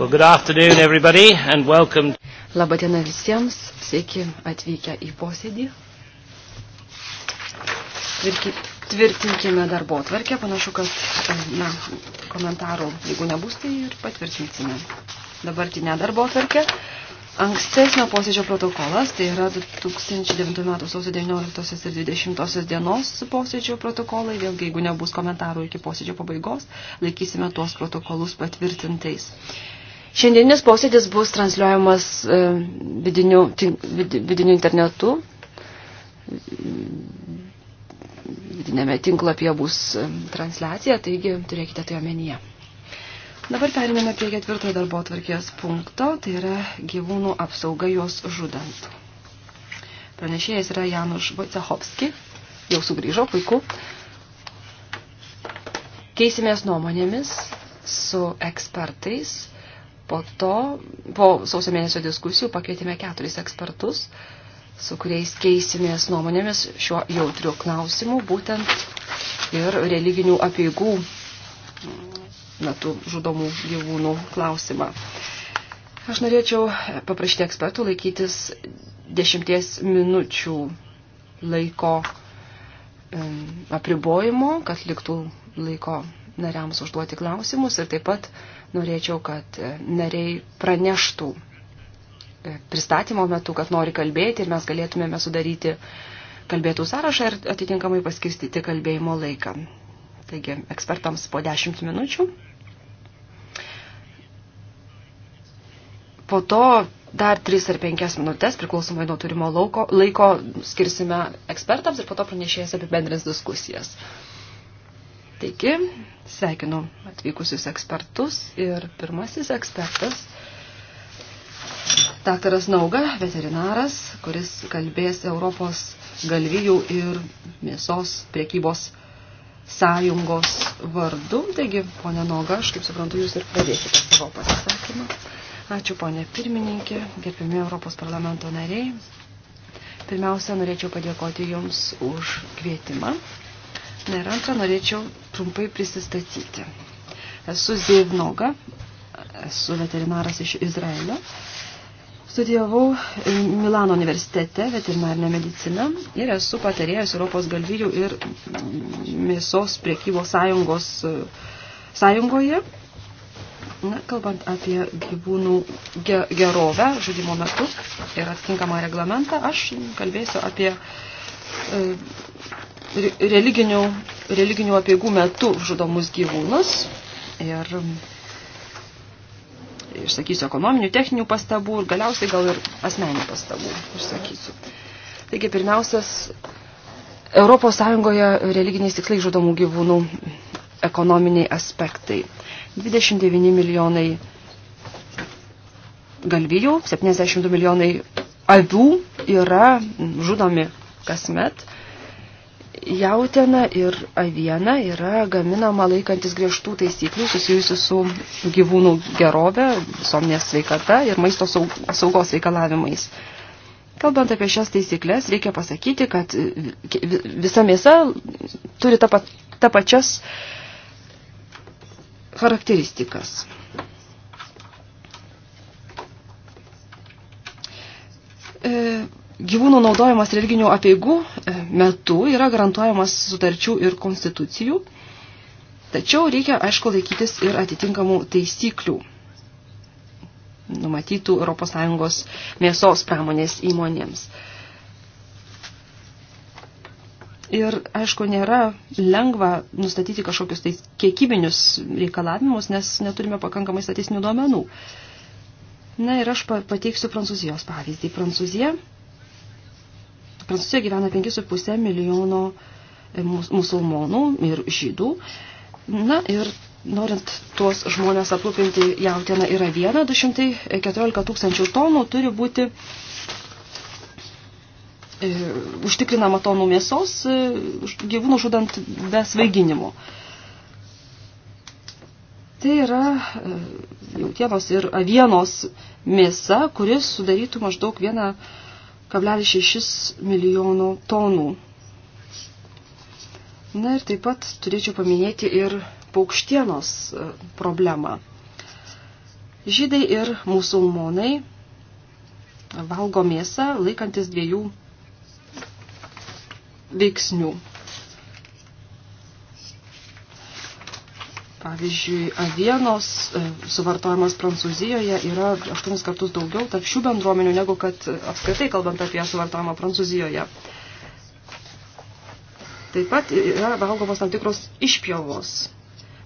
Well, good afternoon, everybody, and welcome. Labadiena visiems, sveiki atvykę į posėdį. Tvirki, tvirtinkime darbo tvarkę, panašu, kad e, na, komentarų, jeigu nebus, tai ir patvirtinsime dabartinę darbo tvarkę. Ankstesnio posėdžio protokolas, tai yra 2009 m. sausio 19 ir 20 dienos posėdžio protokolai, vėlgi jeigu nebus komentarų iki posėdžio pabaigos, laikysime tuos protokolus patvirtintais. Šiandienis posėdis bus transliuojamas e, vidiniu, vidiniu internetu. Vidinėme tinklapyje bus e, transliacija, taigi turėkite tai omenyje. Dabar periname prie ketvirtojo darbo tvarkės punkto, tai yra gyvūnų apsauga juos žudant. Pranešėjas yra Januš Vojcehovski, jau sugrįžo, puiku. Keisimės nuomonėmis su ekspertais Po to, po sausio mėnesio diskusijų, pakeitėme keturis ekspertus, su kuriais keisimės nuomonėmis šiuo jautriu klausimu, būtent ir religinių apieigų mm, metu žudomų gyvūnų klausimą. Aš norėčiau paprašyti ekspertų laikytis dešimties minučių laiko apribojimo, kad liktų laiko nariams užduoti klausimus ir taip pat Norėčiau, kad e, nariai praneštų e, pristatymo metu, kad nori kalbėti ir mes galėtumėme sudaryti kalbėtų sąrašą ir atitinkamai paskirstyti kalbėjimo laiką. Taigi, ekspertams po 10 minučių. Po to dar 3 ar 5 minutės, priklausomai nuo turimo lauko, laiko skirsime ekspertams ir po to pranešėjas apibendrins diskusijas. diskusijas. Taigi, sveikinu atvykusius ekspertus ir pirmasis ekspertas, daktaras Nauga, veterinaras, kuris kalbės Europos galvijų ir mėsos priekybos sąjungos vardu. Taigi, ponė Noga, aš kaip suprantu, jūs ir pradėsite savo pasisakymą. Ačiū, ponė pirmininkė, gerbiami Europos parlamento nariai. Pirmiausia, norėčiau padėkoti Jums už kvietimą Na ir antrą norėčiau trumpai prisistatyti. Esu Zevnoga, esu veterinaras iš Izraelio. Studijavau Milano universitete veterinarinę mediciną ir esu patarėjęs Europos galvijų ir mėsos priekybos sąjungos sąjungoje. Na, kalbant apie gyvūnų gerovę žudimo metu ir atkinkamą reglamentą, aš kalbėsiu apie e, religinių, religinių apieigų metu žudomus gyvūnus. Ir mm, išsakysiu ekonominių, techninių pastabų ir galiausiai gal ir asmeninių pastabų išsakysiu. Taigi pirmiausias, Europos Sąjungoje religiniais tikslai žudomų gyvūnų ekonominiai aspektai. 29 milijonai galvijų, 72 milijonai avių yra žudomi kasmet. Jautena ir aviena yra gaminama laikantis griežtų taisyklių susijusių su gyvūnų gerove, visuomenės sveikata ir maisto saugos reikalavimais. Kalbant apie šias taisyklės, reikia pasakyti, kad visa mėsa turi tą, pa, tą pačias charakteristikas. E, gyvūnų naudojimas religinių apieigų e, metu yra garantuojamas sutarčių ir konstitucijų, tačiau reikia, aišku, laikytis ir atitinkamų taisyklių numatytų ES mėsos pramonės įmonėms. Ir, aišku, nėra lengva nustatyti kažkokius tai kiekybinius reikalavimus, nes neturime pakankamai statistinių duomenų. Na ir aš pateiksiu Prancūzijos pavyzdį. Prancūzija Prancūzijoje gyvena 5,5 milijono e, musulmonų ir žydų. Na ir norint tuos žmonės aprūpinti jautieną yra viena, 214 tūkstančių tonų turi būti e, užtikrinama tonų mėsos e, gyvūnų žudant be svaiginimo. Tai yra e, jautienos ir avienos mėsa, kuris sudarytų maždaug vieną e, 1,6 milijonų tonų. Na ir taip pat turėčiau paminėti ir paukštienos e, problemą. Žydai ir musulmonai valgo mėsą laikantis dviejų veiksnių Pavyzdžiui, avienos e, suvartojimas Prancūzijoje yra 8 kartus daugiau tarp šių bendruomenių negu kad e, apskritai kalbant apie suvartojimą Prancūzijoje. Taip pat yra valgomos tam tikros išpjovos.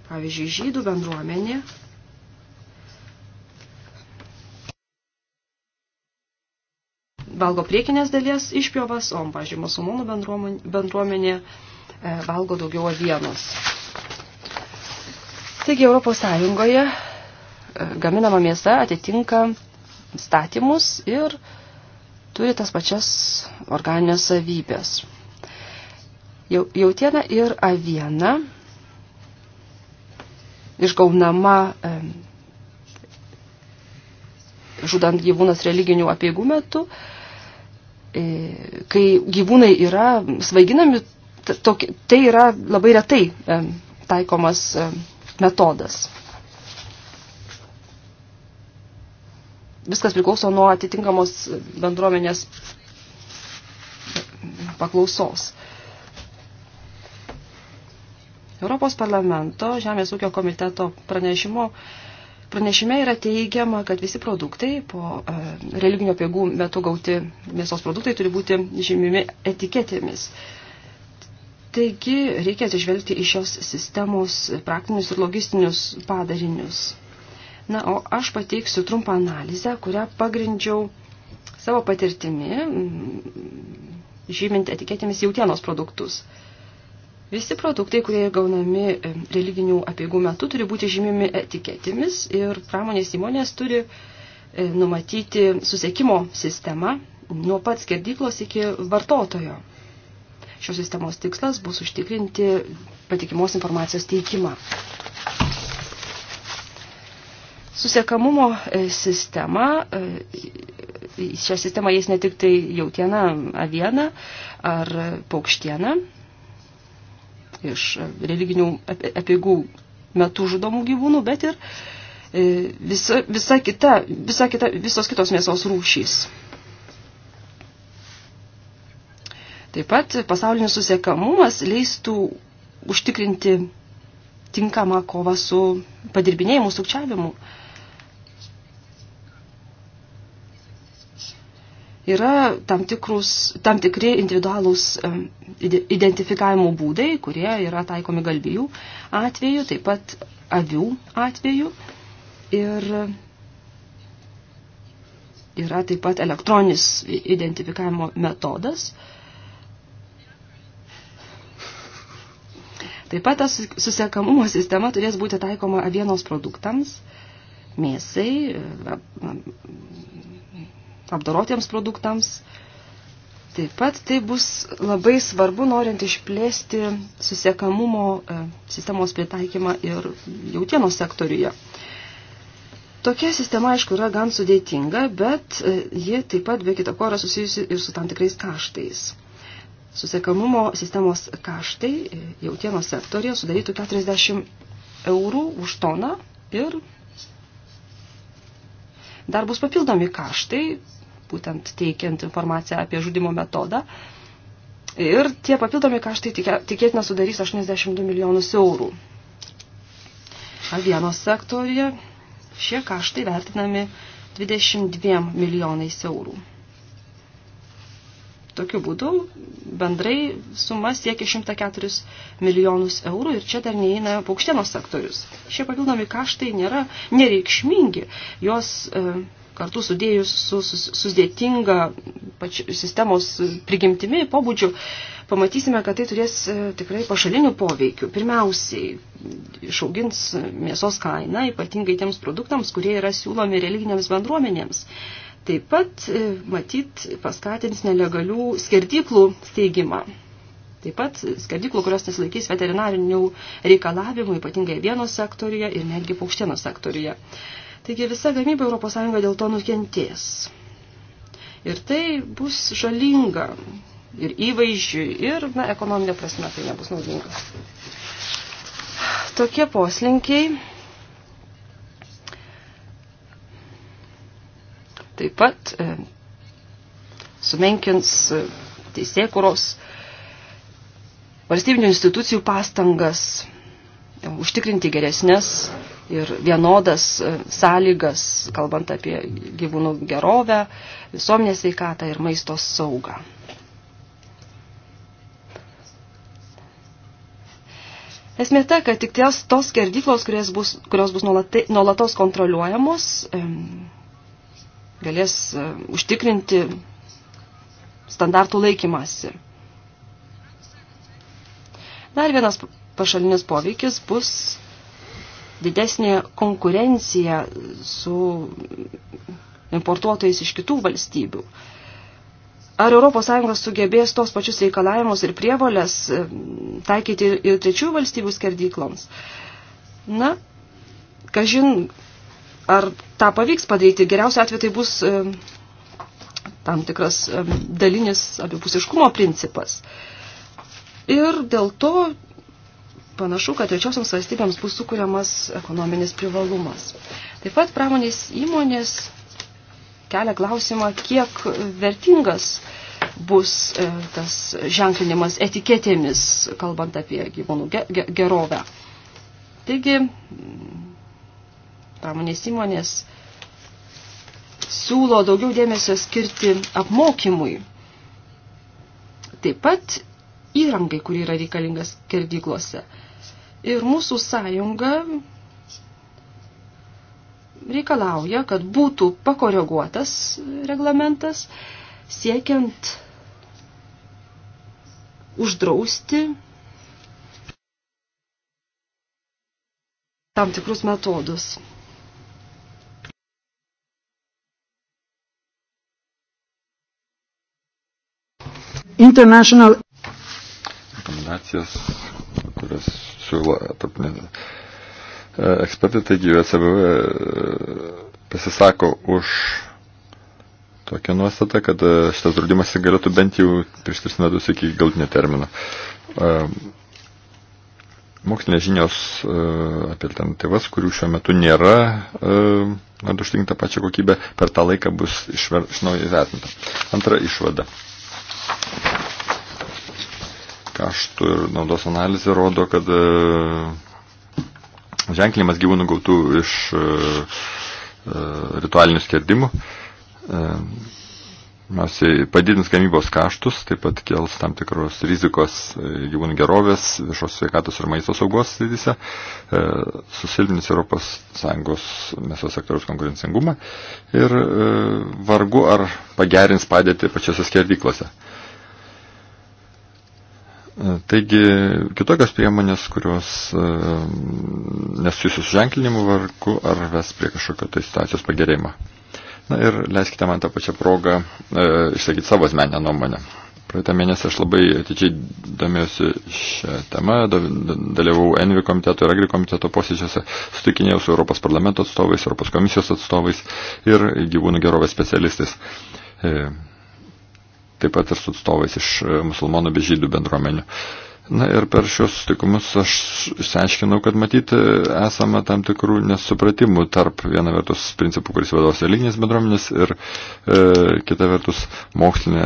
Pavyzdžiui, žydų bendruomenė valgo priekinės dalies išpjovas, o, pavyzdžiui, musulmonų bendruomenė, bendruomenė valgo daugiau avienos. Taigi Europos Sąjungoje e, gaminama mėsa atitinka statymus ir turi tas pačias organinės savybės. Jautiena ir aviena išgaunama e, žudant gyvūnas religinių apieigų metu, e, kai gyvūnai yra svaiginami, tai yra labai retai taikomas metodas. Viskas priklauso nuo atitinkamos bendruomenės paklausos. Europos parlamento Žemės ūkio komiteto pranešimo Pranešime yra teigiama, kad visi produktai po e, religinio pėgų metu gauti mėsos produktai turi būti žymimi etiketėmis. Taigi reikia atsižvelgti į šios sistemos praktinius ir logistinius padarinius. Na, o aš pateiksiu trumpą analizę, kurią pagrindžiau savo patirtimi, mm, žymint etiketėmis jautienos produktus. Visi produktai, kurie gaunami religinių apieigų metu, turi būti žymimi etiketėmis ir pramonės įmonės turi numatyti susiekimo sistemą nuo pat skerdyklos iki vartotojo Šios sistemos tikslas bus užtikrinti patikimos informacijos teikimą. Susiekamumo e, sistema, e, šią sistemą jais ne tik tai jautiena, aviena ar paukštiena iš religinių apigų metų žudomų gyvūnų, bet ir e, visa, visa kita, visa kita, visos kitos mėsos rūšys. Taip pat pasaulinis susiekamumas leistų užtikrinti tinkamą kovą su padirbinėjimu, sukčiavimu. Yra tam, tikrus, tam tikri individualūs identifikavimo būdai, kurie yra taikomi galvijų atveju, taip pat avių atveju. Ir yra taip pat elektroninis identifikavimo metodas, Taip pat ta susiekamumo sistema turės būti taikoma avienos produktams, mėsai, apdorotiems produktams. Taip pat tai bus labai svarbu, norint išplėsti susiekamumo sistemos pritaikymą ir jautienos sektoriuje. Tokia sistema, aišku, yra gan sudėtinga, bet ji taip pat be kitako yra susijusi ir su tam tikrais kaštais. Susiekamumo sistemos kaštai e, jautienos sektorija sudarytų 40 eurų už toną ir dar bus papildomi kaštai, būtent teikiant informaciją apie žudimo metodą. Ir tie papildomi kaštai tikėtina sudarys 82 milijonus eurų. Avienos sektorija šie kaštai vertinami 22 milijonais eurų. Tokiu būdu bendrai suma siekia 104 milijonus eurų ir čia dar neįeina paukštienos sektorius. Šie papildomi kaštai nėra nereikšmingi. Jos e, kartu sudėjus su sudėtinga su sistemos prigimtimi pobūdžiu, pamatysime, kad tai turės e, tikrai pašalinių poveikių. Pirmiausiai, išaugins mėsos kainą, ypatingai tiems produktams, kurie yra siūlomi religinėms bendruomenėms. Taip pat e, matyt paskatins nelegalių skerdyklų steigimą. Taip pat skerdyklų, kurios nesilaikys veterinarinių reikalavimų, ypatingai vienos sektoriuje ir netgi paukštienos sektoriuje. Taigi visa gamyba ES dėl to nukentės. Ir tai bus žalinga ir įvaizdžiui, ir na, ekonominė prasme tai nebus naudinga. Tokie poslinkiai taip pat e, sumenkins e, teisėkuros valstybinių institucijų pastangas e, užtikrinti geresnės ir vienodas sąlygas, kalbant apie gyvūnų gerovę, visuomenės veikatą ir maisto saugą. Esmė ta, kad tik ties tos skerdyklos, kurios bus, kurios bus nuolatai, nuolatos kontroliuojamos, galės e, užtikrinti standartų laikymasi. Dar vienas pašalinis poveikis bus didesnė konkurencija su importuotojais iš kitų valstybių. Ar ES sugebės tos pačius reikalavimus ir prievolės e, taikyti ir trečių valstybių skerdykloms? Na, kažin, Ar tą pavyks padaryti? Geriausia atveju tai bus e, tam tikras e, dalinis abipusiškumo principas. Ir dėl to panašu, kad trečiosiams valstybėms bus sukūriamas ekonominis privalumas. Taip pat pramonės įmonės kelia klausimą, kiek vertingas bus e, tas ženklinimas etiketėmis, kalbant apie gyvūnų gerovę. Taigi, pramonės įmonės siūlo daugiau dėmesio skirti apmokymui. Taip pat įrangai, kuri yra reikalingas skerdyklose. Ir mūsų sąjunga reikalauja, kad būtų pakoreguotas reglamentas, siekiant uždrausti tam tikrus metodus. international rekomendacijas, kurias siūlo e, ekspertai, taigi JSB e, pasisako už tokią nuostatą, kad e, šitas draudimas galėtų bent jau prieš tris metus iki galtinio termino. Mokslinės žinios apie alternatyvas, kurių šiuo metu nėra, kad užtikrinta pačią kokybę, per tą laiką bus iš naujo įvertinta. Antra išvada kaštų ir naudos analizė rodo, kad e, ženklimas gyvūnų gautų iš e, e, ritualinių skerdimų pirmiausiai padidins gamybos kaštus, taip pat kels tam tikros rizikos gyvūnų gerovės, viešos sveikatos ir maisto saugos srityse, susilpnins ES mėsos sektoriaus konkurencingumą ir vargu ar pagerins padėtį pačiose skerdyklose. E, taigi kitokios priemonės, kurios e, nesusijusios ženklinimu vargu ar ves prie kažkokio tai situacijos pagerėjimo. Na ir leiskite man tą pačią progą e, išsakyti savo asmeninę nuomonę. Praeitą mėnesį aš labai atidžiai domėjusi šią temą, dalyvau Envi komiteto ir Agri komiteto posėdžiuose, sutikinėjau su Europos parlamento atstovais, Europos komisijos atstovais ir gyvūnų gerovės specialistais. E, taip pat ir su atstovais iš e, musulmonų bei žydų bendruomenių. Na ir per šios sutikimus aš išsiaiškinau, kad matyti e, esame tam tikrų nesupratimų tarp viena vertus principų, kuris vadovaus religinės bendruomenės ir e, kita vertus mokslinė,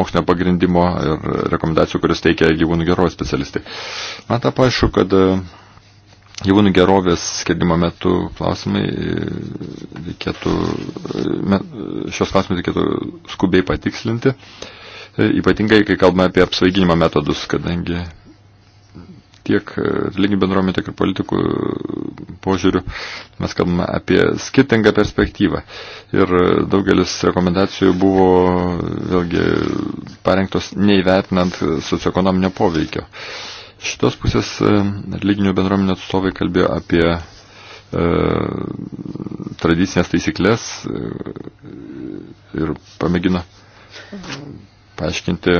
mokslinio pagrindimo ir rekomendacijų, kuris teikia gyvūnų gerovės specialistai. Man tapo aišku, kad e, gyvūnų gerovės skerdimo metu klausimai e, reikėtų, e, šios klausimus reikėtų skubiai patikslinti, e, ypatingai, kai kalbame apie apsvaiginimo metodus, kadangi tiek religinių bendruomenių, tiek ir politikų požiūrių mes kalbame apie skirtingą perspektyvą. Ir daugelis rekomendacijų buvo vėlgi parengtos neįvertinant socioekonominio poveikio. Uh, Šitos pusės e, religinių bendruomenių atstovai kalbėjo apie e, tradicinės taisyklės e, ir pamėgino paaiškinti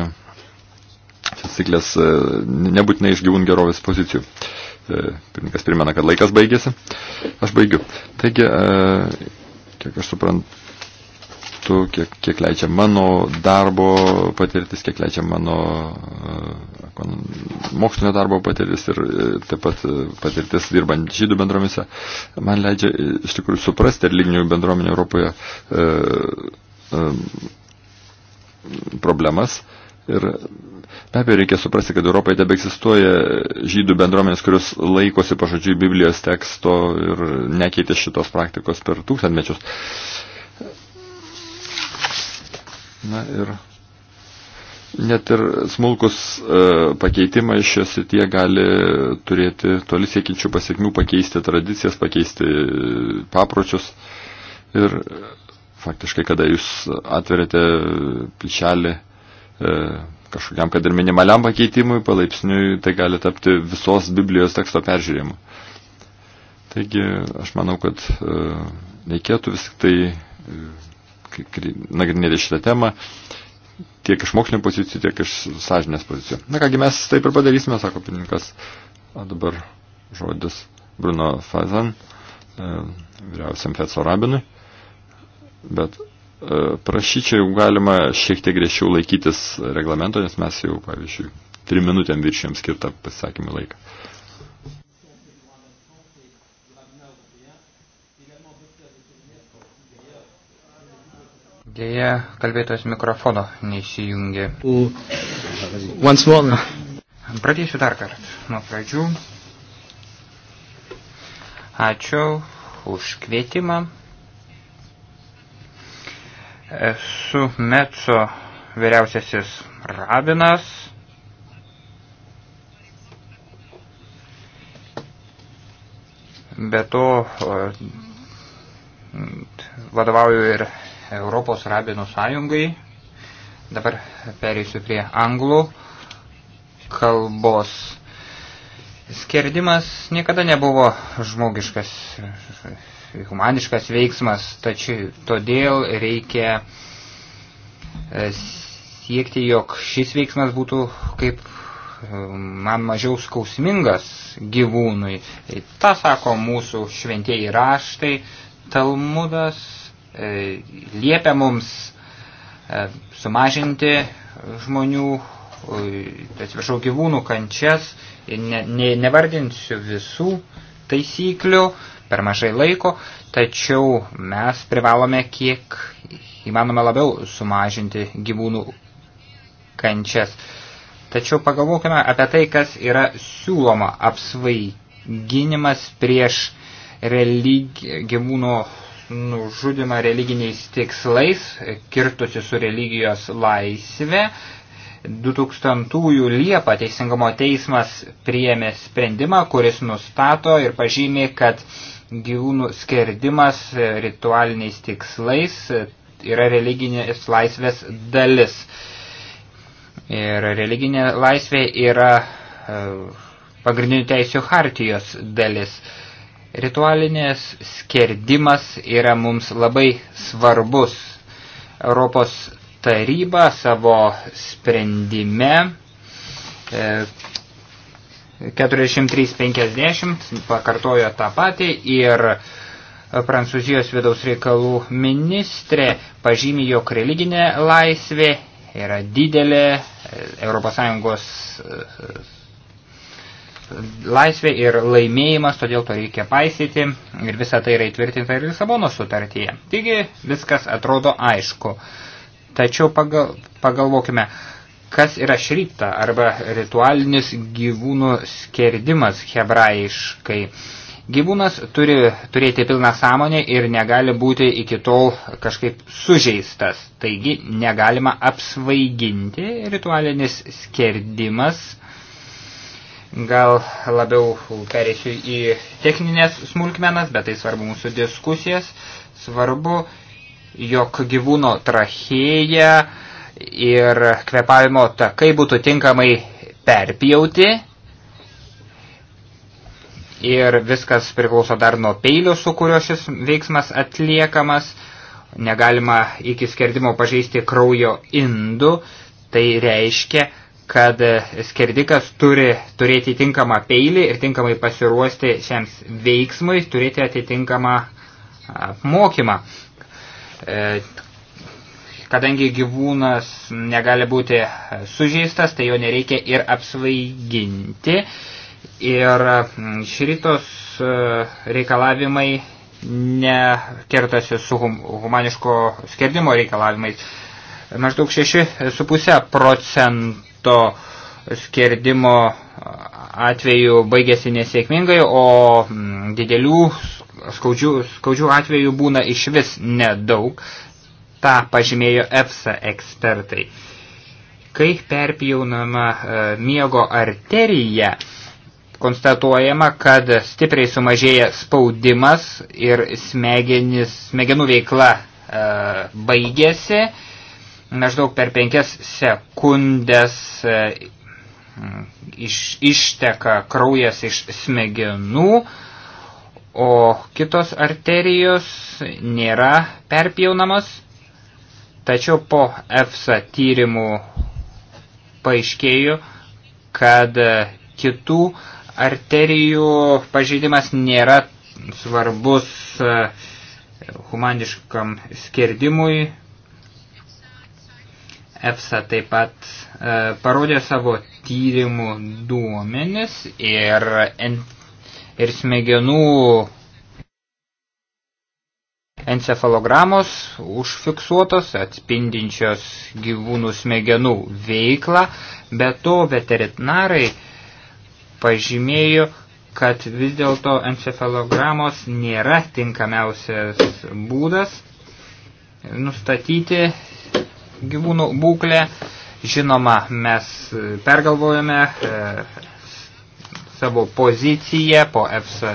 taisyklės e, nebūtinai iš gyvūnų gerovės pozicijų. Pirmininkas primena, kad laikas baigėsi. Aš baigiu. Taigi, kiek aš suprantu, metu, kiek, kiek leidžia mano darbo patirtis, kiek leidžia mano e, mokslinio darbo patirtis ir e, taip pat e, patirtis dirbant žydų bendromise, man leidžia iš tikrųjų suprasti religinių bendruomenių Europoje e, e, problemas. Ir be abejo reikia suprasti, kad Europoje tebe egzistuoja žydų bendruomenės, kurios laikosi pažodžiui Biblijos teksto ir nekeitė šitos praktikos per tūkstantmečius. E, Na ir net ir smulkus e, pakeitimai šios sitie gali turėti toli siekiančių pasiekmių, pakeisti tradicijas, pakeisti papročius. Ir faktiškai, kada jūs atverėte plyšelį e, kažkokiam, kad ir minimaliam pakeitimui, palaipsniui tai gali tapti visos Biblijos teksto peržiūrėjimu. Taigi, aš manau, kad e, reikėtų vis tik tai nagrinėti šitą temą tiek iš mokslinio pozicijų, tiek iš sąžinės pozicijų. Na kągi mes taip ir padarysime, sako pirmininkas. O dabar žodis Bruno Fazan, e, vyriausiam Fetso Rabinui. Bet e, prašyčiau, galima šiek tiek griežčiau laikytis reglamento, nes mes jau, pavyzdžiui, trim minutėm viršėjom skirtą pasisakymų laiką. Dėja, kalbėtojas mikrofono neįsijungė. Once more. Pradėsiu dar kartą nuo pradžių. Ačiū už kvietimą. Esu Metso vyriausiasis rabinas. Be to vadovauju ir Europos rabinų sąjungai. Dabar pereisiu prie anglų kalbos. Skerdimas niekada nebuvo žmogiškas, humaniškas veiksmas, tačiau todėl reikia e, siekti, jog šis veiksmas būtų kaip e, man mažiau skausmingas gyvūnui. Ta sako mūsų šventieji raštai, Talmudas E, liepia mums e, sumažinti žmonių, e, atsiprašau, gyvūnų kančias, ne, ne, nevardinsiu visų taisyklių, per mažai laiko, tačiau mes privalome kiek įmanome labiau sumažinti gyvūnų kančias. Tačiau pagalvokime apie tai, kas yra siūloma apsvaiginimas prieš religi, gyvūno nužudima religiniais tikslais, kirtusi su religijos laisvė. 2000-ųjų Liepą Teisingumo teismas priėmė sprendimą, kuris nustato ir pažymė, kad gyvūnų skerdimas ritualiniais tikslais yra religinės laisvės dalis. Ir religinė laisvė yra e, pagrindinių teisių hartijos dalis. Ritualinės skerdimas yra mums labai svarbus. Europos taryba savo sprendime 43.50 e, pakartojo tą patį ir Prancūzijos vidaus reikalų ministrė pažymė, jog religinė laisvė yra didelė ES laisvė ir laimėjimas, todėl to reikia paisyti ir visa tai yra įtvirtinta ir Lisabono sutartyje. Taigi viskas atrodo aišku. Tačiau pagal, pagalvokime, kas yra šrypta arba ritualinis gyvūnų skerdimas hebrajiškai. Gyvūnas turi turėti pilną sąmonę ir negali būti iki tol kažkaip sužeistas. Taigi negalima apsvaiginti ritualinis skerdimas Gal labiau perėsiu į techninės smulkmenas, bet tai svarbu mūsų diskusijas. Svarbu, jog gyvūno trachėja ir kvepavimo takai būtų tinkamai perpjauti. Ir viskas priklauso dar nuo peilio, su kuriuo šis veiksmas atliekamas. Negalima iki skerdimo pažeisti kraujo indų. Tai reiškia, kad skerdikas turi turėti tinkamą peilį ir tinkamai pasiruošti šiems veiksmui, turėti atitinkamą apmokymą. E, kadangi gyvūnas negali būti sužeistas, tai jo nereikia ir apsvaiginti. Ir šritos e, reikalavimai nekertasi su hum, humaniško skerdimo reikalavimais. Maždaug 6,5 procentų maisto skerdimo atveju baigėsi nesėkmingai, o mm, didelių skaudžių, skaudžių atvejų būna iš vis nedaug. Ta pažymėjo EFSA ekspertai. Kai perpjaunama e, miego arterija, konstatuojama, kad stipriai sumažėja spaudimas ir smegenis, smegenų veikla e, baigėsi maždaug per penkias sekundės e, iš, išteka kraujas iš smegenų, o kitos arterijos nėra perpjaunamos, tačiau po EFSA tyrimų paaiškėjo, kad kitų arterijų pažeidimas nėra svarbus e, humaniškam skerdimui, EFSA taip pat e, parodė savo tyrimų duomenis ir, en, ir smegenų encefalogramos užfiksuotos atspindinčios gyvūnų smegenų veiklą, bet to veterinarai pažymėjo, kad vis dėlto encefalogramos nėra tinkamiausias būdas nustatyti gyvūnų būklę. Žinoma, mes e, pergalvojame e, savo poziciją po EFSA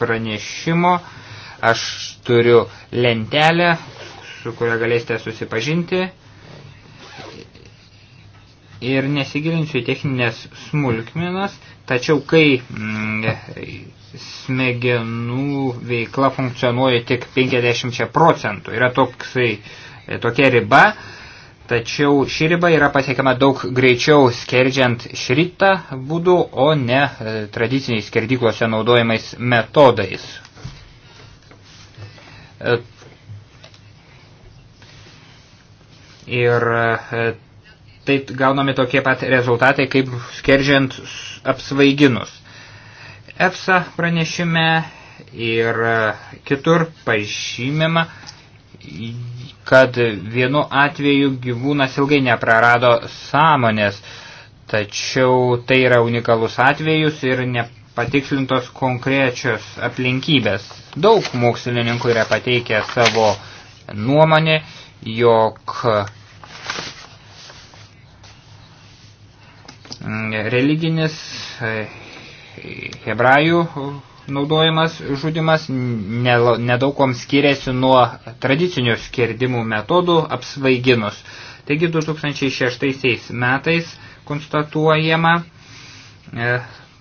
pranešimo. Aš turiu lentelę, su kuria galėsite susipažinti. Ir nesigilinsiu į techninės smulkmenas, tačiau kai mm, smegenų veikla funkcionuoja tik 50 procentų, yra toksai, tokia riba, Tačiau ši riba yra pasiekiama daug greičiau skerdžiant šritą būdu, o ne e, tradiciniais skerdyklose naudojamais metodais. E, ir tai gaunami tokie pat rezultatai, kaip skerdžiant apsvaiginus. EFSA pranešime ir kitur pažymima, kad vienu atveju gyvūnas ilgai neprarado sąmonės, tačiau tai yra unikalus atvejus ir nepatikslintos konkrečios aplinkybės. Daug mokslininkų yra pateikę savo nuomonę, jog religinis e, hebrajų naudojimas žudimas nedaukom skiriasi nuo tradicinių skerdimų metodų apsvaiginus. Taigi 2006 metais konstatuojama e,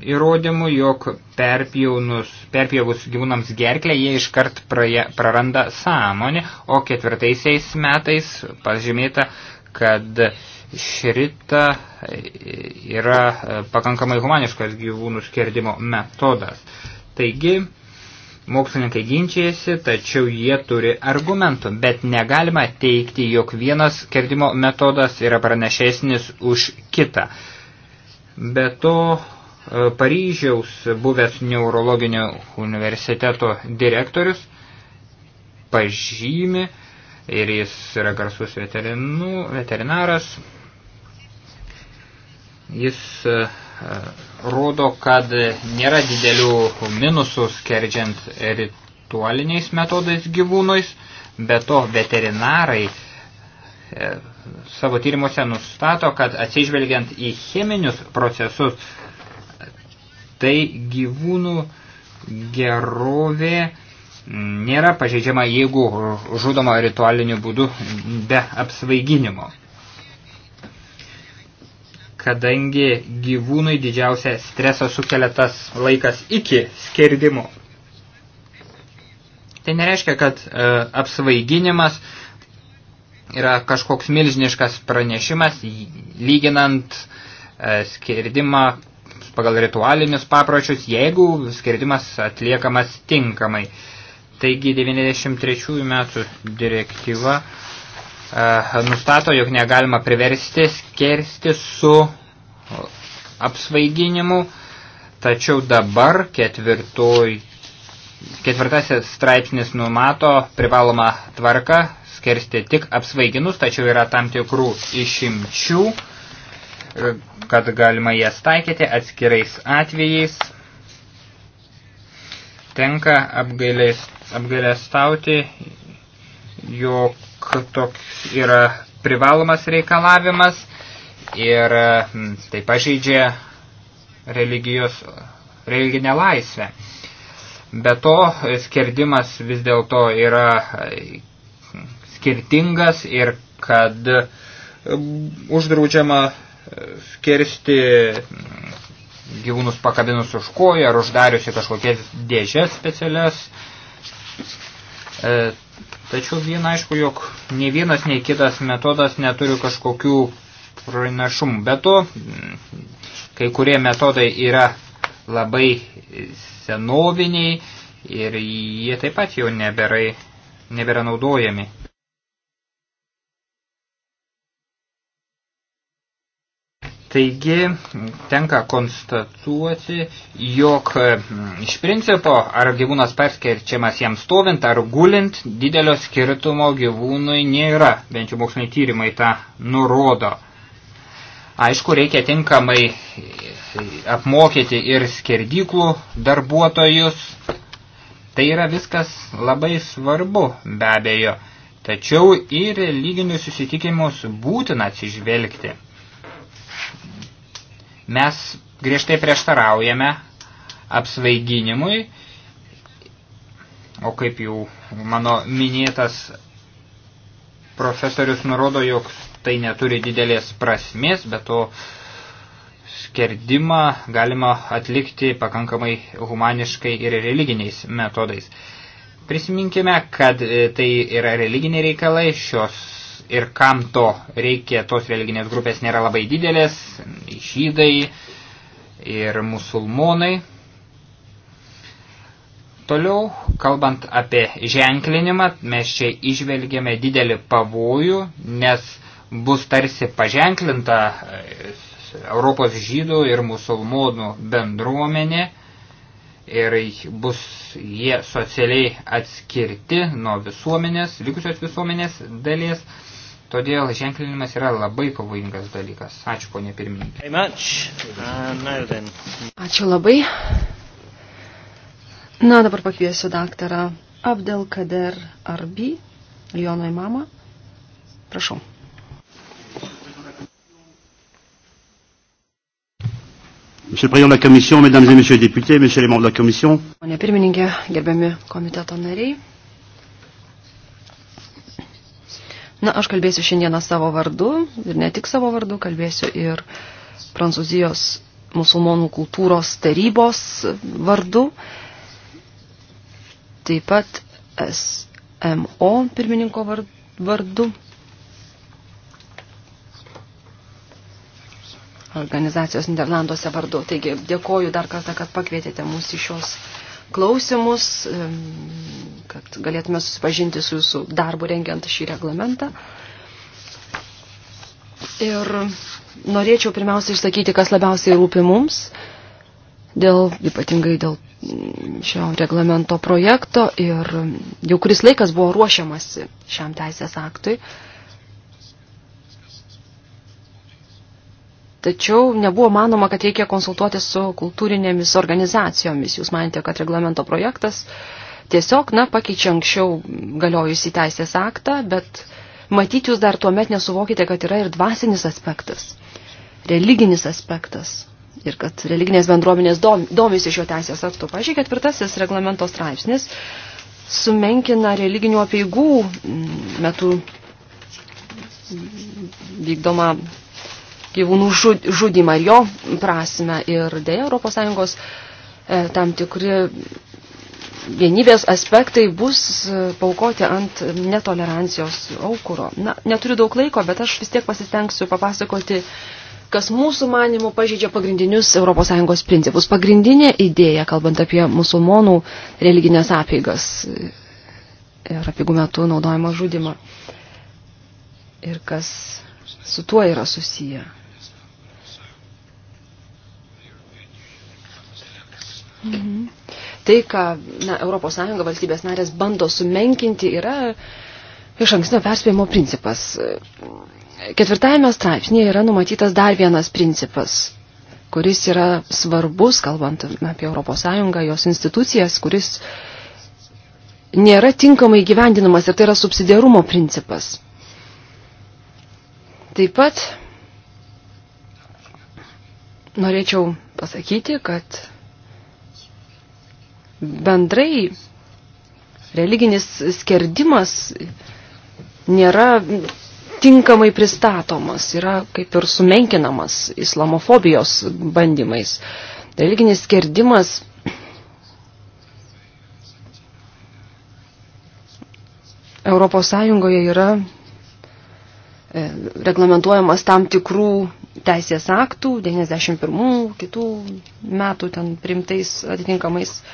įrodymų, jog perpjavus gyvūnams gerklę jie iškart praje, praranda sąmonę, o ketvirtaisiais metais pažymėta, kad šrita yra pakankamai humaniškas gyvūnų skerdimo metodas. Taigi, mokslininkai ginčijasi, tačiau jie turi argumentų, bet negalima teikti, jog vienas kertimo metodas yra pranašesnis už kitą. Be to, e, Paryžiaus buvęs neurologinio universiteto direktorius pažymi ir jis yra garsus veterinu, veterinaras. Jis uh, rodo, kad nėra didelių minusų skerdžiant ritualiniais metodais gyvūnais, bet to veterinarai e, savo tyrimuose nustato, kad atsižvelgiant į cheminius procesus, tai gyvūnų gerovė nėra pažeidžiama, jeigu žudoma ritualiniu būdu be apsvaiginimo kadangi gyvūnui didžiausią stresą sukelia tas laikas iki skerdimo. Tai nereiškia, kad e, apsvaiginimas yra kažkoks milžiniškas pranešimas, lyginant e, skerdimą pagal ritualinius papročius, jeigu skirdimas atliekamas tinkamai. Taigi 93 metų direktyva Eh, nustato, jog negalima priversti skersti su apsvaiginimu, tačiau dabar ketvirtoj, ketvirtasis straipsnis numato privalomą tvarką skersti tik apsvaiginus, tačiau yra tam tikrų išimčių, eh, kad galima jas taikyti atskirais atvejais. Tenka apgailės, apgailės stauti, jog toks yra privalomas reikalavimas ir mm, tai pažeidžia religijos, religinę laisvę. Be to, skerdimas vis dėlto yra mm, skirtingas ir kad mm, uždraudžiama skirsti gyvūnus pakabinus už koją ar uždariusi kažkokias dėžės specialias. E, Tačiau viena aišku, jog nei vienas, nei kitas metodas neturi kažkokių pranašumų. Be to, kai kurie metodai yra labai senoviniai ir jie taip pat jau neberai, nebėra naudojami. Taigi tenka konstatuoti, jog mm, iš principo ar gyvūnas perskirčiamas jam stovint ar gulint, didelio skirtumo gyvūnui nėra, bent jau moksliniai tyrimai tą nurodo. Aišku, reikia tinkamai e, apmokyti ir skerdyklų darbuotojus. Tai yra viskas labai svarbu, be abejo. Tačiau ir lyginius susitikimus būtina atsižvelgti. Mes griežtai prieštaraujame apsvaiginimui, o kaip jau mano minėtas profesorius nurodo, jog tai neturi didelės prasmės, bet to skerdimą galima atlikti pakankamai humaniškai ir religiniais metodais. Prisiminkime, kad e, tai yra religiniai reikalai, šios ir kam to reikia, tos religinės grupės nėra labai didelės, žydai ir musulmonai. Toliau, kalbant apie ženklinimą, mes čia išvelgėme didelį pavojų, nes bus tarsi paženklinta e, Europos žydų ir musulmonų bendruomenė ir bus jie socialiai atskirti nuo visuomenės, likusios visuomenės dalies. Todėl ženklinimas yra labai pavojingas dalykas. Ačiū, ponė pirmininkė. Ačiū labai. Na, dabar pakviesiu daktarą Abdel Kader Arbi, Liono įmamą. Prašau. Monsieur le Président de la Commission, Mesdames et Messieurs les députés, Messieurs les membres de la Commission. Pone pirmininkė, gerbiami komiteto nariai, Na, aš kalbėsiu šiandieną savo vardu ir ne tik savo vardu, kalbėsiu ir Prancūzijos musulmonų kultūros tarybos vardu. Taip pat SMO pirmininko vardu. organizacijos Niderlanduose vardu. Taigi dėkoju dar kartą, kad pakvietėte mūsų į šios klausimus, kad galėtume susipažinti su jūsų darbu rengiant šį reglamentą. Ir norėčiau pirmiausia išsakyti, kas labiausiai rūpi mums, dėl, ypatingai dėl mm, šio reglamento projekto ir jau kuris laikas buvo ruošiamasi šiam teisės aktui. Tačiau nebuvo manoma, kad reikia konsultuoti su kultūrinėmis organizacijomis. Jūs manėte, kad reglamento projektas tiesiog, na, pakeičia anksčiau galiojusi teisės aktą, bet matyt jūs dar tuomet nesuvokite, kad yra ir dvasinis aspektas, religinis aspektas ir kad religinės bendruomenės domisi šio teisės aktu. Pažiūrėk, ketvirtasis reglamento straipsnis sumenkina religinių apeigų mm, metu vykdomą gyvūnų žudimą ir jo prasme. Ir dėja ES e, tam tikri vienybės aspektai bus e, paukoti ant netolerancijos aukuro. Na, neturiu daug laiko, bet aš vis tiek pasistengsiu papasakoti, kas mūsų manimų pažydžia pagrindinius ES principus. Pagrindinė idėja, kalbant apie musulmonų religinės apeigas ir apigų metu naudojimą žudimą. Ir kas su tuo yra susiję. Mhm. Tai, ką na, ES valstybės narės bando sumenkinti, yra iš ankstinio perspėjimo principas. Ketvirtajame straipsnėje yra numatytas dar vienas principas, kuris yra svarbus, kalbant apie ES, jos institucijas, kuris nėra tinkamai gyvendinamas ir tai yra subsidiarumo principas. Taip pat norėčiau pasakyti, kad bendrai religinis skerdimas nėra tinkamai pristatomas, yra kaip ir sumenkinamas islamofobijos bandymais. Religinis skerdimas Europos Sąjungoje yra e, reglamentuojamas tam tikrų teisės aktų, 91 kitų metų ten primtais atitinkamais uh,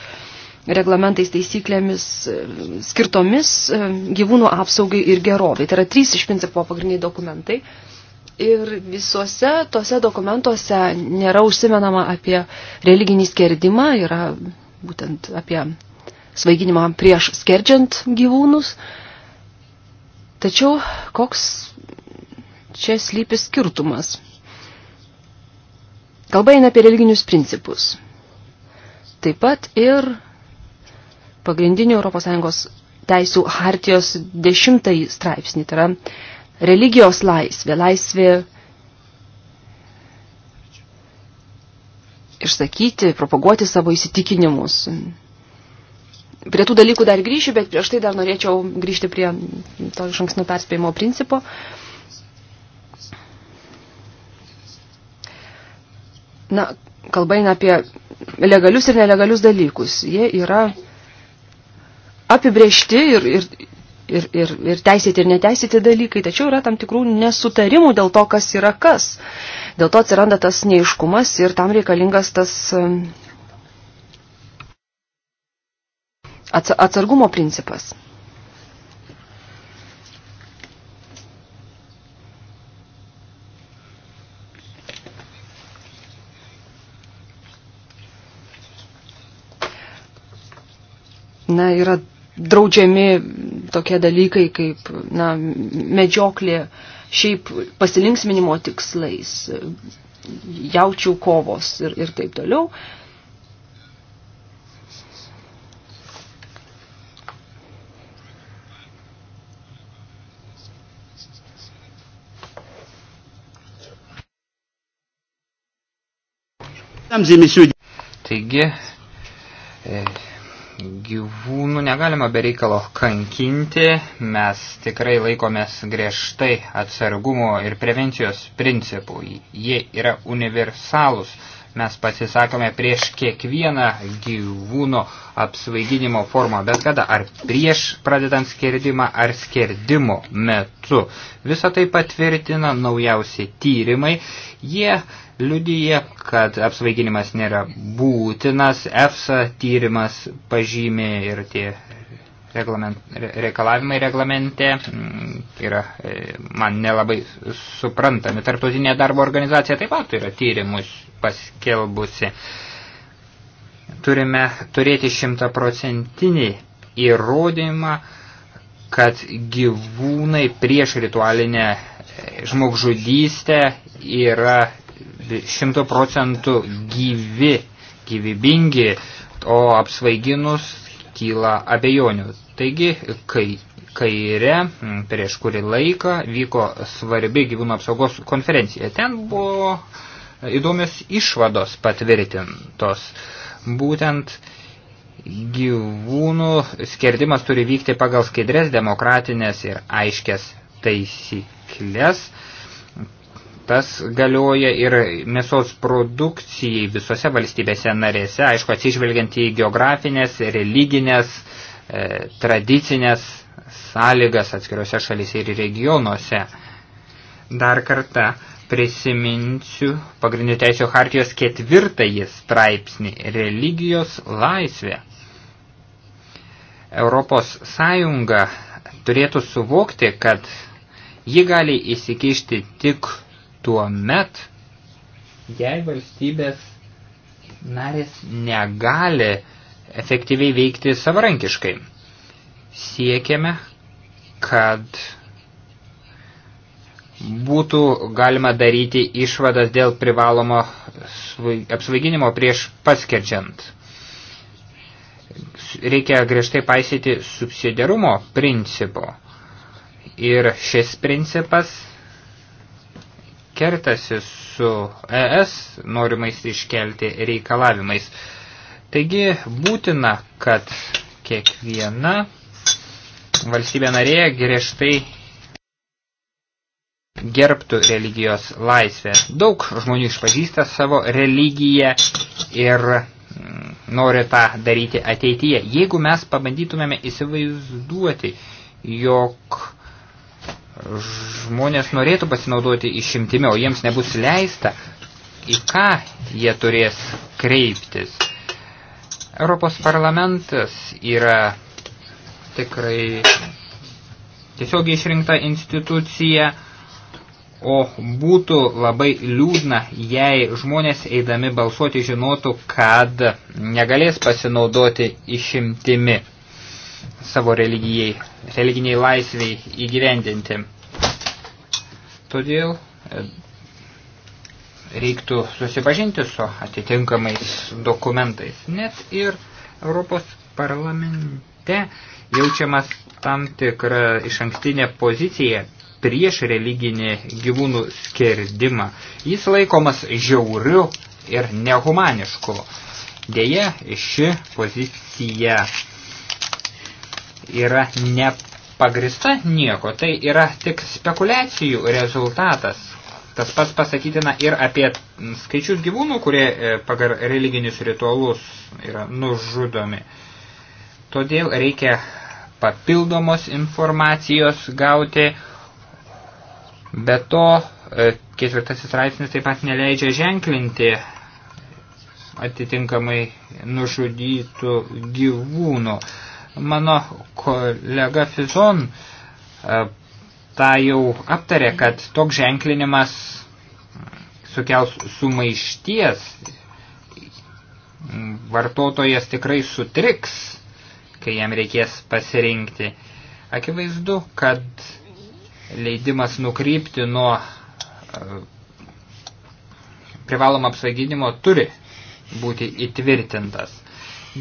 reglamentais, taisyklėmis e, skirtomis e, gyvūnų apsaugai ir gerovai. Tai yra trys iš principo pagrindiniai dokumentai. Ir visuose tose dokumentuose nėra užsimenama apie religinį skerdimą, yra būtent apie svaiginimą prieš skerdžiant gyvūnus. Tačiau koks čia slypi skirtumas? Kalba eina apie religinius principus. Taip pat ir pagrindinių ES teisų hartijos dešimtąjį straipsnį, tai yra religijos laisvė, laisvė išsakyti, propaguoti savo įsitikinimus. Prie tų dalykų dar grįšiu, bet prieš tai dar norėčiau grįžti prie to iš anksnio perspėjimo principo. Na, kalba eina apie legalius ir nelegalius dalykus. Jie yra apibriešti ir, ir, ir, ir, ir teisėti ir neteisėti dalykai, tačiau yra tam tikrų nesutarimų dėl to, kas yra kas. Dėl to atsiranda tas neiškumas ir tam reikalingas tas atsargumo principas. Na, yra draudžiami tokie dalykai kaip na, medžioklė, šiaip pasilinksminimo tikslais, jaučių kovos ir, ir taip toliau. Taigi, e, Gyvūnų negalima be reikalo kankinti, mes tikrai laikomės griežtai atsargumo ir prevencijos principų. Jie yra universalūs. Mes pasisakome prieš kiekvieną gyvūno apsvaiginimo formą, bet kada, ar prieš pradedant skerdimą, ar skerdimo metu. Visą tai patvirtina naujausi tyrimai. Jie liudyje, kad apsvaiginimas nėra būtinas, EFSA tyrimas pažymė ir tie reglament, reikalavimai reglamente mm, yra e, man nelabai suprantami. Tartutinė darbo organizacija taip pat yra tyrimus paskelbusi. Turime turėti šimtaprocentinį įrodymą, kad gyvūnai prieš ritualinę žmogžudystę yra šimto procentų gyvi, gyvybingi, o apsvaiginus kyla abejonių. Taigi, kai kaire prieš kurį laiką vyko svarbi gyvūnų apsaugos konferencija. Ten buvo įdomios išvados patvirtintos. Būtent gyvūnų skerdimas turi vykti pagal skaidres, demokratinės ir aiškės taisyklės tas galioja ir mėsos produkcijai visose valstybėse narėse, aišku, atsižvelgiant į geografinės, religinės, e, tradicinės sąlygas atskiriuose šalyse ir regionuose. Dar kartą prisiminsiu pagrindinių teisų hartijos ketvirtąjį straipsnį – religijos laisvė. Europos Sąjunga turėtų suvokti, kad ji gali įsikišti tik tuo met, jei valstybės narės negali efektyviai veikti savarankiškai. Siekiame, kad būtų galima daryti išvadas dėl privalomo apsvaiginimo prieš paskerdžiant. Reikia griežtai paisyti subsidiarumo principo. Ir šis principas kertasi su ES norimais iškelti reikalavimais. Taigi būtina, kad kiekviena valstybė narėje griežtai gerbtų religijos laisvę. Daug žmonių išpažįsta savo religiją ir mm, nori tą daryti ateityje. Jeigu mes pabandytumėme įsivaizduoti, jog žmonės norėtų pasinaudoti išimtimi, o jiems nebus leista, į ką jie turės kreiptis. Europos parlamentas yra tikrai tiesiog išrinkta institucija, o būtų labai liūdna, jei žmonės eidami balsuoti žinotų, kad negalės pasinaudoti išimtimi savo religijai, religiniai laisviai įgyvendinti. Todėl e, reiktų susipažinti su atitinkamais dokumentais. Net ir Europos parlamente jaučiamas tam tikra iš ankstinė pozicija prieš religinį gyvūnų skerdimą. Jis laikomas žiauriu ir nehumanišku. Deja, ši pozicija yra nepagrista nieko, tai yra tik spekulacijų rezultatas. Tas pats pasakytina ir apie skaičius gyvūnų, kurie e, pagal religinius ritualus yra nužudomi. Todėl reikia papildomos informacijos gauti, be to e, ketvirtasis straipsnis taip pat neleidžia ženklinti atitinkamai nužudytų gyvūnų. Mano kolega Fizon e, tą jau aptarė, kad toks ženklinimas sukels sumaišties. Vartotojas tikrai sutriks, kai jam reikės pasirinkti. Akivaizdu, kad leidimas nukrypti nuo e, privalomą apsvaiginimo turi būti įtvirtintas.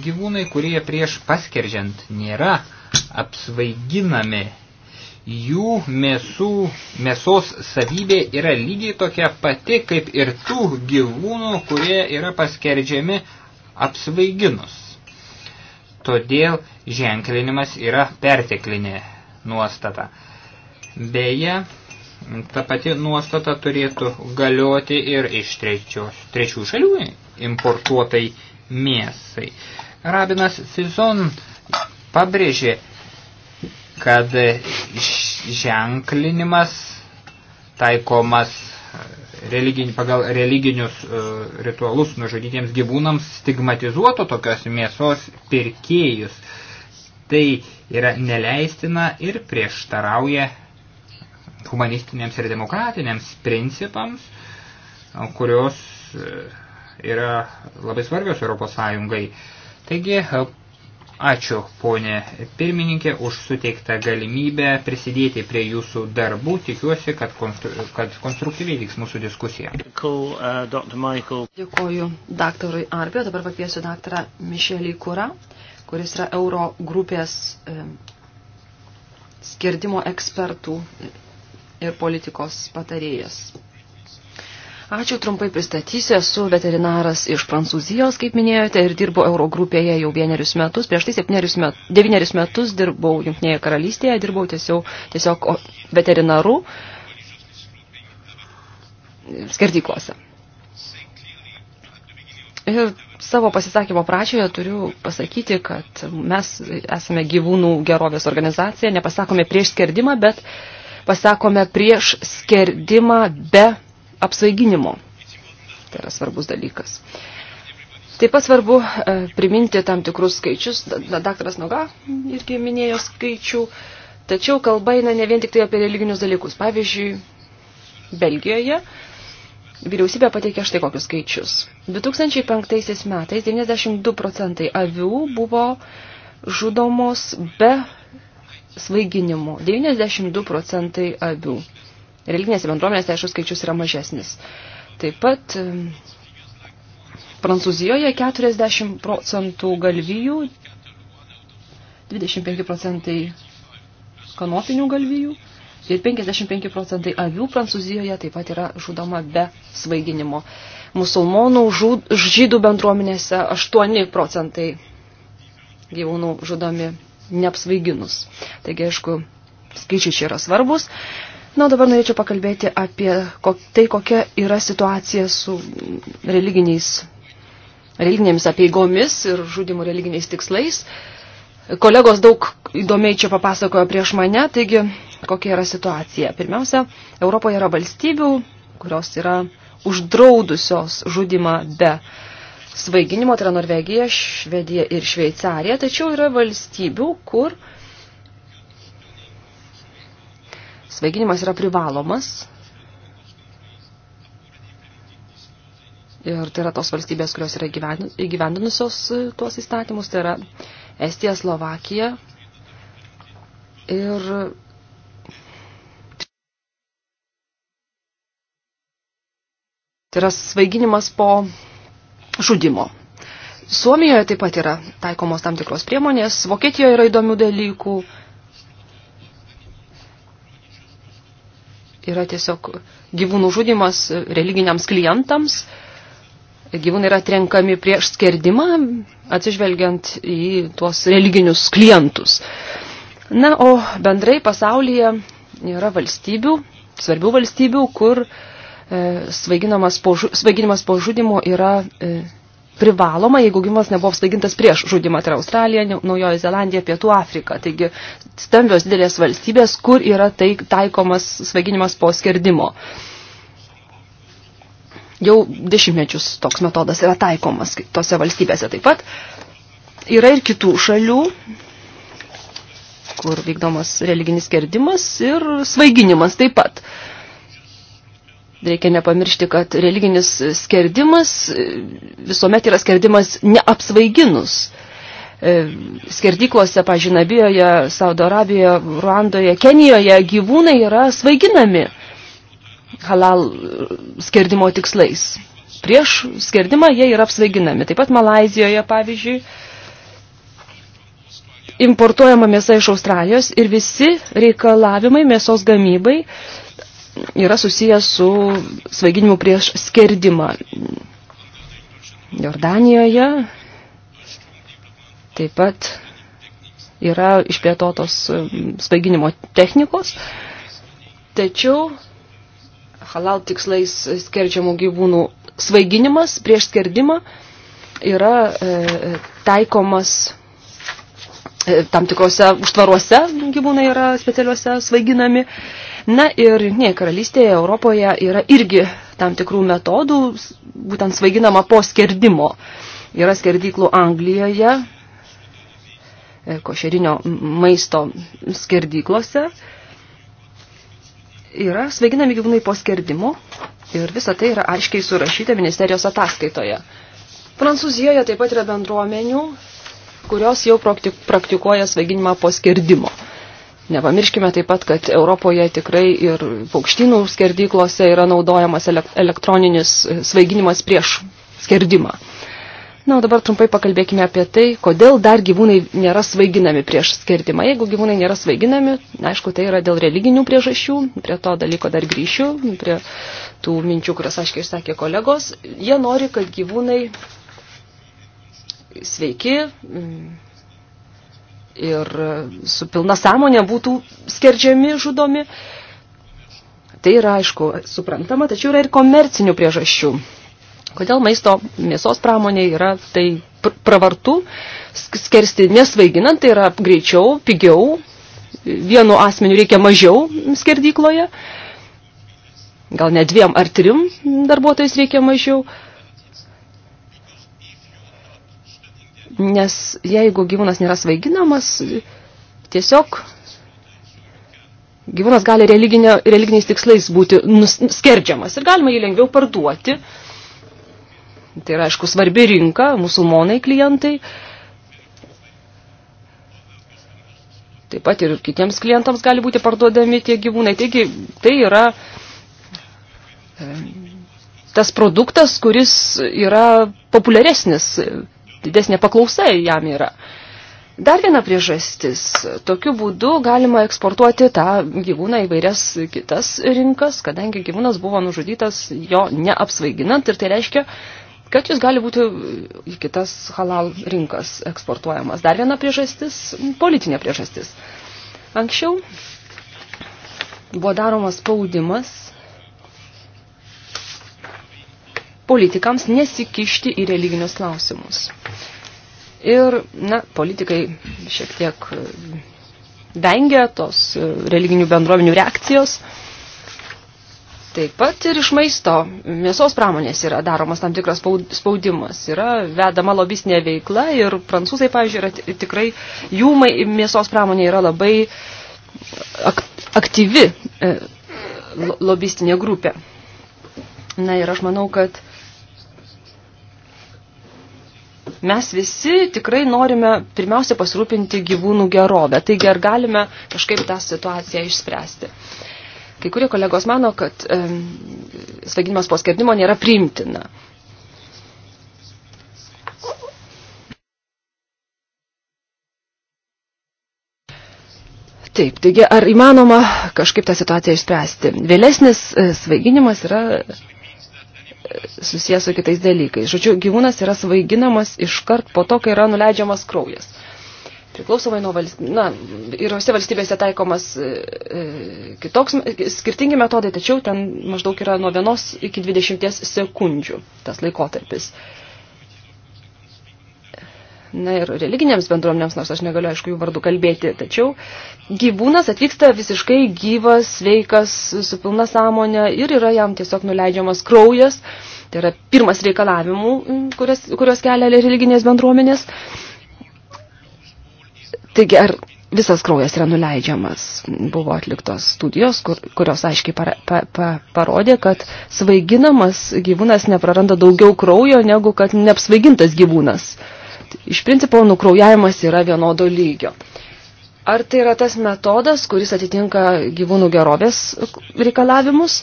Gyvūnai, kurie prieš paskeržiant nėra apsvaiginami, jų mėsų, mėsos savybė yra lygiai tokia pati, kaip ir tų gyvūnų, kurie yra paskerdžiami apsvaiginus. Todėl ženklinimas yra perteklinė nuostata. Beje, ta pati nuostata turėtų galioti ir iš trečios, trečių šalių importuotai mėsai. Rabinas Sizon pabrėžė, kad ženklinimas taikomas religin, pagal religinius uh, ritualus nužudytiems gyvūnams stigmatizuoto tokios mėsos pirkėjus. Tai yra neleistina ir prieštarauja humanistiniams ir demokratiniams principams, kurios uh, yra labai svarbios Europos Sąjungai. Taigi, ačiū ponė pirmininkė už suteiktą galimybę prisidėti prie jūsų darbų. Tikiuosi, kad, konstru, kad konstruktyviai vyks mūsų diskusija. Uh, Dėkuoju daktarui Arbio. Dabar pakviesiu daktarą Mišelį Kurą, kuris yra Euro grupės skirdimo ekspertų ir politikos patarėjas. Ačiū trumpai pristatysiu, esu veterinaras iš Prancūzijos, kaip minėjote, ir dirbu Eurogrupėje jau vienerius metus. Prieš tai septynerius met, devynerius metus dirbau Junktinėje karalystėje, dirbau tiesiog, tiesiog veterinaru skerdyklose. Ir savo pasisakymo prašioje turiu pasakyti, kad mes esame gyvūnų gerovės organizacija, nepasakome prieš skerdimą, bet pasakome prieš skerdimą be apsvaiginimo. Tai yra svarbus dalykas. Taip pat svarbu e, priminti tam tikrus skaičius. Daktaras Noga irgi minėjo skaičių, tačiau kalba eina ne vien tik tai apie religinius dalykus. Pavyzdžiui, Belgijoje vyriausybė pateikė štai kokius skaičius. 2005 metais 92 procentai avių buvo žudomos be svaiginimų. 92 procentai avių religinėse bendruomenėse, tai aišku, skaičius yra mažesnis. Taip pat Prancūzijoje 40 procentų galvijų, 25 procentai kanopinių galvijų ir 55 procentai avių Prancūzijoje taip pat yra žudoma be svaiginimo. Musulmonų žud, žydų bendruomenėse 8 procentai gyvūnų žudomi neapsvaiginus. Taigi, aišku, skaičiai čia yra svarbus. Na, dabar norėčiau pakalbėti apie tai, kokia yra situacija su religiniais, religinėmis apieigomis ir žudimų religiniais tikslais. Kolegos daug įdomiai čia papasakojo prieš mane, taigi kokia yra situacija. Pirmiausia, Europoje yra valstybių, kurios yra uždraudusios žudimą be svaiginimo, tai yra Norvegija, Švedija ir Šveicarija, tačiau yra valstybių, kur uh, Svaiginimas yra privalomas. Ir tai yra tos valstybės, kurios yra įgyvendinusios e, tuos įstatymus. Tai yra Estija, Slovakija. Ir tai yra svaiginimas po žudimo. Suomijoje taip pat yra taikomos tam tikros priemonės, Vokietijoje yra įdomių dalykų, yra tiesiog gyvūnų žudimas religiniams klientams. Gyvūnai yra trenkami prieš skerdimą, atsižvelgiant į tuos religinius klientus. Na, o bendrai pasaulyje yra valstybių, svarbių valstybių, kur e, svaiginimas po, svaiginimas po žudimo yra e, privaloma, jeigu augimas nebuvo svaigintas prieš žudimą, tai yra Australija, Naujoji Zelandija, Pietų Afrika. Taigi stambios didelės valstybės, kur yra tai, taikomas svaiginimas po skerdimo. Jau dešimtmečius toks metodas yra taikomas tose valstybėse taip pat. Yra ir kitų šalių, kur vykdomas religinis skerdimas ir svaiginimas taip pat. Uh, Reikia nepamiršti, kad religinis skerdimas visuomet yra skerdimas neapsvaiginus. E, skerdyklose, pažiūrėjau, Nabijoje, Saudo Arabijoje, Ruandoje, Kenijoje gyvūnai yra svaiginami halal skerdimo tikslais. Prieš skerdimą jie yra apsvaiginami. Taip pat Malazijoje, pavyzdžiui, importuojama mėsa iš Australijos ir visi reikalavimai mėsos gamybai yra susijęs su svaiginimu prieš skerdimą. Jordanijoje taip pat yra išplėtotos svaiginimo technikos, tačiau halal tikslais skerdžiamų gyvūnų svaiginimas prieš skerdimą yra e, taikomas e, tam tikrose užtvaruose gyvūnai yra specialiuose svaiginami Na ir Junktinėje karalystėje Europoje yra irgi tam tikrų metodų, būtent svaiginama po skerdimo. Yra skerdyklų Anglijoje, e, košerinio maisto skerdyklose. Yra svaiginami gyvūnai po skerdimo ir visa tai yra aiškiai surašyta ministerijos ataskaitoje. Prancūzijoje taip pat yra bendruomenių, kurios jau praktikuoja svaiginimą po skerdimo. Nepamirškime taip pat, kad Europoje tikrai ir paukštynų skerdyklose yra naudojamas elektroninis svaiginimas prieš skerdimą. Na, o dabar trumpai pakalbėkime apie tai, kodėl dar gyvūnai nėra svaiginami prieš skerdimą. Jeigu gyvūnai nėra svaiginami, aišku, tai yra dėl religinių priežasčių, prie to dalyko dar grįšiu, prie tų minčių, kurias aiškiai išsakė kolegos. Jie nori, kad gyvūnai sveiki, ir su pilna sąmonė būtų skerdžiami, žudomi. Tai yra, aišku, suprantama, tačiau yra ir komercinių priežasčių. Kodėl maisto mėsos pramonė yra tai pravartu, skersti nesvaiginant, tai yra greičiau, pigiau, vienu asmeniu reikia mažiau skerdykloje, gal ne dviem ar trim darbuotojais reikia mažiau. Nes jeigu gyvūnas nėra svaiginamas, tiesiog gyvūnas gali religiniais tikslais būti skerdžiamas ir galima jį lengviau parduoti. Tai yra, aišku, svarbi rinka, musulmonai klientai. Taip pat ir kitiems klientams gali būti parduodami tie gyvūnai. Taigi, tai yra tas produktas, kuris yra populiaresnis didesnė paklausa jam yra. Dar viena priežastis. Tokiu būdu galima eksportuoti tą gyvūną įvairias kitas rinkas, kadangi gyvūnas buvo nužudytas jo neapsvaiginant ir tai reiškia, kad jis gali būti į kitas halal rinkas eksportuojamas. Dar viena priežastis – politinė priežastis. Anksčiau buvo daromas spaudimas politikams nesikišti į religinius klausimus. Ir, na, politikai šiek tiek e, vengia tos e, religinių bendruomenių reakcijos. Taip pat ir iš maisto mėsos pramonės yra daromas tam tikras spaudimas. Yra vedama lobistinė veikla ir prancūzai, pavyzdžiui, yra tikrai jų mėsos pramonė yra labai ak aktyvi e, lobistinė grupė. Na ir aš manau, kad mes visi tikrai norime pirmiausia pasirūpinti gyvūnų gerovę. Taigi ar galime kažkaip tą situaciją išspręsti? Kai kurie kolegos mano, kad e, svaginimas po skerdimo nėra priimtina. Taip, taigi ar įmanoma kažkaip tą situaciją išspręsti? Vėlesnis e, svaiginimas yra susijęs su kitais dalykais. Žodžiu, gyvūnas yra svaiginamas iškart po to, kai yra nuleidžiamas kraujas. Priklausomai nuo valstybės, na, ir visi valstybėse taikomas e, e, kitoks, skirtingi metodai, tačiau ten maždaug yra nuo vienos iki 20 sekundžių tas laikotarpis. Na ir religinėms bendruomenėms, nors aš negaliu, aišku, jų vardu kalbėti, tačiau gyvūnas atvyksta visiškai gyvas, sveikas, su pilna sąmonė ir yra jam tiesiog nuleidžiamas kraujas. Tai yra pirmas reikalavimų, kurios, kurios kelia religinės bendruomenės. Taigi, ar visas kraujas yra nuleidžiamas. Buvo atliktos studijos, kur, kurios aiškiai para, pa, pa, parodė, kad svaiginamas gyvūnas nepraranda daugiau kraujo, negu kad neapsvaigintas gyvūnas. Iš principo, nukraujavimas yra vienodo lygio. Ar tai yra tas metodas, kuris atitinka gyvūnų gerovės reikalavimus?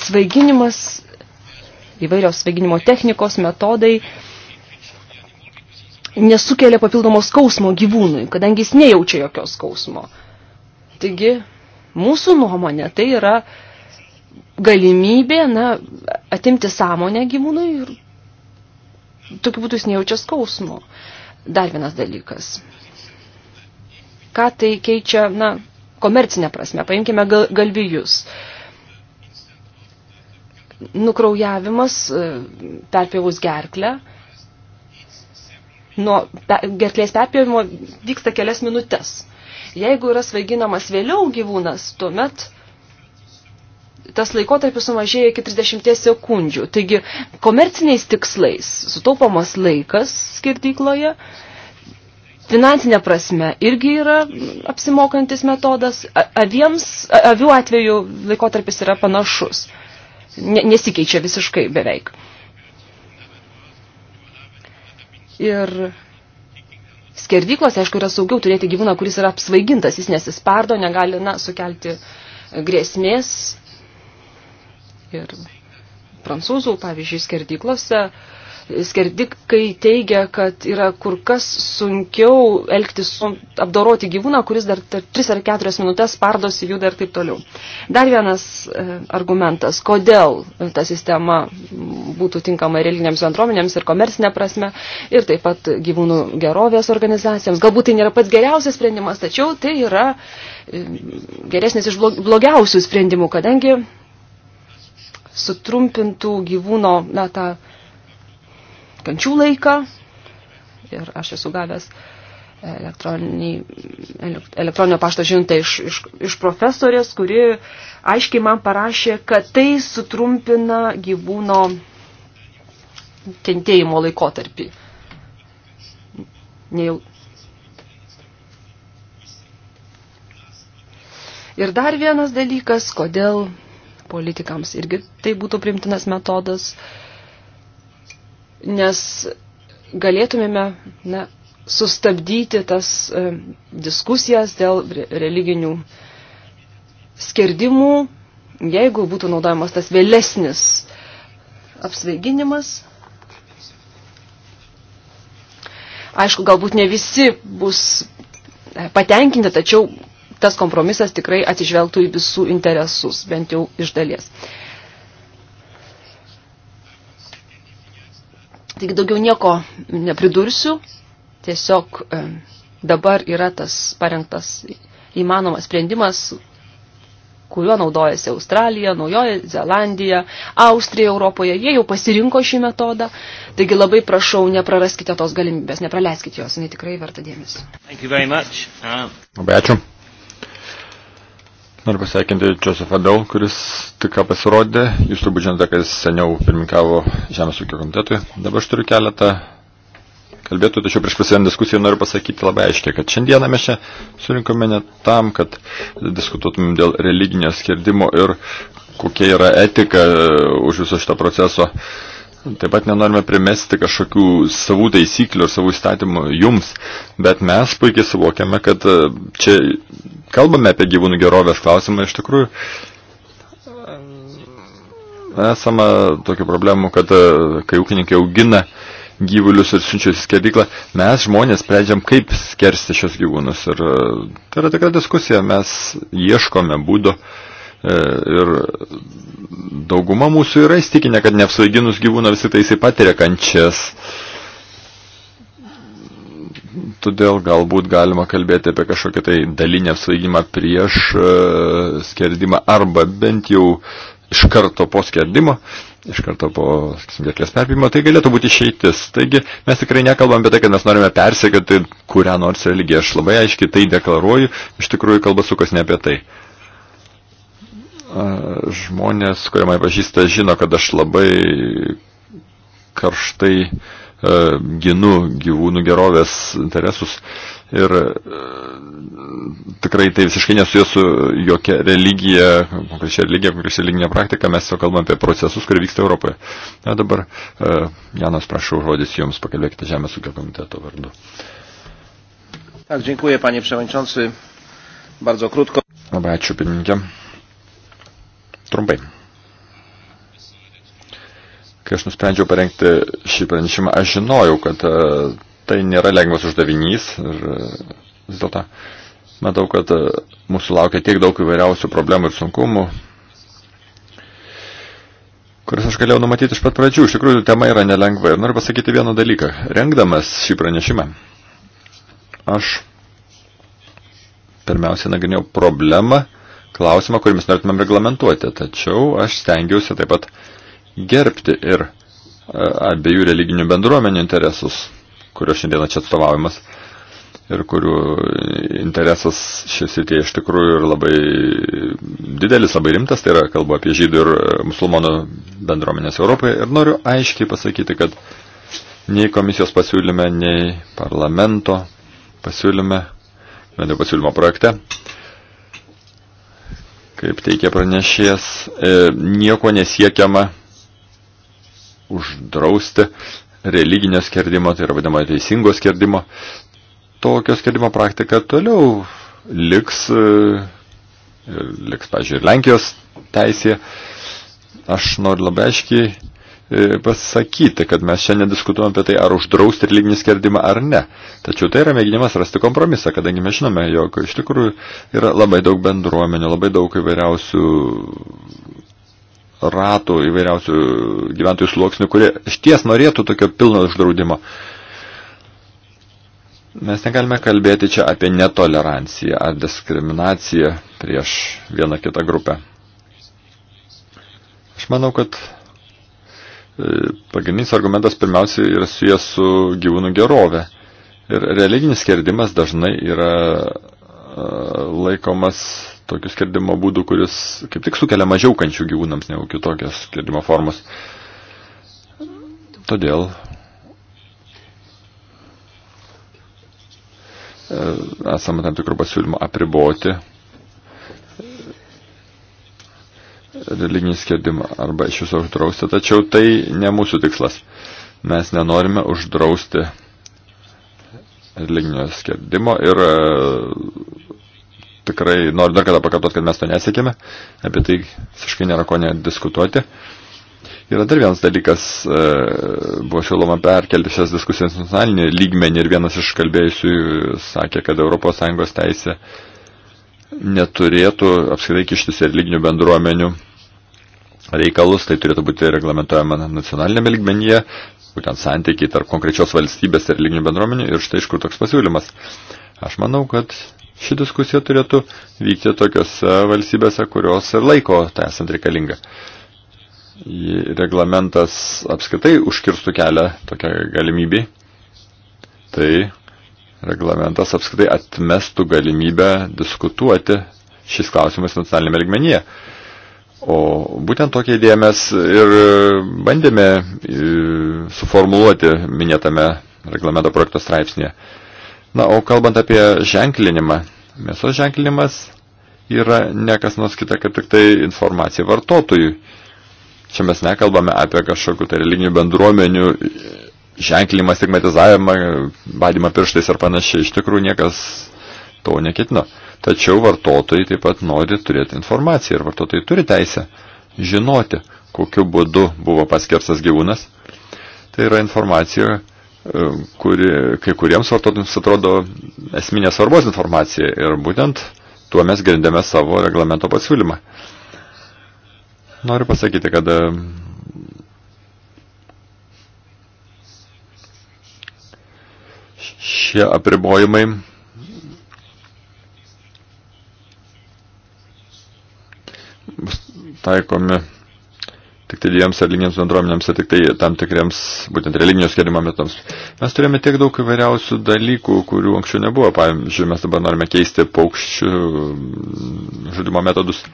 Svaiginimas, įvairios svaiginimo technikos, metodai nesukelia papildomo skausmo gyvūnui, kadangi jis nejaučia jokios skausmo. Taigi, mūsų nuomonė tai yra galimybė na, atimti sąmonę gyvūnui ir tokiu būtų jis nejaučia skausmo. Dar vienas dalykas. Ką tai keičia, na, komercinė prasme, paimkime gal, galvijus. Nukraujavimas, e, perpėvus gerklę, nuo gerklės perpėvimo vyksta kelias minutės. Jeigu yra svaiginamas vėliau gyvūnas, tuomet tas laikotarpis sumažėja iki 30 sekundžių. Taigi komerciniais tikslais sutaupamas laikas skirtykloje, finansinė prasme irgi yra apsimokantis metodas, aviems, avių atveju laikotarpis yra panašus, nesikeičia visiškai beveik. Ir skerdyklose, aišku, yra saugiau turėti gyvūną, kuris yra apsvaigintas, jis nesispardo, negali na, sukelti grėsmės ir prancūzų, pavyzdžiui, skerdyklose, skerdikai teigia, kad yra kur kas sunkiau elgtis su apdoroti gyvūną, kuris dar 3 ar 4 minutės pardosi jų dar taip toliau. Dar vienas e, argumentas, kodėl ta sistema būtų tinkama religinėms bendruomenėms ir komercinė prasme, ir taip pat gyvūnų gerovės organizacijoms. Galbūt tai nėra pats geriausias sprendimas, tačiau tai yra e, geresnis iš blogiausių sprendimų, kadangi sutrumpintų gyvūno, na, tą kančių laiką. Ir aš esu gavęs elektroninio pašto žinutę iš, iš, iš profesorės, kuri aiškiai man parašė, kad tai sutrumpina gyvūno kentėjimo laikotarpį. Nejau... Ir dar vienas dalykas, kodėl politikams. Irgi tai būtų primtinas metodas, nes galėtumėme na, sustabdyti tas e, diskusijas dėl religinių skerdimų, jeigu būtų naudojamas tas vėlesnis apsvaiginimas. Aišku, galbūt ne visi bus e, patenkinti, tačiau tas kompromisas tikrai atsižvelgtų į visų interesus, bent jau iš dalies. Taigi daugiau nieko nepridursiu, tiesiog e, dabar yra tas parengtas įmanomas sprendimas, kuriuo naudojasi Australija, Naujoji Zelandija, Austrija Europoje. Jie jau pasirinko šį metodą, taigi labai prašau, nepraraskite tos galimybės, nepraleiskite jos, jinai tikrai verta dėmesio. Uh, labai ačiū. Noriu pasveikinti Joseph Adel, kuris tik ką pasirodė. Jūs turbūt žinote, kad jis seniau pirmininkavo Žemės ūkio komitetui. Dabar aš turiu keletą kalbėtų, tačiau prieš prasidant diskusiją noriu pasakyti labai aiškiai, kad šiandieną mes čia surinkome ne tam, kad diskutuotumėm dėl religinio skirdimo ir kokia yra etika e, už viso šito proceso. Uh, Taip pat nenorime primesti kažkokių savų taisyklių ar savų įstatymų jums, bet mes puikiai suvokiame, kad e, čia kalbame apie gyvūnų gerovės klausimą iš tikrųjų. E, esama tokių problemų, kad e, kai ūkininkai augina gyvulius ir siunčia į skerdyklą, mes žmonės sprendžiam, kaip skersti šios gyvūnus. Ir tai yra tikra diskusija, mes ieškome būdo, uh, E, ir dauguma mūsų yra įstikinę, kad neapsvaiginus gyvūną visi tai jisai patiria kančias. Todėl galbūt galima kalbėti apie kažkokią tai dalinę apsvaigimą prieš e, skerdimą arba bent jau iš karto po skerdimo iš karto po gerklės perpimo, tai galėtų būti išeitis. Taigi mes tikrai nekalbam apie tai, kad mes norime persiekti kurią nors religiją. Aš labai aiškiai tai deklaruoju, iš tikrųjų kalba sukas ne apie tai. Žmonės, kurie mane pažįsta, žino, kad aš labai karštai e, ginu gyvūnų gerovės interesus ir e, tikrai tai visiškai nesusiję su jokia religija, konkrečia religija, konkrečia religinė praktika, mes jau kalbam apie procesus, kurie vyksta Europoje. Na dabar, e, Janas, prašau, žodis jums, pakalbėkite Žemės ūkio komiteto vardu. Tak, dziękuję panie przewodniczący. Bardzo krótko. Dobra, ačiū pirmininkė. Trumpai. Kai aš nusprendžiau parengti šį pranešimą, aš žinojau, kad e, tai nėra lengvas uždavinys ir e, vis dėlto matau, kad e, mūsų laukia tiek daug įvairiausių problemų ir sunkumų, kuris aš galėjau numatyti iš pat pradžių. Iš tikrųjų, tema yra nelengva. Ir noriu pasakyti vieną dalyką. Rengdamas šį pranešimą, aš pirmiausia nagrinėjau problemą, klausimą, kurį mes norėtumėm reglamentuoti. Tačiau aš stengiausi taip pat gerbti ir e, abiejų religinių bendruomenių interesus, kurio šiandieną čia atstovaujamas ir kurių interesas šis įtie iš tikrųjų ir labai didelis, labai rimtas, tai yra kalbu apie žydų ir e, musulmonų bendruomenės Europoje. Ir noriu aiškiai pasakyti, kad nei komisijos pasiūlyme, nei parlamento pasiūlyme, bent jau pasiūlymo projekte, kaip teikia pranešės, e, nieko nesiekiama uždrausti religinio skerdimo, tai yra vadinama teisingo skerdimo. Tokio skerdimo praktika toliau liks, e, liks pažiūrėjau, ir Lenkijos teisėje. Aš noriu labai aiškiai E, pasakyti, kad mes šiandien diskutuojame apie tai, ar uždrausti religinį skerdimą ar ne. Tačiau tai yra mėginimas rasti kompromisą, kadangi mes žinome, jog iš tikrųjų yra labai daug bendruomenių, labai daug įvairiausių ratų, įvairiausių gyventojų sluoksnių, kurie šties norėtų tokio pilno uždraudimo. Mes negalime kalbėti čia apie netoleranciją ar diskriminaciją prieš vieną kitą grupę. Aš manau, kad E, pagrindinis argumentas pirmiausiai yra susijęs su gyvūnų gerovė. Ir religinis skerdimas dažnai yra e, laikomas tokiu skerdimo būdu, kuris kaip tik sukelia mažiau kančių gyvūnams negu kitokios skerdimo formos. Todėl e, esame tam tikrų pasiūlymų apriboti religinį skerdimą arba iš viso uždrausti. Tačiau tai ne mūsų tikslas. Mes nenorime uždrausti religinio skerdimo ir e, tikrai noriu dar kada pakartoti, kad mes to nesiekime. Apie tai visiškai nėra ko nediskutuoti. Yra dar vienas dalykas, e, buvo siūloma perkelti šias diskusijas nacionalinį lygmenį ir vienas iš kalbėjusių sakė, kad ES teisė neturėtų apskritai kištis į religinių bendruomenių reikalus, tai turėtų būti reglamentojama nacionalinėme lygmenyje, būtent santykiai tarp konkrečios valstybės ir religinių bendruomenių ir štai iš kur toks pasiūlymas. Aš manau, kad ši diskusija turėtų vykti tokiose valstybėse, kurios ir laiko tai esant reikalinga. Reglamentas apskritai užkirstų kelią tokią galimybį. Tai reglamentas apskritai atmestų galimybę diskutuoti šis klausimas nacionalinėme ligmenyje. O būtent tokia idėja mes ir bandėme e, suformuluoti minėtame reglamento projekto straipsnėje. Na, o kalbant apie ženklinimą, mėsos ženklinimas yra nekas nors kita, kad tik tai informacija vartotojui. Čia mes nekalbame apie kažkokių tai religinių bendruomenių ženklimą, stigmatizavimą, badimą pirštais ar panašiai. Iš tikrųjų niekas to neketino. Tačiau vartotojai taip pat nori turėti informaciją ir vartotojai turi teisę žinoti, kokiu būdu buvo paskirtas gyvūnas. Tai yra informacija, e, kuri kai kuriems vartotojams atrodo esminės svarbos informacija ir būtent tuo mes grindėme savo reglamento pasiūlymą. Noriu pasakyti, kad Šie apribojimai bus taikomi tik tai dviems religinėms bendruomenėms ir tik tai tam tikriems būtent religinių skirimo metams. Mes turėjome tiek daug įvairiausių dalykų, kurių anksčiau nebuvo. Pavyzdžiui, mes dabar norime keisti paukščių mm, žudimo metodus.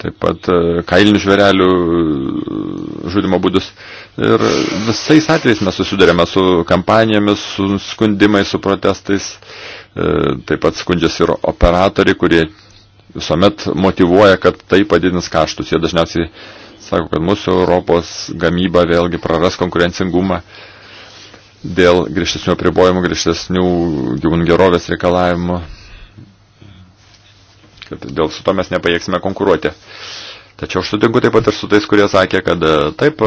Taip pat e, kailinių žvėrelių mm, žudimo būdus. Ir visais atvejais mes susidurėme su kampanijomis, su skundimais, su protestais. E, taip pat skundžiasi ir operatoriai, kurie visuomet motivuoja, kad tai padidins kaštus. Jie dažniausiai sako, kad mūsų Europos gamyba vėlgi praras konkurencingumą dėl grįžtesnių apribojimų, grįžtesnių gyvūnų gerovės reikalavimų. Kad dėl su to mes nepajėgsime konkuruoti. Tačiau aš sutinku taip pat ir su tais, kurie sakė, kad e, taip,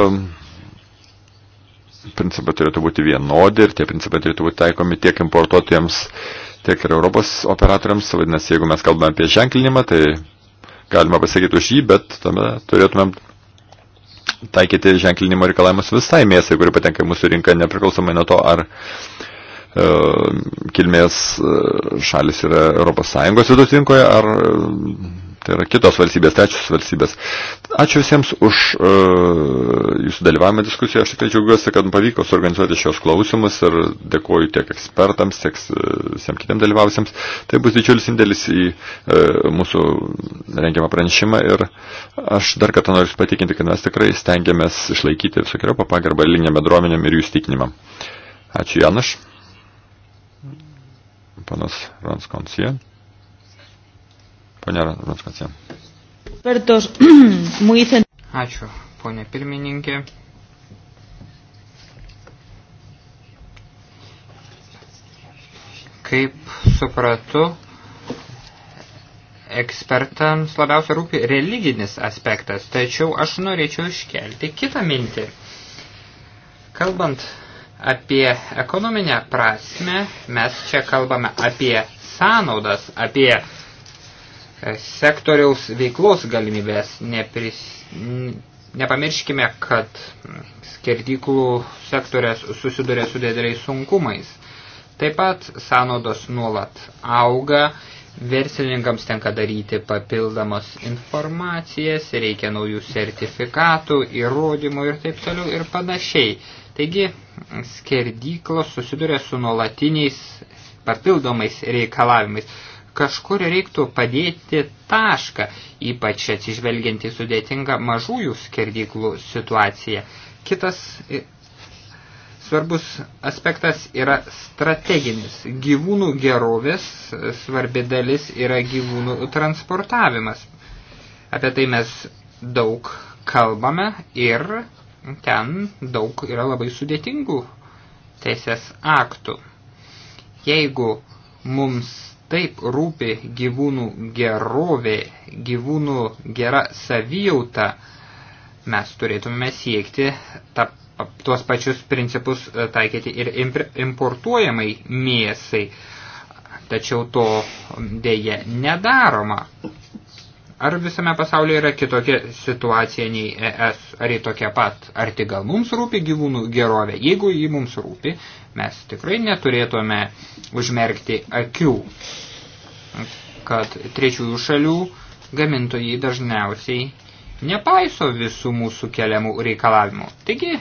principai turėtų būti vienodi ir tie principai turėtų būti taikomi tiek importuotojams, tiek ir Europos operatoriams. Vadinasi, jeigu mes kalbame apie ženklinimą, tai galima pasakyti už jį, bet tame turėtumėm taikyti ženklinimo reikalavimus visai mėsai, kuri patenka į mūsų rinką, nepriklausomai nuo to, ar e, kilmės e, šalis yra Europos Sąjungos vidaus rinkoje ar Tai yra kitos valstybės, trečios valstybės. Ačiū visiems už uh, jūsų dalyvavimą diskusijoje. Aš tikrai džiaugiuosi, kad pavyko suorganizuoti šios klausimus ir dėkoju tiek ekspertams, tiek e, visiems kitiems dalyvavusiems. Tai bus didžiulis indėlis į uh, mūsų rengiamą pranešimą ir aš dar kartą noriu patikinti, kad mes tikrai stengiamės išlaikyti visokiojo papagarbą liniam bendruomenėm ir jų stikinimam. Ačiū Janaš. Panas Ranskonsija. Pone Ratkacija. Ačiū, ponė pirmininkė. Kaip supratu, ekspertams labiausia rūpi religinis aspektas, tačiau aš norėčiau iškelti kitą mintį. Kalbant apie ekonominę prasme, mes čia kalbame apie sąnaudas, apie uh, sektoriaus veiklos galimybės. Nepris, nepamirškime, kad skerdyklų sektorės susiduria su dideliais sunkumais. Taip pat sąnaudos nuolat auga, verslininkams tenka daryti papildomas informacijas, reikia naujų sertifikatų, įrodymų ir taip toliau ir panašiai. Taigi, skerdyklos susiduria su nuolatiniais papildomais reikalavimais kažkur reiktų padėti tašką, ypač atsižvelgiant į sudėtingą mažųjų skerdyklų situaciją. Kitas e, svarbus aspektas yra strateginis. Gyvūnų gerovės e, svarbi dalis yra gyvūnų transportavimas. Apie tai mes daug kalbame ir ten daug yra labai sudėtingų teisės aktų. Jeigu mums Taip rūpi gyvūnų gerovė, gyvūnų gera savijauta. Mes turėtume siekti tą, tuos pačius principus e, taikyti ir importuojamai mėsai. Tačiau to dėje nedaroma. Ar visame pasaulyje yra kitokia situacija nei ES, ar į tokia pat, ar tik gal mums rūpi gyvūnų gerovė? Jeigu ji mums rūpi, Mes tikrai neturėtume užmerkti akių, kad trečiųjų šalių gamintojai dažniausiai nepaiso visų mūsų keliamų reikalavimų. Taigi,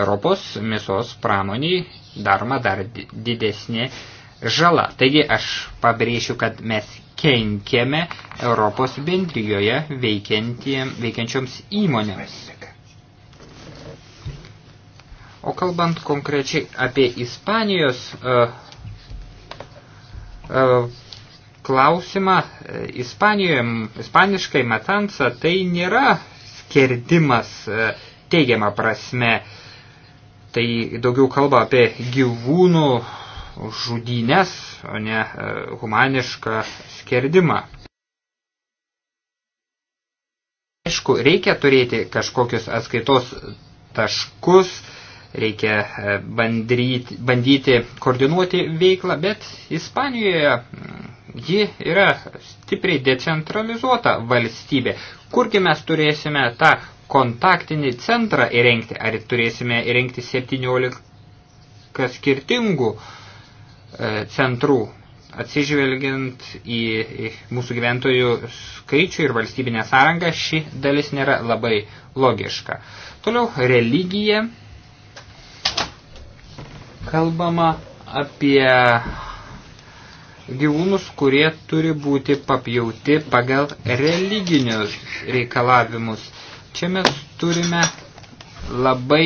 Europos mėsos pramoniai daroma dar didesnė žala. Taigi, aš pabrėšiu, kad mes kenkėme Europos bendrijoje veikiančioms įmonėms. O kalbant konkrečiai apie Ispanijos uh, uh, klausimą, e, Ispanijoje, ispaniškai matansa, tai nėra skerdimas uh, teigiama prasme. Tai daugiau kalba apie gyvūnų žudynės, o ne humanišką skerdimą. Aišku, reikia turėti kažkokius atskaitos taškus, reikia e, bandryti, bandyti koordinuoti veiklą, bet Ispanijoje mm, ji yra stipriai decentralizuota valstybė. Kurgi mes turėsime tą kontaktinį centrą įrengti, ar turėsime įrengti 17 skirtingų e, centrų, atsižvelgiant į mūsų gyventojų skaičių ir valstybinę sąrangą, ši dalis nėra labai logiška. Toliau religija kalbama apie gyvūnus, kurie turi būti papjauti pagal religinius reikalavimus. Čia mes turime labai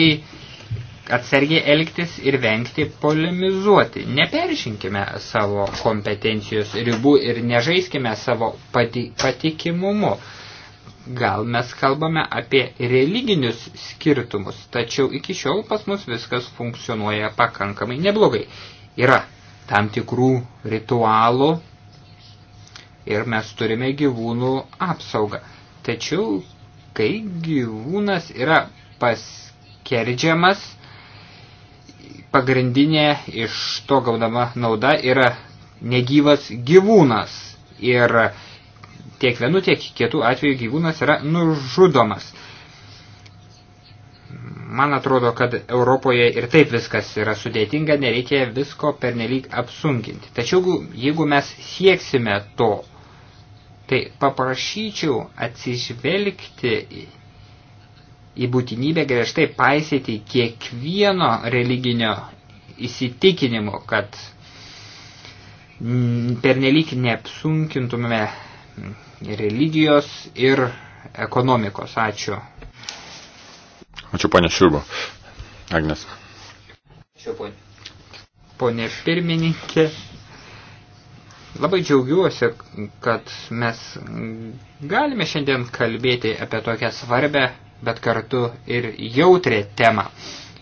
atsargiai elgtis ir vengti polemizuoti. Neperžinkime savo kompetencijos ribų ir nežaiskime savo pati, patikimumu. Gal mes kalbame apie religinius skirtumus, tačiau iki šiol pas mus viskas funkcionuoja pakankamai neblogai. Yra tam tikrų ritualų ir mes turime gyvūnų apsaugą. Tačiau, kai gyvūnas yra paskerdžiamas, pagrindinė iš to gaudama nauda yra negyvas gyvūnas. Ir tiek vienu, tiek kitų atveju gyvūnas yra nužudomas. Man atrodo, kad Europoje ir taip viskas yra sudėtinga, nereikia visko pernelyg apsunkinti. Tačiau jeigu mes sieksime to, tai paprašyčiau atsižvelgti į būtinybę griežtai paisyti kiekvieno religinio įsitikinimo, kad pernelyg neapsunkintumėme religijos ir ekonomikos. Ačiū. Ačiū, ponė Širbo. Agnes. Ačiū, ponė. Ponė pirmininkė. Labai džiaugiuosi, kad mes galime šiandien kalbėti apie tokią svarbę, bet kartu ir jautrę temą.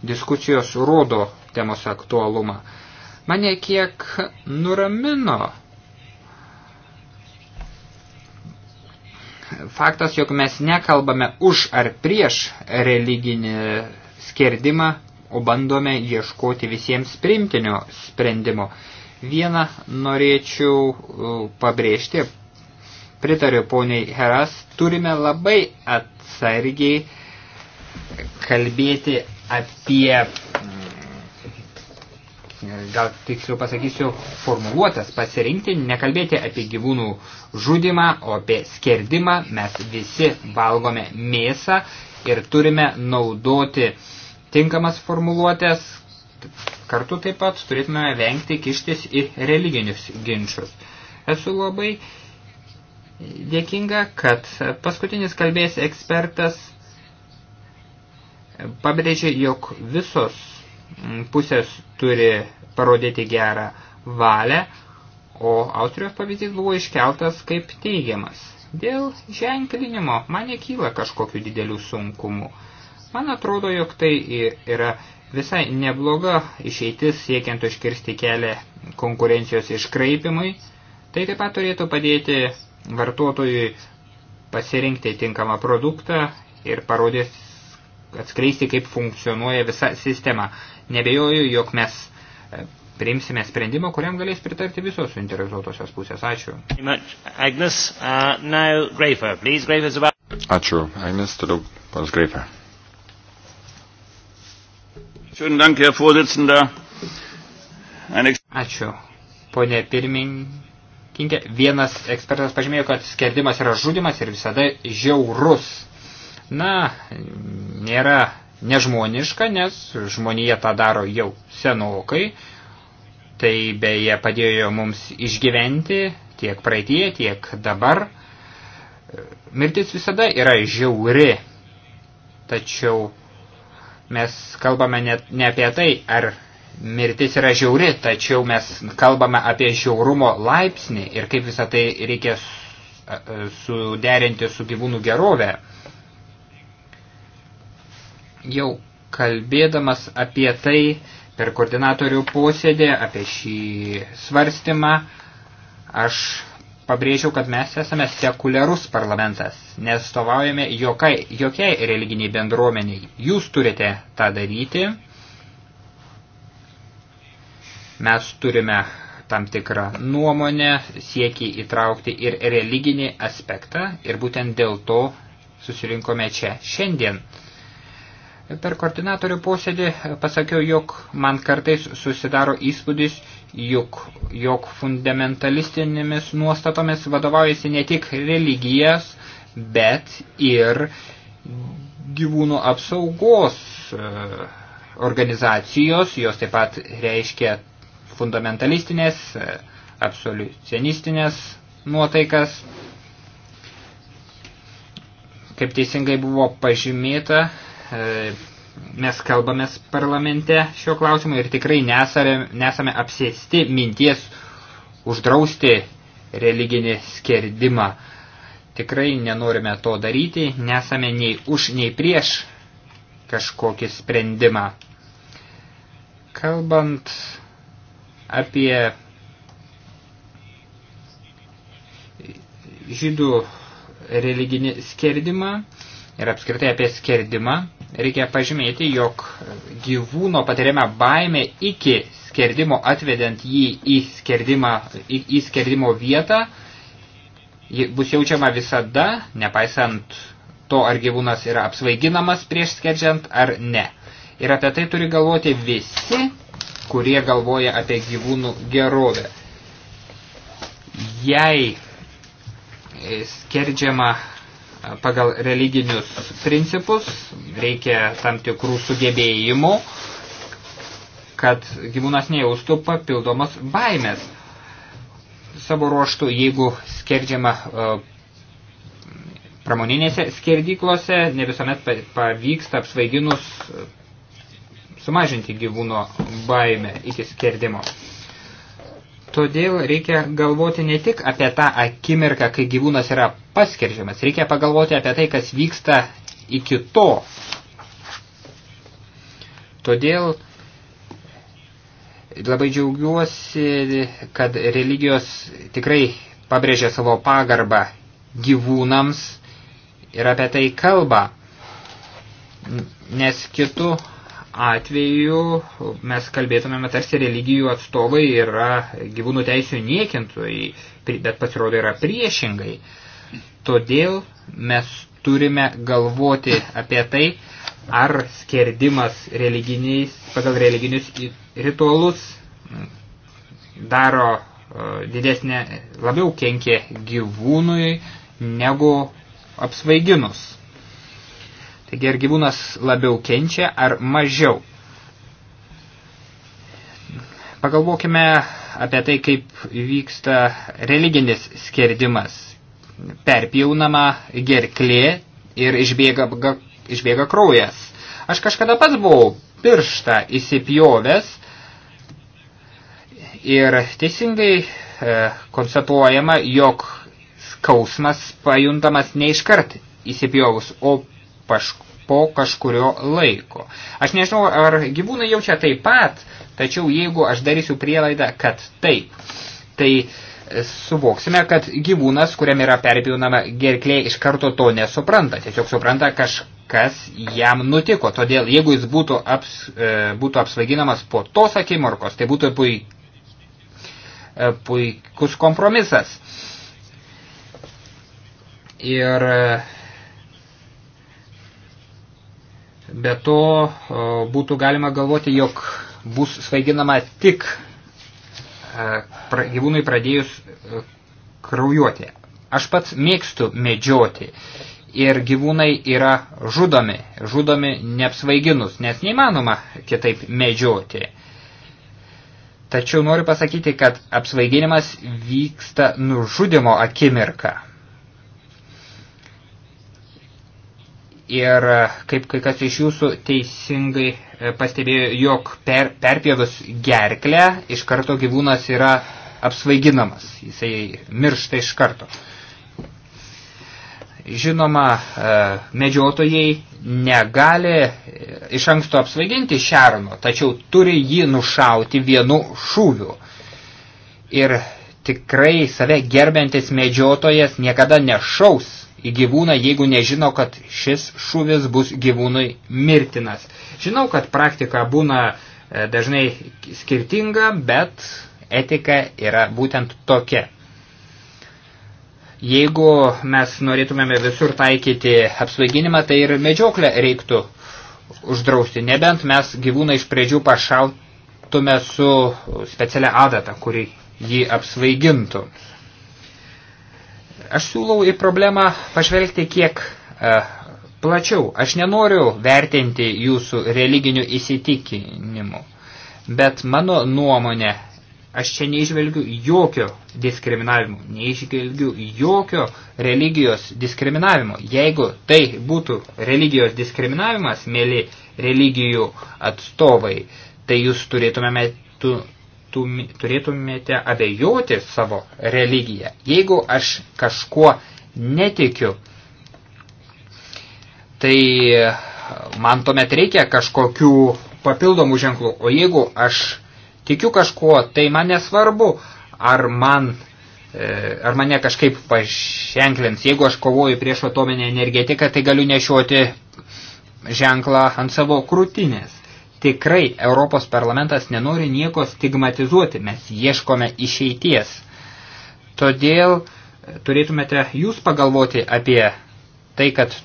Diskusijos rodo temos aktualumą. Mane kiek nuramino faktas, jog mes nekalbame už ar prieš religinį skerdimą, o bandome ieškoti visiems primtinio sprendimo. Vieną norėčiau pabrėžti, pritariu poniai Heras, turime labai atsargiai kalbėti apie gal tiksliau pasakysiu, formuluotas pasirinkti, nekalbėti apie gyvūnų žudimą, o apie skerdimą. Mes visi valgome mėsą ir turime naudoti tinkamas formuluotės. Kartu taip pat turėtume vengti kištis į religinius ginčius. Esu labai dėkinga, kad paskutinis kalbės ekspertas pabrėžė, jog visos pusės turi parodyti gerą valią, o Austrijos pavyzdys buvo iškeltas kaip teigiamas. Dėl ženklinimo man nekyla kažkokių didelių sunkumų. Man atrodo, jog tai yra visai nebloga išeitis siekiant užkirsti kelią konkurencijos iškraipimui. Tai taip pat turėtų padėti vartotojui pasirinkti tinkamą produktą ir parodės atskleisti, kaip funkcionuoja visa sistema. Nebejoju, jog mes e, priimsime sprendimą, kuriam galės pritarti visos suinteresuotosios pusės. Ačiū. Agnes, uh, now Grafer, please. Grafer's about... Ačiū. Agnes, toliau pas Grafer. Schönen Dank, Herr Vorsitzender. Eine... Ačiū. Pone pirmininkė, vienas ekspertas pažymėjo, kad skerdimas yra žudimas ir visada žiaurus na, nėra nežmoniška, nes žmonija tą daro jau senokai. Tai beje padėjo mums išgyventi tiek praeitie, tiek dabar. Mirtis visada yra žiauri, tačiau mes kalbame ne, ne apie tai, ar mirtis yra žiauri, tačiau mes kalbame apie žiaurumo laipsnį ir kaip visą tai reikia suderinti su gyvūnų gerove. Jau kalbėdamas apie tai per koordinatorių posėdį, apie šį svarstymą, aš pabrėžiau, kad mes esame sekuliarus parlamentas, nestovaujame jokai, jokiai religiniai bendruomeniai. Jūs turite tą daryti. Mes turime tam tikrą nuomonę, siekį įtraukti ir religinį aspektą ir būtent dėl to susirinkome čia šiandien. Per koordinatorių posėdį pasakiau, jog man kartais susidaro įspūdis, jog, jog fundamentalistinėmis nuostatomis vadovaujasi ne tik religijas, bet ir gyvūnų apsaugos e, organizacijos, jos taip pat reiškia fundamentalistinės, e, absoliucionistinės nuotaikas. Kaip teisingai buvo pažymėta, E, mes kalbamės parlamente šio klausimu ir tikrai nesame, nesame apsėsti minties uždrausti religinį skerdimą. Tikrai nenorime to daryti, nesame nei už, nei prieš kažkokį sprendimą. Kalbant apie žydų religinį skerdimą ir apskritai apie skerdimą, Reikia pažymėti, jog gyvūno patiriama baime iki skerdimo atvedant jį į, skerdimą, į, į skerdimo vietą ji bus jaučiama visada, nepaisant to, ar gyvūnas yra apsvaiginamas prieš skerdžiant ar ne. Ir apie tai turi galvoti visi, kurie galvoja apie gyvūnų gerovę. Jei e, skerdžiama pagal religinius principus, reikia tam tikrų sugebėjimų, kad gyvūnas nejaustų papildomas baimės. Savo ruoštų, jeigu skerdžiama e, pramoninėse skerdyklose, ne visuomet pavyksta apsvaiginus e, sumažinti gyvūno baimę iki skerdimo. Todėl reikia galvoti ne tik apie tą akimirką, kai gyvūnas yra paskerdžiamas, reikia pagalvoti apie tai, kas vyksta iki to. Todėl labai džiaugiuosi, kad religijos tikrai pabrėžia savo pagarbą gyvūnams ir apie tai kalba, nes kitų atveju mes kalbėtumėme tarsi religijų atstovai yra gyvūnų teisų niekintojai, bet pasirodo yra priešingai. Todėl mes turime galvoti apie tai, ar skerdimas religiniais, pagal religinius ritualus daro e, didesnė, labiau kenkia gyvūnui negu apsvaiginus. Taigi ar gyvūnas labiau kenčia ar mažiau? Pagalvokime apie tai, kaip vyksta religinis skerdimas. Perpjaunama gerklė ir išbėga, išbėga kraujas. Aš kažkada pats buvau pirštą įsipjovęs ir teisingai e, konstatuojama, jog skausmas pajuntamas ne iškart įsipjovus, o paš, po kažkurio laiko. Aš nežinau, ar gyvūnai jaučia taip pat, tačiau jeigu aš darysiu prielaidą, kad taip, tai e, suvoksime, kad gyvūnas, kuriam yra perpjaunama gerklė, iš karto to nesupranta. Tiesiog supranta kažkas jam nutiko. Todėl, jeigu jis būtų, aps, e, būtų apsvaiginamas po tos akimirkos, tai būtų puik, e, puikus kompromisas. Ir Be to e, būtų galima galvoti, jog bus svaiginama tik e, gyvūnui pradėjus e, kraujuoti. Aš pats mėgstu medžioti ir gyvūnai yra žudomi, žudomi neapsvaiginus, nes neįmanoma kitaip medžioti. Tačiau noriu pasakyti, kad apsvaiginimas vyksta nužudimo akimirką. Ir e, kaip kai kas iš jūsų teisingai e, pastebėjo, jog per, perpėdus gerklę iš karto gyvūnas yra apsvaiginamas, jisai miršta iš karto. Žinoma, e, medžiotojai negali iš anksto apsvaiginti šerno, tačiau turi jį nušauti vienu šūviu. Ir tikrai save gerbiantis medžiotojas niekada nešaus į gyvūną, jeigu nežino, kad šis šūvis bus gyvūnui mirtinas. Žinau, kad praktika būna e, dažnai skirtinga, bet etika yra būtent tokia. Jeigu mes norėtumėme visur taikyti apsvaiginimą, tai ir medžioklę reiktų uždrausti, nebent mes gyvūną iš pradžių pašautume su specialia adata, kuri jį apsvaigintų. Aš siūlau į problemą pažvelgti kiek e, plačiau. Aš nenoriu vertinti jūsų religinių įsitikinimų, bet mano nuomonė, aš čia neižvelgiu jokio diskriminavimo, neižvelgiu jokio religijos diskriminavimo. Jeigu tai būtų religijos diskriminavimas, mėly religijų atstovai, tai jūs turėtumėte turėtumėte abejoti savo religiją. Jeigu aš kažkuo netikiu, tai man tuomet reikia kažkokių papildomų ženklų. O jeigu aš tikiu kažkuo, tai man nesvarbu, ar man e, ar mane kažkaip paženklins. Jeigu aš kovoju prieš atominę energetiką, tai galiu nešioti ženklą ant savo krūtinės tikrai Europos parlamentas nenori nieko stigmatizuoti, mes ieškome išeities. Todėl e, turėtumėte jūs pagalvoti apie tai, kad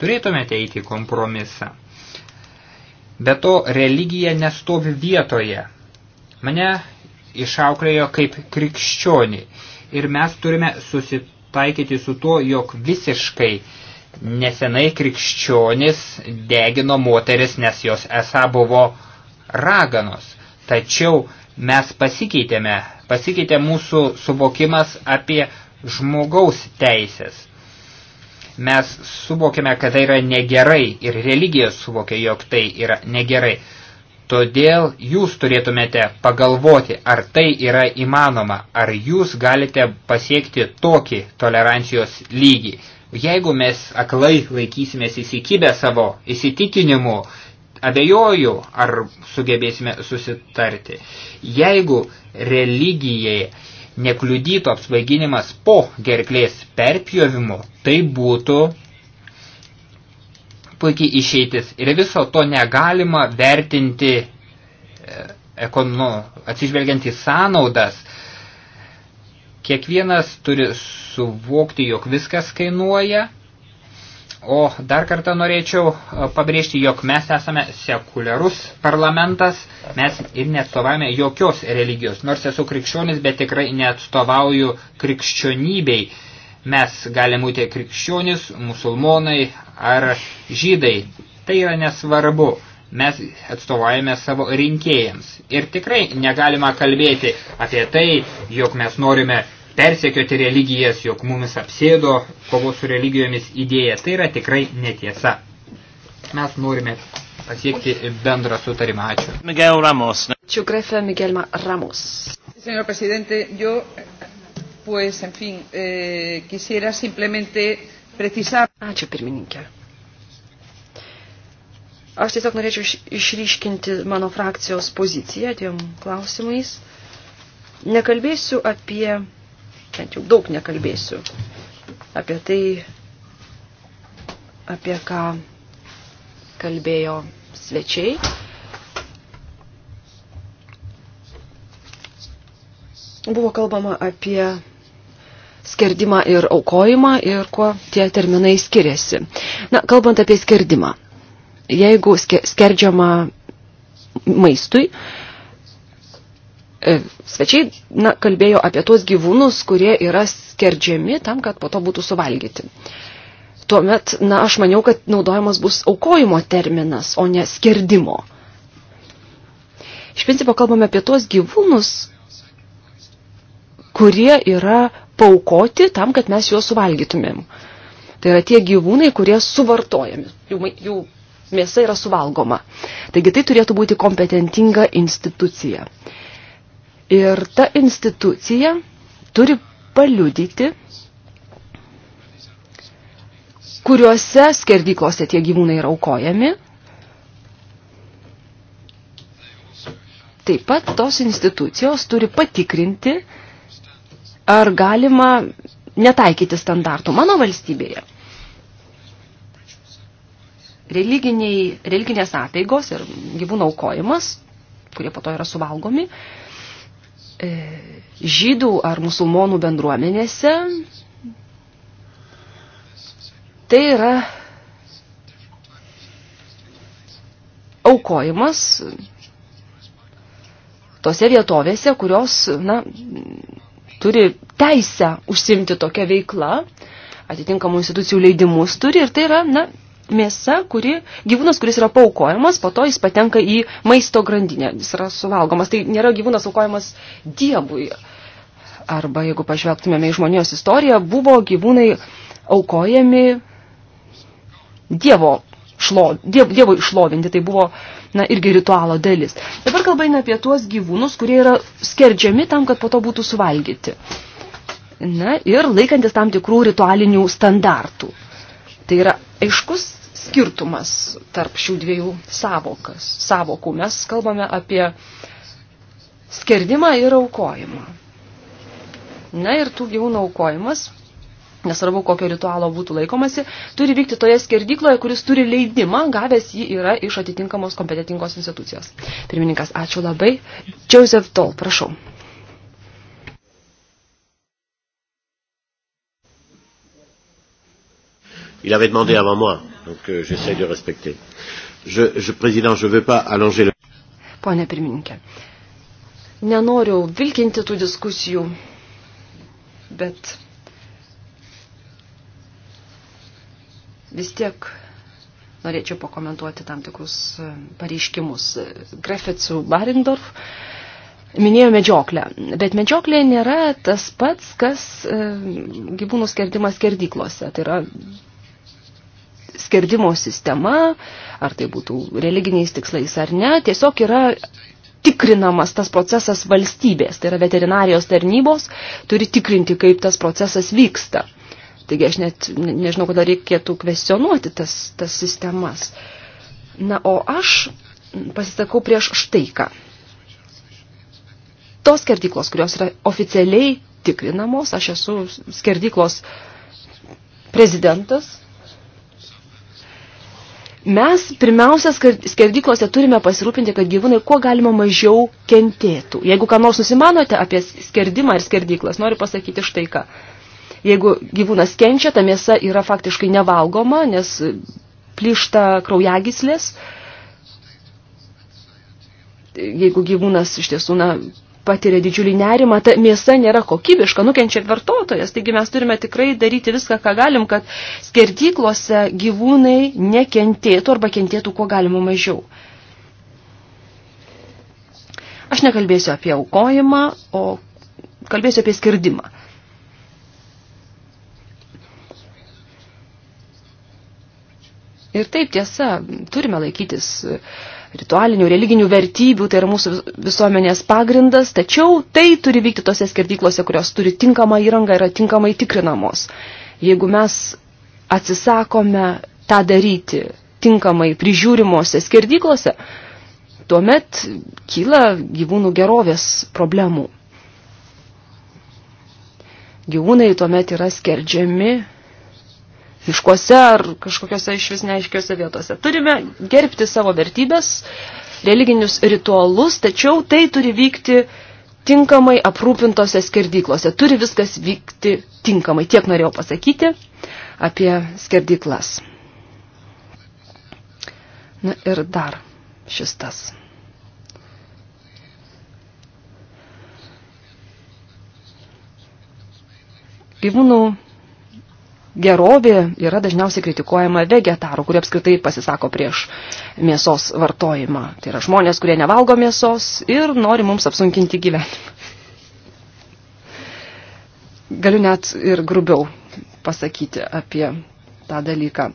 turėtumėte eiti kompromisą. Be to, religija nestovi vietoje. Mane išauklėjo kaip krikščionį ir mes turime susitaikyti su tuo, jog visiškai uh, Nesenai krikščionis degino moteris, nes jos esą buvo raganos. Tačiau mes pasikeitėme, pasikeitė mūsų suvokimas apie žmogaus teisės. Mes suvokime, kad tai yra negerai ir religija suvokia, jog tai yra negerai. Todėl jūs turėtumėte pagalvoti, ar tai yra įmanoma, ar jūs galite pasiekti tokį tolerancijos lygį. Jeigu mes aklai laikysimės įsikibę savo įsitikinimu, abejoju, ar sugebėsime susitarti. Jeigu religijai nekliudytų apsvaiginimas po gerklės perpjovimo, tai būtų puikiai išeitis. Ir viso to negalima vertinti e, ekono, atsižvelgiant į sąnaudas, Kiekvienas turi suvokti, jog viskas kainuoja, o dar kartą norėčiau e, pabrėžti, jog mes esame sekuliarus parlamentas, mes ir neatstovame jokios religijos, nors esu krikščionis, bet tikrai neatstovauju krikščionybei. Mes galime būti krikščionis, musulmonai ar žydai. Tai yra nesvarbu mes atstovaujame savo rinkėjams. Ir tikrai negalima kalbėti apie tai, jog mes norime persekioti religijas, jog mumis apsėdo kovos su religijomis idėja. Tai yra tikrai netiesa. Mes norime pasiekti bendrą sutarimą. Ačiū. Miguel Ramos. Ačiū, grefe Miguel Ramos. Señor presidente, yo, pues, en fin, eh, quisiera simplemente precisar. Ačiū, pirmininkė. Aš tiesiog norėčiau išryškinti mano frakcijos poziciją dviem klausimais. Nekalbėsiu apie bent jau daug nekalbėsiu apie tai, apie ką kalbėjo svečiai. Buvo kalbama apie skerdimą ir aukojimą ir kuo tie terminai skiriasi. Na, kalbant apie skerdimą. Jeigu skerdžiama maistui, E, svečiai na, kalbėjo apie tuos gyvūnus, kurie yra skerdžiami tam, kad po to būtų suvalgyti. Tuomet, na, aš maniau, kad naudojamas bus aukojimo terminas, o ne skerdimo. Iš principo kalbame apie tuos gyvūnus, kurie yra paukoti tam, kad mes juos suvalgytumėm. Tai yra tie gyvūnai, kurie suvartojami, jų, jų mėsa yra suvalgoma. Taigi tai turėtų būti kompetentinga institucija. Uh, Ir ta institucija turi paliudyti, kuriuose skerdyklose tie gyvūnai yra aukojami. Taip pat tos institucijos turi patikrinti, ar galima netaikyti standartų mano valstybėje. Religiniai, religinės apeigos ir gyvūnų aukojimas, kurie po to yra suvalgomi, uh, E, žydų ar musulmonų bendruomenėse. Tai yra aukojimas tose vietovėse, kurios na, turi teisę užsimti tokią veiklą, atitinkamų institucijų leidimus turi ir tai yra na, mėsa, kuri, gyvūnas, kuris yra paukojamas, po to jis patenka į maisto grandinę, jis yra suvalgomas. Tai nėra gyvūnas aukojamas dievui. Arba jeigu pažvelgtumėme į žmonijos istoriją, buvo gyvūnai aukojami dievo šlo, diev, dievo išlovinti, tai buvo na, irgi ritualo dalis. Dabar kalba eina apie tuos gyvūnus, kurie yra skerdžiami tam, kad po to būtų suvalgyti. Na ir laikantis tam tikrų ritualinių standartų. Tai yra aiškus skirtumas tarp šių dviejų savokas, savokų. Mes kalbame apie skerdimą ir aukojimą. Na ir tų gyvūnų aukojimas, nesvarbu kokio ritualo būtų laikomasi, turi vykti toje skerdykloje, kuris turi leidimą, gavęs jį yra iš atitinkamos kompetitingos institucijos. Pirmininkas, ačiū labai. Joseph Toll, prašau. Il avait demandé avant moi, donc euh, j'essaie de respecter. Je, je, président, je ne veux pas allonger le... Pone pirmininkė, nenoriu vilkinti tų diskusijų, bet vis tiek norėčiau pakomentuoti tam tikrus e, pareiškimus. Grefecu Barindorf minėjo medžioklę, bet medžioklė nėra tas pats, kas e, gyvūnų skerdimas skerdyklose. Tai yra skerdimo sistema, ar tai būtų religiniais tikslais ar ne, tiesiog yra tikrinamas tas procesas valstybės, tai yra veterinarijos tarnybos turi tikrinti, kaip tas procesas vyksta. Taigi aš net nežinau, kodėl reikėtų kvestionuoti tas, tas sistemas. Na, o aš pasisakau prieš štai ką. Tos skerdyklos, kurios yra oficialiai tikrinamos, aš esu skerdyklos prezidentas, Mes pirmiausia skerdyklose turime pasirūpinti, kad gyvūnai kuo galima mažiau kentėtų. Jeigu ką nors nusimanote apie skerdimą ir skerdyklas, noriu pasakyti štai ką. Jeigu gyvūnas kenčia, ta mėsa yra faktiškai nevalgoma, nes plyšta kraujagyslės. Jeigu gyvūnas iš tiesų na, patiria didžiulį nerimą, ta mėsa nėra kokybiška, nukenčia vartotojas. Taigi mes turime tikrai daryti viską, ką galim, kad skerdyklose gyvūnai nekentėtų arba kentėtų kuo galima mažiau. Aš nekalbėsiu apie aukojimą, o kalbėsiu apie skirdimą. Ir taip tiesa, turime laikytis uh, ritualinių, religinių vertybių, tai yra mūsų visuomenės pagrindas, tačiau tai turi vykti tose skerdyklose, kurios turi tinkamą įrangą ir tinkamai tikrinamos. Jeigu mes atsisakome tą daryti tinkamai prižiūrimose skerdyklose, tuomet kyla gyvūnų gerovės problemų. Gyvūnai tuomet yra skerdžiami miškuose ar kažkokiose iš vis neaiškiose vietose. Turime gerbti savo vertybės, religinius ritualus, tačiau tai turi vykti tinkamai aprūpintose skerdyklose. Turi viskas vykti tinkamai. Tiek norėjau pasakyti apie skerdyklas. Na ir dar šis tas. Gyvūnų gerovė yra dažniausiai kritikuojama vegetarų, kurie apskritai pasisako prieš mėsos vartojimą. Tai yra žmonės, kurie nevalgo mėsos ir nori mums apsunkinti gyvenimą. Galiu net ir grubiau pasakyti apie tą dalyką.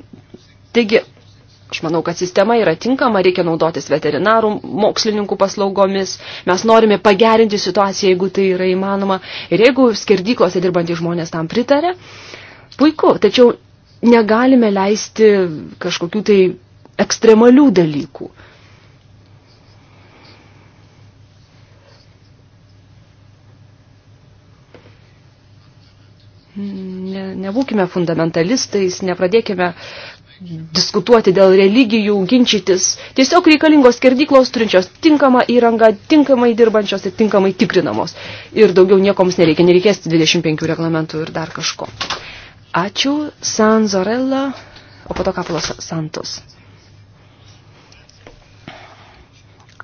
Taigi, aš manau, kad sistema yra tinkama, reikia naudotis veterinarų, mokslininkų paslaugomis, mes norime pagerinti situaciją, jeigu tai yra įmanoma. Ir jeigu skerdyklose dirbantys žmonės tam pritarė, Puiku, tačiau negalime leisti kažkokių tai ekstremalių dalykų. Ne, nebūkime fundamentalistais, nepradėkime diskutuoti dėl religijų, ginčytis. Tiesiog reikalingos skerdyklos turinčios tinkamą įrangą, tinkamai dirbančios ir tinkamai tikrinamos. Ir daugiau niekoms nereikia, nereikės 25 reglamentų ir dar kažko. Ačiū, San Zorella, o po to Kapulos Santos.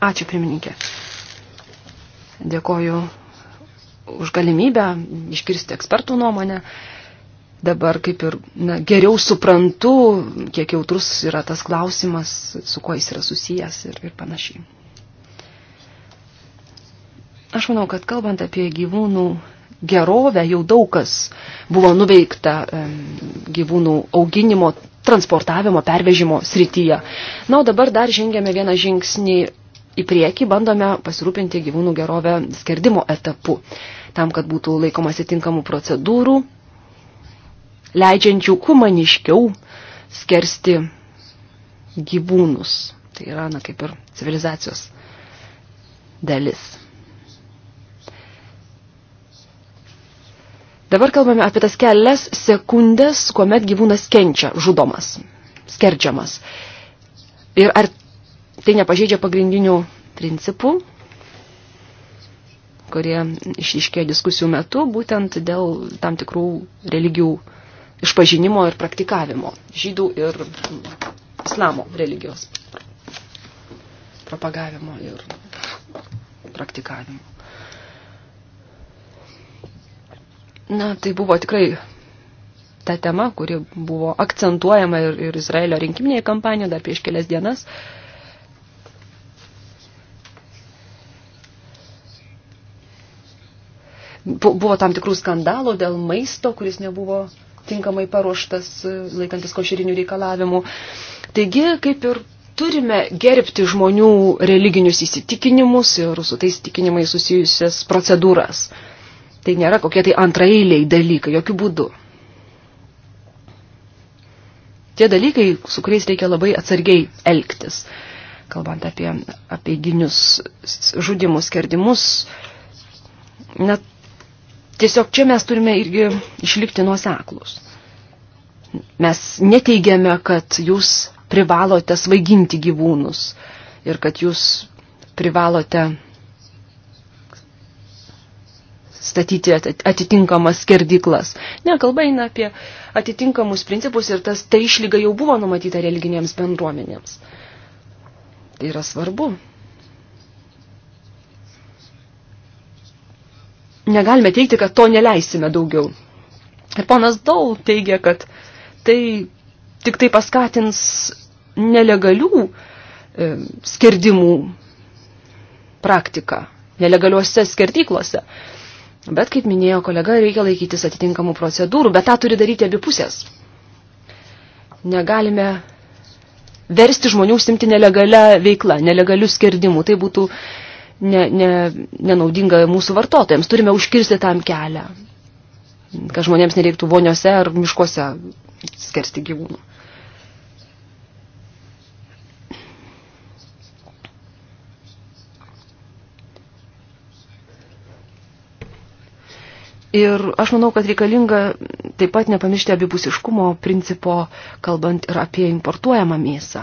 Ačiū, pirmininkė. Dėkoju už galimybę iškirsti ekspertų nuomonę. Dabar kaip ir na, geriau suprantu, kiek jautrus yra tas klausimas, su kuo jis yra susijęs ir, ir panašiai. Aš manau, kad kalbant apie gyvūnų gerovę jau daug kas buvo nuveikta gyvūnų auginimo, transportavimo, pervežimo srityje. Na, o dabar dar žengėme vieną žingsnį į priekį, bandome pasirūpinti gyvūnų gerovę skerdimo etapu, tam, kad būtų laikomasi tinkamų procedūrų, leidžiančių humaniškiau skersti gyvūnus. Tai yra, na, kaip ir civilizacijos dalis. Dabar kalbame apie tas kelias sekundės, kuomet gyvūnas kenčia, žudomas, skerdžiamas. Ir ar tai nepažeidžia pagrindinių principų, kurie išiškėjo diskusijų metu, būtent dėl tam tikrų religijų išpažinimo ir praktikavimo, žydų ir islamo religijos propagavimo ir praktikavimo. Na, tai buvo tikrai ta tema, kuri buvo akcentuojama ir, ir Izraelio rinkiminėje kampanijoje dar prieš kelias dienas. Buvo tam tikrų skandalų dėl maisto, kuris nebuvo tinkamai paruoštas e, laikantis košerinių reikalavimų. Taigi, kaip ir turime gerbti žmonių religinius įsitikinimus ir su tais įsitikinimais susijusias procedūras. Tai nėra kokie tai antraeiliai dalykai, jokių būdų. Tie dalykai, su kuriais reikia labai atsargiai elgtis, kalbant apie, apie ginius žudimus, kerdimus, net tiesiog čia mes turime irgi išlikti nuoseklus. Mes neteigiame, kad jūs privalote svaiginti gyvūnus ir kad jūs privalote statyti atitinkamas skerdiklas. Ne, kalba eina apie atitinkamus principus ir tas, ta išlyga jau buvo numatyta religinėms bendruomenėms. Tai yra svarbu. Negalime teikti, kad to neleisime daugiau. Ir ponas Daul teigia, kad tai tik tai paskatins nelegalių e, skirdimų praktiką, nelegaliuose skerdyklose. Bet, kaip minėjo kolega, reikia laikytis atitinkamų procedūrų, bet tą turi daryti abi pusės. Negalime versti žmonių užsimti nelegalią veiklą, nelegalių skerdimų. Tai būtų ne, ne, nenaudinga mūsų vartotojams. Turime užkirsti tam kelią, kad žmonėms nereiktų voniuose ar miškuose skersti gyvūnų. Ir aš manau, kad reikalinga taip pat nepamiršti abipusiškumo principo, kalbant ir apie importuojamą mėsą.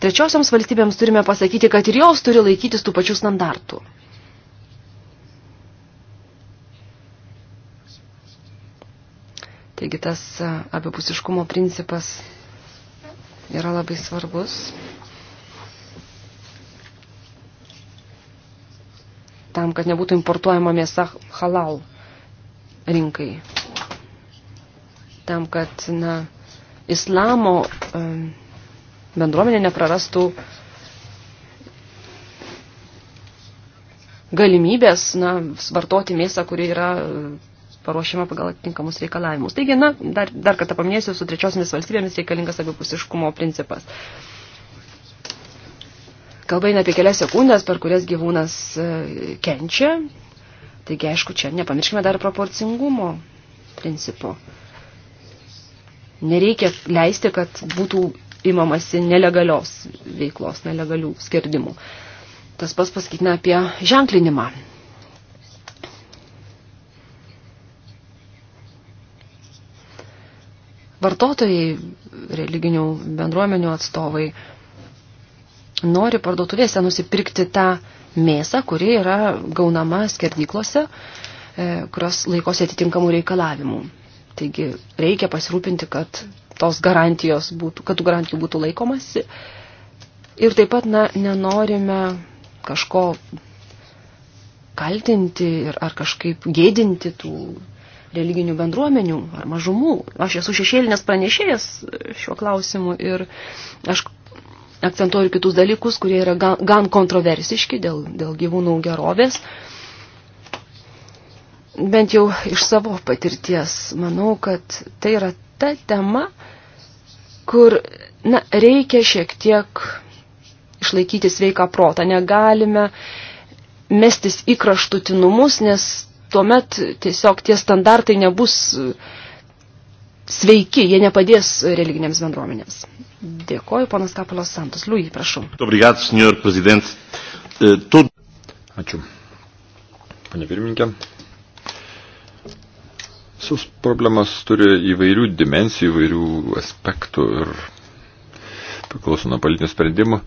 Trečiosiams valstybėms turime pasakyti, kad ir jos turi laikytis tų pačių standartų. Taigi tas abipusiškumo principas yra labai svarbus. Tam, kad nebūtų importuojama mėsa halal rinkai. Tam, kad na, islamo bendruomenė neprarastų galimybės na, vartoti mėsą, kuri yra paruošiama pagal atitinkamus reikalavimus. Taigi, na, dar, dar kartą paminėsiu, su trečiosiamis valstybėmis reikalingas abipusiškumo principas. Kalba eina apie kelias sekundės, per kurias gyvūnas e, kenčia. Taigi, aišku, čia nepamirškime dar proporcingumo principo. Nereikia leisti, kad būtų imamasi nelegalios veiklos, nelegalių skirdimų. Tas pas pasakytina apie ženklinimą. vartotojai, religinių bendruomenių atstovai nori parduotuvėse nusipirkti tą mėsą, kuri yra gaunama skerdyklose, e, kurios laikosi atitinkamų reikalavimų. Taigi reikia pasirūpinti, kad tos garantijos būtų, kad tų garantijų būtų laikomasi. Ir taip pat na, nenorime kažko kaltinti ir, ar kažkaip gėdinti tų religinių bendruomenių ar mažumų. Aš esu šešėlinės pranešėjas šiuo klausimu ir aš akcentuoju kitus dalykus, kurie yra gan, gan kontroversiški dėl, dėl gyvūnų gerovės. Bent jau iš savo patirties manau, kad tai yra ta tema, kur na, reikia šiek tiek išlaikyti sveiką protą. Negalime mestis į kraštutinumus, nes tuomet tiesiog tie standartai nebus e, sveiki, jie nepadės religinėms bendruomenėms. Dėkoju, ponas Kapelos Santos. Liūjį, prašau. Obrigado, senjor prezident. Eh, tu... Ačiū. Pane pirmininkė. Sus problemas turi įvairių dimensijų, įvairių aspektų ir priklauso nuo politinių sprendimų.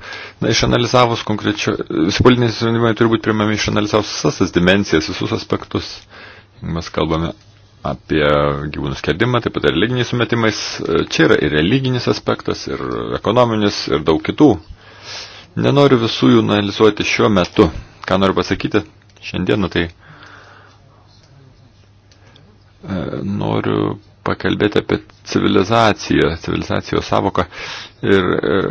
Na, išanalizavus konkrečio, politiniai sprendimai turi būti primami išanalizavus visas tas dimencijas, visus aspektus. Mes kalbame apie gyvūnų skerdimą, taip pat ir religiniais sumetimais. Čia yra ir religinis aspektas, ir ekonominis, ir daug kitų. Nenoriu visų jų analizuoti šiuo metu. Ką noriu pasakyti šiandieną, tai e, noriu pakalbėti apie civilizaciją, civilizacijos savoką. Ir e,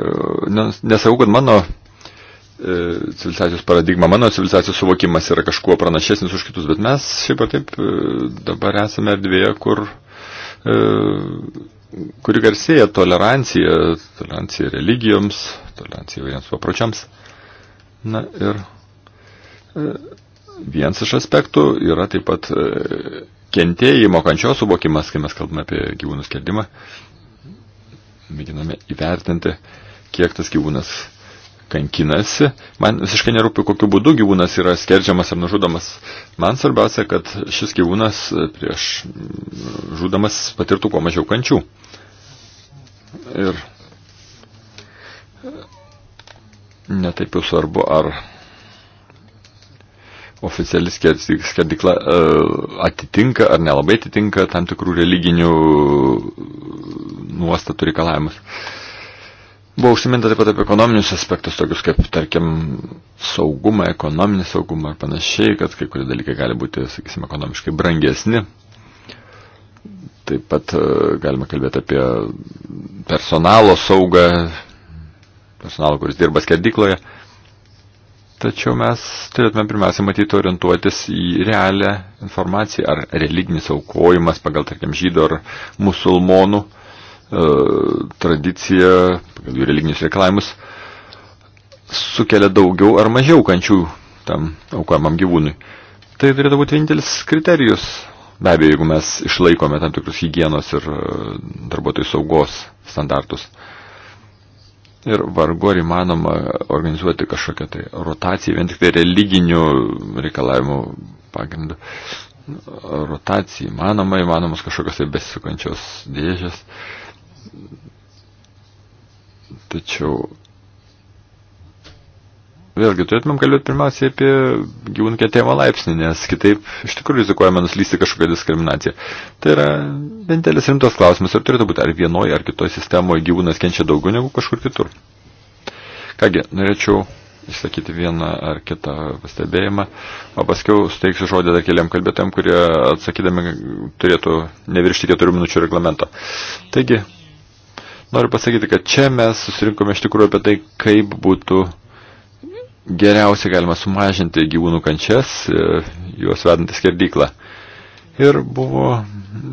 nesakau, kad mano e, civilizacijos paradigma, mano civilizacijos suvokimas yra kažkuo pranašesnis už kitus, bet mes šiaip ar taip e, dabar esame erdvėje, kur kuri garsėja tolerancija, tolerancija religijoms, tolerancija įvairiems papročiams. Na ir vienas iš aspektų yra taip pat kentėjimo, kančios suvokimas, kai mes kalbame apie gyvūnų skerdimą, mėginame įvertinti, kiek tas gyvūnas kankinasi. Man visiškai nerūpi, kokiu būdu gyvūnas yra skerdžiamas ar nužudomas. Man svarbiausia, kad šis gyvūnas prieš žudamas patirtų kuo mažiau kančių. Ir netaip jau svarbu, ar oficiali skerdikla e, atitinka ar nelabai atitinka tam tikrų religinių e, nuostatų reikalavimus. Buvo užsiminta taip pat apie ekonominius aspektus, tokius kaip, tarkim, saugumą, ekonominį saugumą ir panašiai, kad kai kurie dalykai gali būti, sakysim, ekonomiškai brangesni. Taip pat e, galima kalbėti apie personalo saugą, personalo, kuris dirba skerdikloje. Uh, Tačiau mes turėtume pirmiausia matyti orientuotis į realią informaciją, ar religinis aukojimas pagal, tarkim, žydų ar musulmonų e, tradiciją, pagal jų religinius reikalavimus, sukelia daugiau ar mažiau kančių tam aukojamam gyvūnui. Tai turėtų būti vienintelis kriterijus. Be abejo, jeigu mes išlaikome tam tikrus hygienos ir e, darbuotojų saugos standartus. E, Ir vargu ar įmanoma organizuoti kažkokią tai rotaciją, vien tik tai religinių reikalavimų pagrindų. Rotacija įmanoma, įmanomas kažkokios tai besisukančios dėžės. Tačiau vėlgi turėtumėm kalbėti pirmiausiai apie gyvūnų kėtėjimo laipsnį, nes kitaip iš tikrųjų rizikuojame nuslysti kažkokią diskriminaciją. Tai yra vienintelis rimtas klausimas, ar turėtų būti ar vienoje ar kitoje sistemoje gyvūnas kenčia daugiau negu kažkur kitur. Kągi, norėčiau išsakyti vieną ar kitą pastebėjimą, o paskiau suteiksiu žodį dar keliam kalbėtam, kurie atsakydami turėtų neviršti keturių minučių reglamento. Taigi, noriu pasakyti, kad čia mes susirinkome iš tikrųjų apie tai, kaip būtų geriausiai galima sumažinti gyvūnų kančias, e, juos vedant į skerdyklą. Ir buvo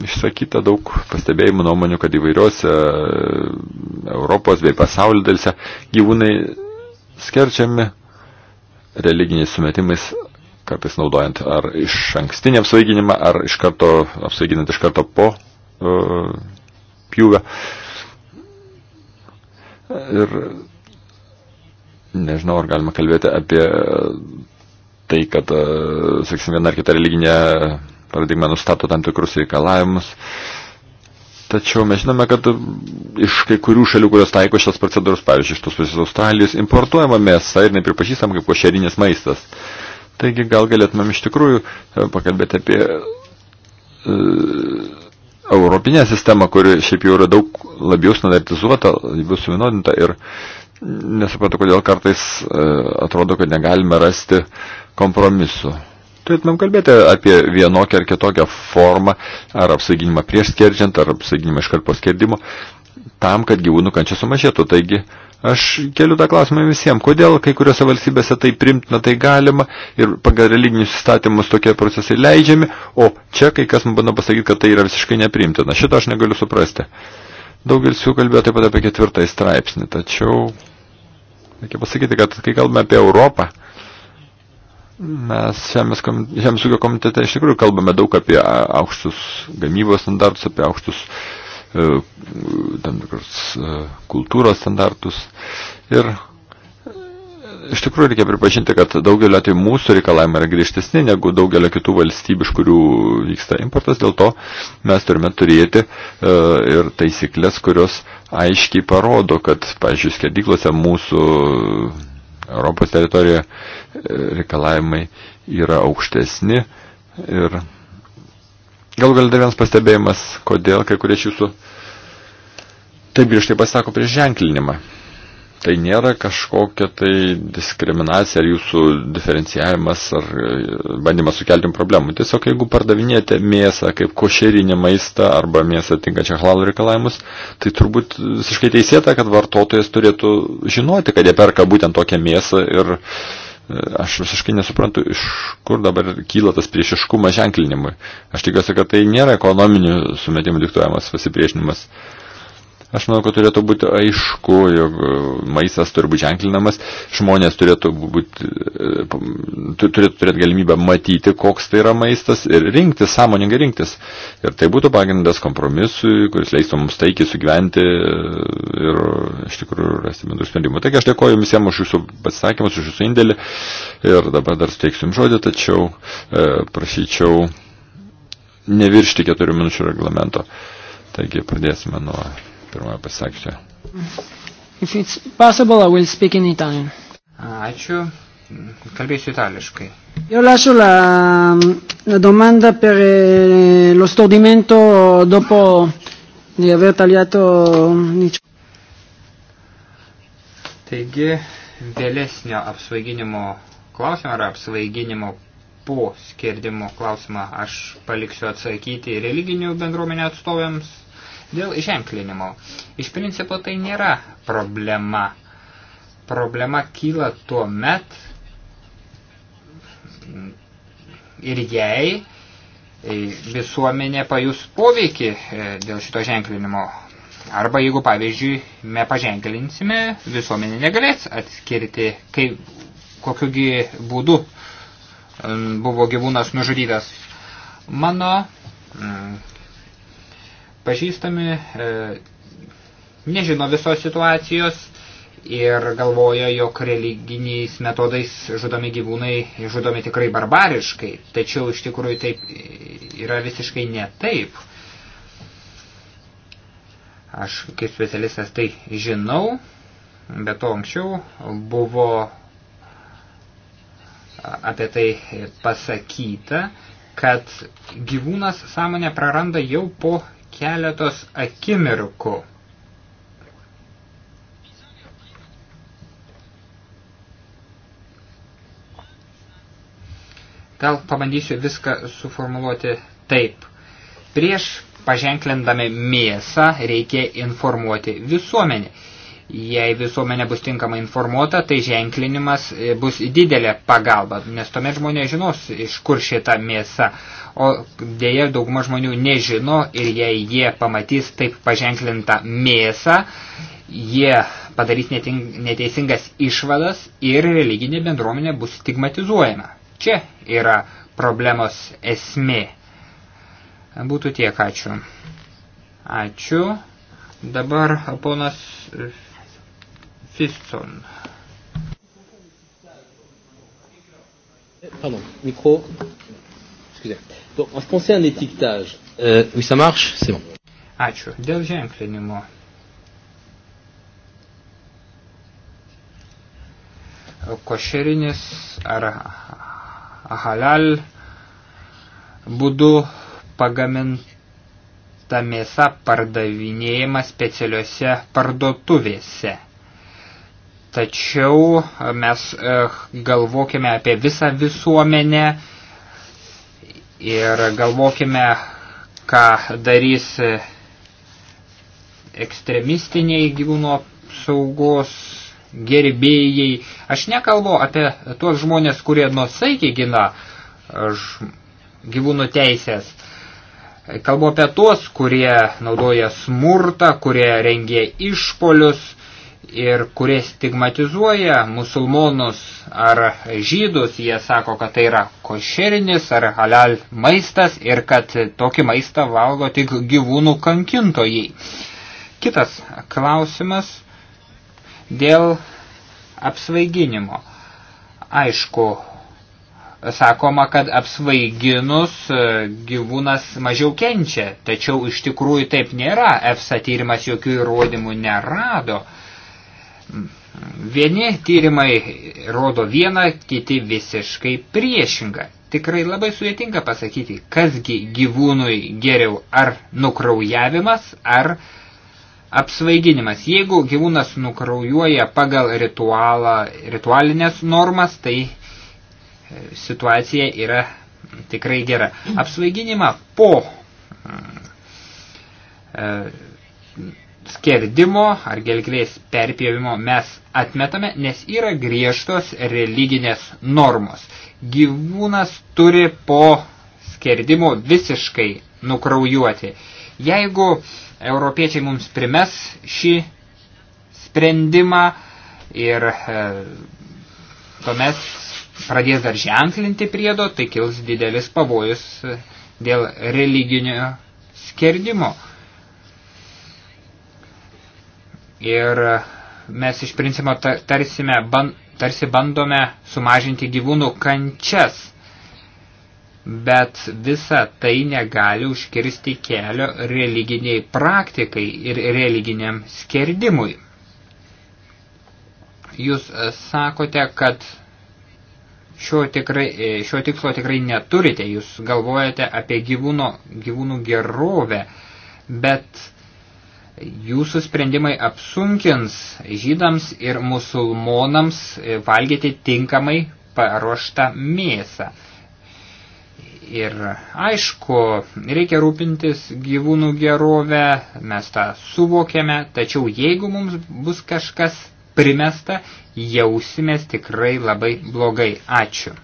išsakyta daug pastebėjimų nuomonių, kad įvairiuose e, Europos bei pasaulio dalise gyvūnai skerčiami religiniais sumetimais, kartais naudojant ar iš ankstinį apsvaiginimą, ar iš karto, apsvaiginant iš karto po uh, e, pjūvę. Ir Nežinau, ar galima kalbėti apie tai, kad, e, sakykime, viena ar kita religinė paradigma nustato tam tikrus reikalavimus. Tačiau mes žinome, kad iš kai kurių šalių, kurios taiko šitas procedūras, pavyzdžiui, iš tos pačios Australijos, importuojama mėsa ir nepripažįstam kaip košerinės maistas. Taigi gal galėtumėm iš tikrųjų e, pakalbėti apie e, europinę sistemą, kuri šiaip jau yra daug labiau standartizuota, labiau suvienodinta ir e, nesuprantu, kodėl kartais e, atrodo, kad negalime rasti kompromisu. Turėtumėm kalbėti apie vienokią ar kitokią formą, ar apsaiginimą prieš skerdžiant, ar apsaiginimą iškart po skerdimo, tam, kad gyvūnų kančia sumažėtų. Taigi, aš keliu tą klausimą visiems, kodėl kai kuriuose valstybėse tai primtina, tai galima ir pagal religinius įstatymus tokie procesai leidžiami, o čia kai kas man bando pasakyti, kad tai yra visiškai neprimtina. Šito aš negaliu suprasti. Daugelis jų kalbėjo taip pat apie ketvirtąjį straipsnį, tačiau Reikia pasakyti, kad kai kalbame apie Europą, mes Žemės, komitete, žemės ūkio komitete iš tikrųjų kalbame daug apie aukštus gamybos standartus, apie aukštus e, tam tikrus e, kultūros standartus. Ir e, iš tikrųjų reikia pripažinti, kad daugelio atveju mūsų reikalavimai yra griežtesni negu daugelio kitų valstybių, iš kurių vyksta importas. Dėl to mes turime turėti e, ir taisyklės, kurios aiškiai parodo, kad, pažiūrėjau, skerdyklose mūsų Europos teritorijoje reikalavimai yra aukštesni. Ir gal gal dar vienas pastebėjimas, kodėl kai kurie iš jūsų taip griežtai pasako prieš ženklinimą. Tai nėra kažkokia tai diskriminacija ar jūsų diferencijavimas ar e, bandymas sukelti problemų. Tiesiog jeigu pardavinėjate mėsą kaip košerinį maistą arba mėsą tinkančią halalų reikalavimus, tai turbūt visiškai teisėta, kad vartotojas turėtų žinoti, kad jie perka būtent tokią mėsą ir e, aš visiškai nesuprantu, iš kur dabar kyla tas priešiškumas ženklinimui. Aš tikiuosi, kad tai nėra ekonominių sumetimų diktuojamas pasipriešinimas. Uh, Aš manau, kad turėtų būti aišku, jog e, maistas turi būti ženklinamas, žmonės turėtų, būti, e, turėtų turėti galimybę matyti, koks tai yra maistas ir rinktis, sąmoningai rinktis. Ir tai būtų pagrindas kompromisui, kuris leistų mums taikiai sugyventi e, ir iš tikrųjų rasti bendrų sprendimų. Taigi aš dėkoju visiems už jūsų pasisakymus, už jūsų indėlį ir dabar dar suteiksiu jums žodį, tačiau e, prašyčiau neviršti keturių minučių reglamento. Taigi pradėsime nuo pirmoje pasakščia. If it's possible, I will speak in Italian. Ačiū. Kalbėsiu itališkai. Io lascio la, la domanda per eh, lo stordimento dopo di aver tagliato... Taigi, vėlesnio apsvaiginimo klausimą ar apsvaiginimo po skerdimo klausimą aš paliksiu atsakyti religinių bendruomenė atstovėms, Dėl ženklinimo. Iš principo tai nėra problema. Problema kyla tuo met ir jei e, visuomenė pajus poveikį e, dėl šito ženklinimo. Arba jeigu, pavyzdžiui, me paženklinsime, visuomenė negalės atskirti, kaip, kokiugi būdu buvo gyvūnas nužudytas. Mano pažįstami, e, nežino visos situacijos ir galvoja, jog religiniais metodais žudomi gyvūnai žudomi tikrai barbariškai. Tačiau iš tikrųjų taip yra visiškai ne taip. Aš kaip specialistas tai žinau, bet to anksčiau buvo apie tai pasakyta, kad gyvūnas sąmonę praranda jau po keletos akimirkų. Gal pabandysiu viską suformuluoti taip. Prieš paženklindami mėsą reikia informuoti visuomenį. Jei visuomenė bus tinkamai informuota, tai ženklinimas e, bus didelė pagalba, nes tuomet žmonės žinos, iš kur šita mėsa. O dėja, dauguma žmonių nežino ir jei jie pamatys taip paženklintą mėsą, jie padarys neteisingas išvadas ir religinė bendruomenė bus stigmatizuojama. Čia yra problemos esmė. Būtų tiek, ačiū. Ačiū. Dabar ponas Tisson. Pardon, micro. Excusez. Bon, je pensais à un étiquetage. Euh, oui, ça marche C'est bon. Ačiū. Dėl ženklinimo. Košerinis ar halal būdu pagaminta mėsa pardavinėjama specialiuose parduotuvėse. Tačiau e, mes e, galvokime apie visą visuomenę ir galvokime, ką darys e, ekstremistiniai gyvūno saugos gerbėjai. Aš nekalbu apie tuos žmonės, kurie nusaikiai gina gyvūnų teisės. Kalbu apie tuos, kurie naudoja smurtą, kurie rengia išpolius – ir kurie stigmatizuoja musulmonus ar žydus, jie sako, kad tai yra košerinis ar halal maistas ir kad tokį maistą valgo tik gyvūnų kankintojai. Kitas klausimas dėl apsvaiginimo. Aišku, sakoma, kad apsvaiginus gyvūnas mažiau kenčia, tačiau iš tikrųjų taip nėra. EFSA tyrimas jokių įrodymų nerado Vieni tyrimai rodo vieną, kiti visiškai priešingą. Tikrai labai sudėtinga pasakyti, kasgi gyvūnui geriau ar nukraujavimas, ar apsvaiginimas. Jeigu gyvūnas nukraujuoja pagal ritualą, ritualinės normas, tai e, situacija yra tikrai gera. Apsvaiginimą po mm, e, skerdimo ar gelgrės perpjovimo mes atmetame, nes yra griežtos religinės normos. Gyvūnas turi po skerdimo visiškai nukraujuoti. Jeigu europiečiai mums primes šį sprendimą ir e, tuomet pradės dar ženklinti priedo, tai kils didelis pavojus e, dėl religinio skerdimo. Ir mes iš principo tarsime, ban, tarsi bandome sumažinti gyvūnų kančias, bet visa tai negali užkirsti kelio religiniai praktikai ir religiniam skerdimui. Jūs sakote, kad šio, tikrai, šio tikslo tikrai neturite, jūs galvojate apie gyvūno, gyvūnų gerovę, bet Jūsų sprendimai apsunkins žydams ir musulmonams valgyti tinkamai paruoštą mėsą. Ir aišku, reikia rūpintis gyvūnų gerovę, mes tą suvokėme, tačiau jeigu mums bus kažkas primesta, jausimės tikrai labai blogai. Ačiū.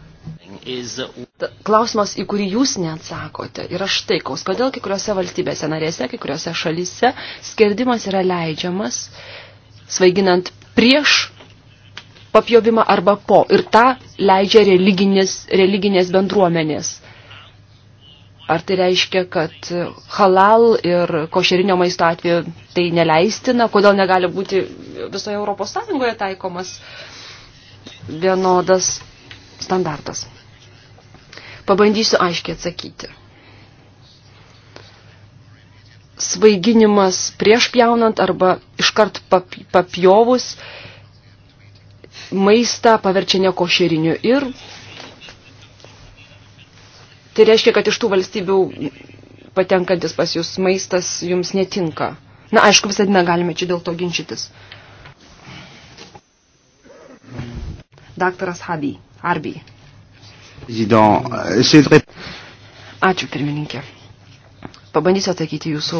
Klausimas, į kurį jūs neatsakote, yra štai kaus. Kodėl kai kuriuose valstybėse narėse, kai kuriuose šalyse skerdimas yra leidžiamas, svaiginant prieš papjovimą arba po. Ir tą leidžia religinės, religinės bendruomenės. Ar tai reiškia, kad halal ir košerinio maisto atveju tai neleistina? Kodėl negali būti visoje Europos Sąjungoje taikomas vienodas standartas? Pabandysiu aiškiai atsakyti. Svaiginimas prieš pjaunant arba iškart papjovus maistą paverčia nekošeriniu ir Tai reiškia, kad iš tų valstybių patenkantis pas jūs maistas jums netinka. Na, aišku, visą dieną galime čia dėl to ginčytis. Daktaras Habi, Arbi. Euh, Ačiū, pirmininkė. Pabandysiu atsakyti jūsų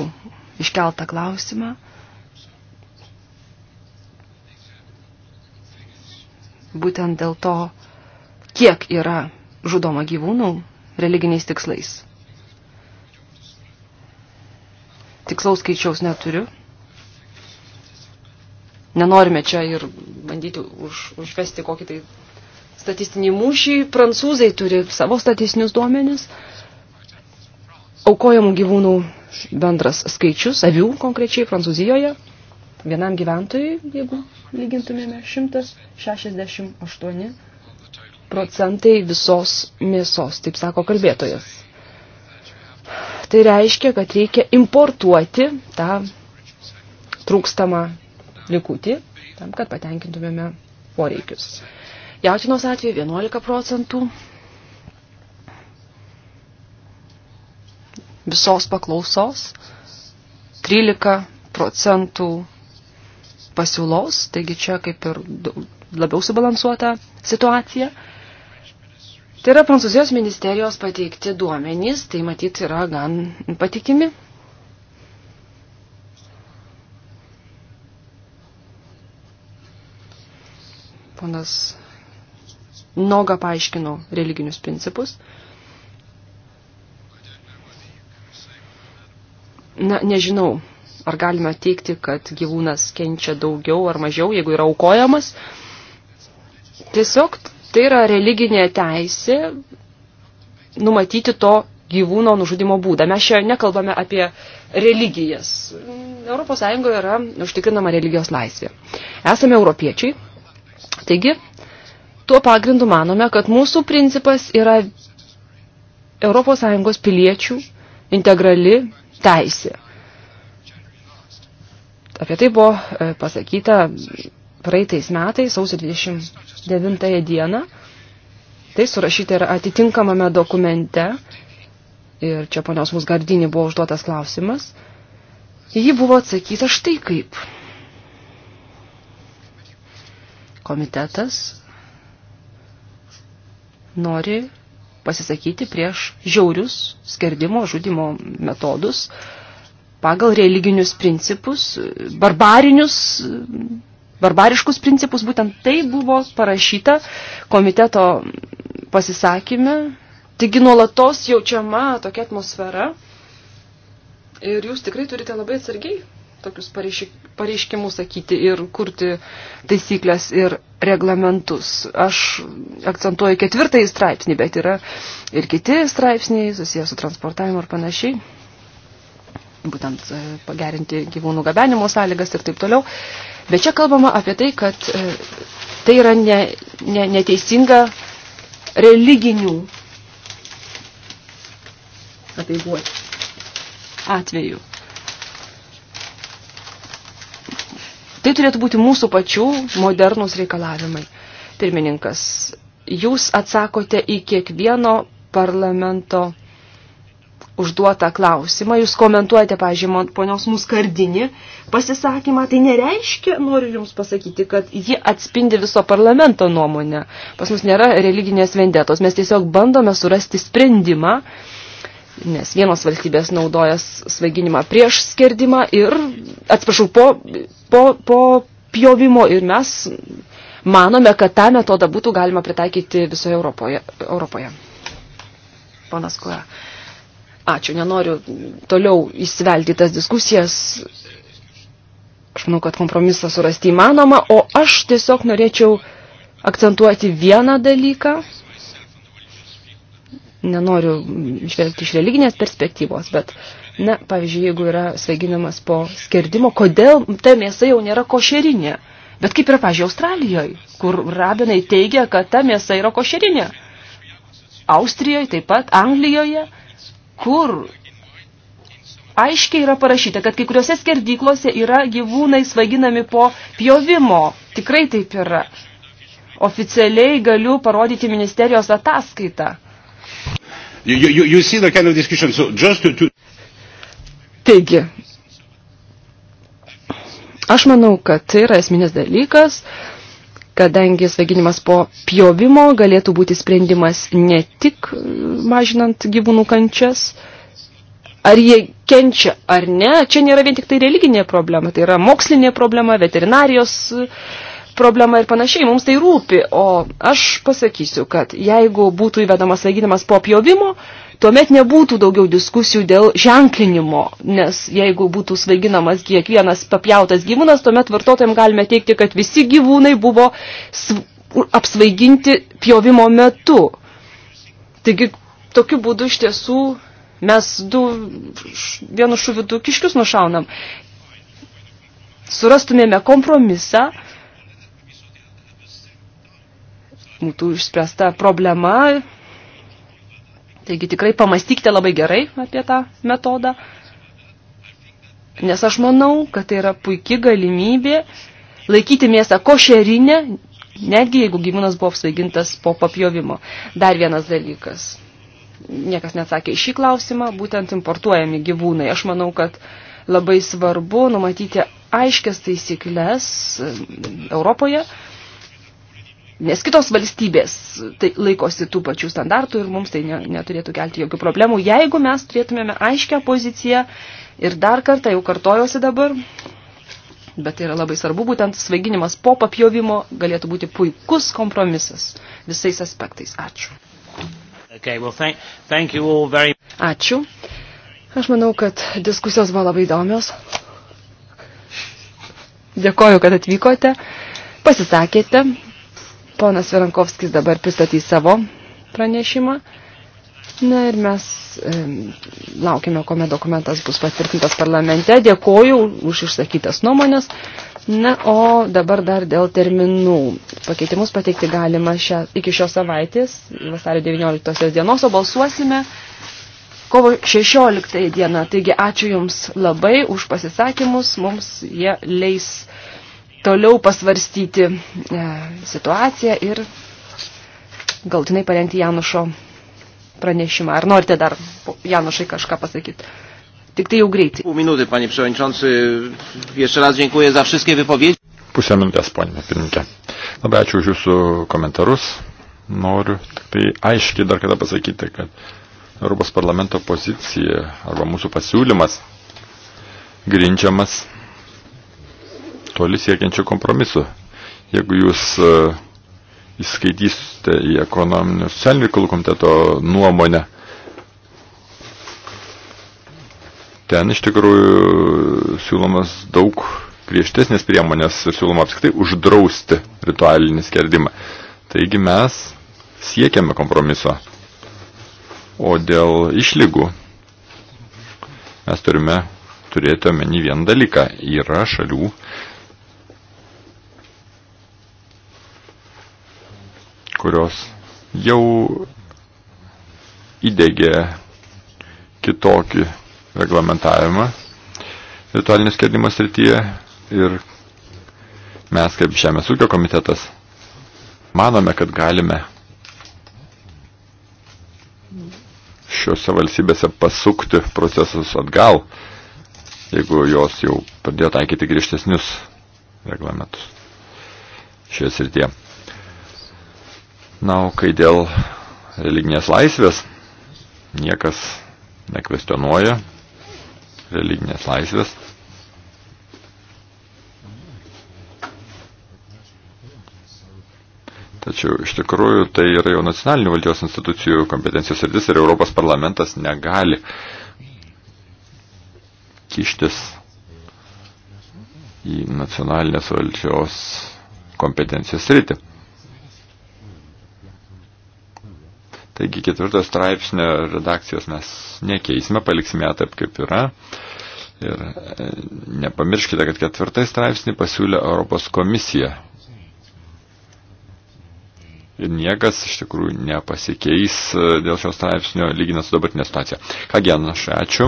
iškeltą klausimą. Būtent dėl to, kiek yra žudoma gyvūnų religiniais tikslais. Tikslaus skaičiaus neturiu. Nenorime čia ir bandyti už, užvesti kokį tai statistinį mūšį, prancūzai turi savo statistinius duomenis, aukojamų gyvūnų bendras skaičius, avių konkrečiai Prancūzijoje, vienam gyventojui, jeigu lygintumėme, 168 procentai visos mėsos, taip sako kalbėtojas. Tai reiškia, kad reikia importuoti tą trūkstamą likutį, tam, kad patenkintumėme poreikius jautinos atveju 11 procentų, visos paklausos 13 procentų pasiūlos, taigi čia kaip ir labiau subalansuota situacija. Tai yra Prancūzijos ministerijos pateikti duomenys, tai matyt yra gan patikimi. Ponas Noga paaiškino religinius principus. Na, nežinau, ar galime teikti, kad gyvūnas kenčia daugiau ar mažiau, jeigu yra aukojamas. Tiesiog tai yra religinė teisė numatyti to gyvūno nužudimo būdą. Mes čia nekalbame apie religijas. Europos Sąjungoje yra užtikrinama religijos laisvė. Esame europiečiai, taigi Tuo pagrindu manome, kad mūsų principas yra ES piliečių integrali teisė. Apie tai buvo e, pasakyta praeitais metais, sausio 29 dieną. Tai surašyta yra atitinkamame dokumente. Ir čia ponios mūsų gardinį buvo užduotas klausimas. Ji buvo atsakyta štai kaip. Komitetas nori pasisakyti prieš žiaurius skerdimo, žudimo metodus pagal religinius principus, barbarinius, barbariškus principus. Būtent tai buvo parašyta komiteto pasisakyme. Taigi nuolatos jaučiama tokia atmosfera. Ir jūs tikrai turite labai atsargiai tokius pareiškimus sakyti ir kurti taisyklės ir reglamentus. Aš akcentuoju ketvirtąjį straipsnį, bet yra ir kiti straipsniai susijęs su transportavimu ir panašiai. Būtent e, pagerinti gyvūnų gabenimo sąlygas ir taip toliau. Bet čia kalbama apie tai, kad e, tai yra ne, ne, neteisinga religinių apeigų atveju. Tai turėtų būti mūsų pačių modernus reikalavimai. Pirmininkas, jūs atsakote į kiekvieno parlamento užduotą klausimą, jūs komentuojate, pažiūrėjau, ponios muskardinį pasisakymą, tai nereiškia, noriu jums pasakyti, kad ji atspindi viso parlamento nuomonę. Pas mus nėra religinės vendetos, mes tiesiog bandome surasti sprendimą, uh, nes vienos valstybės naudoja svaiginimą prieš skerdimą ir, atsiprašau, po, po, po pjovimo ir mes manome, kad tą metodą būtų galima pritaikyti visoje Europoje. Europoje. Ponas Koja. Ačiū, nenoriu toliau įsivelti tas diskusijas. Aš manau, kad kompromisą surasti įmanoma, o aš tiesiog norėčiau akcentuoti vieną dalyką – nenoriu žvelgti iš religinės perspektyvos, bet, na, pavyzdžiui, jeigu yra svaiginamas po skerdimo, kodėl ta mėsa jau nėra košerinė? Bet kaip yra, pavyzdžiui, Australijoje, kur rabinai teigia, kad ta mėsa yra košerinė. Austrijoje, taip pat Anglijoje, kur aiškiai yra parašyta, kad kai kuriuose skerdyklose yra gyvūnai svaiginami po pjovimo. Tikrai taip yra. Oficialiai galiu parodyti ministerijos ataskaitą. You, you, you see the kind of discussion. So just to, to... Taigi, aš manau, kad tai yra esminis dalykas, kadangi sveginimas po pjovimo galėtų būti sprendimas ne tik e, mažinant gyvūnų kančias, ar jie kenčia ar ne, čia nėra vien tik tai religinė problema, tai yra mokslinė problema, veterinarijos uh, problema ir panašiai, mums tai rūpi, o aš pasakysiu, kad jeigu būtų įvedamas aiginimas po pjovimo, tuomet nebūtų daugiau diskusijų dėl ženklinimo, nes jeigu būtų svaiginamas kiekvienas papjautas gyvūnas, tuomet vartotojams galime teikti, kad visi gyvūnai buvo apsvaiginti pjovimo metu. Taigi, tokiu būdu iš tiesų mes du, vienu šuviu du kiškius nušaunam surastumėme kompromisą, būtų išspręsta problema. Taigi tikrai pamastykite labai gerai apie tą metodą, nes aš manau, kad tai yra puikia galimybė laikyti mėsą košerinę, netgi jeigu gyvūnas buvo apsvaigintas po papjovimo. Dar vienas dalykas. Niekas neatsakė į šį klausimą, būtent importuojami gyvūnai. Aš manau, kad labai svarbu numatyti aiškias taisyklės Europoje, nes kitos valstybės tai laikosi tų pačių standartų ir mums tai ne, neturėtų kelti jokių problemų, jeigu mes turėtumėme aiškę poziciją ir dar kartą jau kartojosi dabar, bet tai yra labai svarbu, būtent svaiginimas po papjovimo galėtų būti puikus kompromisas visais aspektais. Ačiū. Okay, well, thank, thank you all very... Ačiū. Aš manau, kad diskusijos buvo labai įdomios. Dėkoju, kad atvykote, pasisakėte. Ponas Verankovskis dabar pristatys savo pranešimą. Na ir mes e, laukime, kuomet dokumentas bus patvirtintas parlamente. Dėkoju už išsakytas nuomonės. Na, o dabar dar dėl terminų. Pakeitimus pateikti galima šią, iki šios savaitės, vasario 19 dienos, o balsuosime kovo 16 dieną. Taigi ačiū Jums labai už pasisakymus, mums jie leis toliau pasvarstyti e, situaciją ir galtinai parengti Janušo pranešimą. Ar norite dar Janušai kažką pasakyti? Tik tai jau greitai. Pół minuty, panie przewodniczący. Jeszcze raz dziękuję za wszystkie wypowiedzi. Pusę minutės, ponė pirmininkė. Labai ačiū už jūsų komentarus. Noriu tik tai aiškiai dar kada pasakyti, kad Europos parlamento pozicija arba mūsų pasiūlymas grinčiamas toli siekiančių kompromisų. Jeigu jūs e, įskaitysite į ekonominio socialinių reikalų komiteto nuomonę, ten iš tikrųjų siūlomas daug griežtesnės priemonės ir siūloma apskritai uždrausti ritualinį skerdimą. Taigi mes siekiame kompromiso. O dėl išlygų mes turime turėti omeny vieną dalyką. Yra šalių, kurios jau įdėgė kitokį reglamentavimą ritualinės skerdimo srityje ir mes kaip Žemės ūkio komitetas manome, kad galime šiuose valstybėse pasukti procesus atgal, jeigu jos jau pradėjo taikyti griežtesnius reglamentus šioje srityje. Na, o kai dėl religinės laisvės niekas nekvestionuoja religinės laisvės. Tačiau iš tikrųjų tai yra jau nacionalinių valdžios institucijų kompetencijos sritis ir Europos parlamentas negali kištis į nacionalinės valdžios kompetencijos sritį. Taigi ketvirtos straipsnio redakcijos mes nekeisime, paliksime ją taip, kaip yra. Ir e, nepamirškite, kad ketvirtai straipsnį pasiūlė Europos komisija. Ir niekas iš tikrųjų nepasikeis e, dėl šio straipsnio lyginant su dabartinė situacija. Kągi, Anašai, ačiū.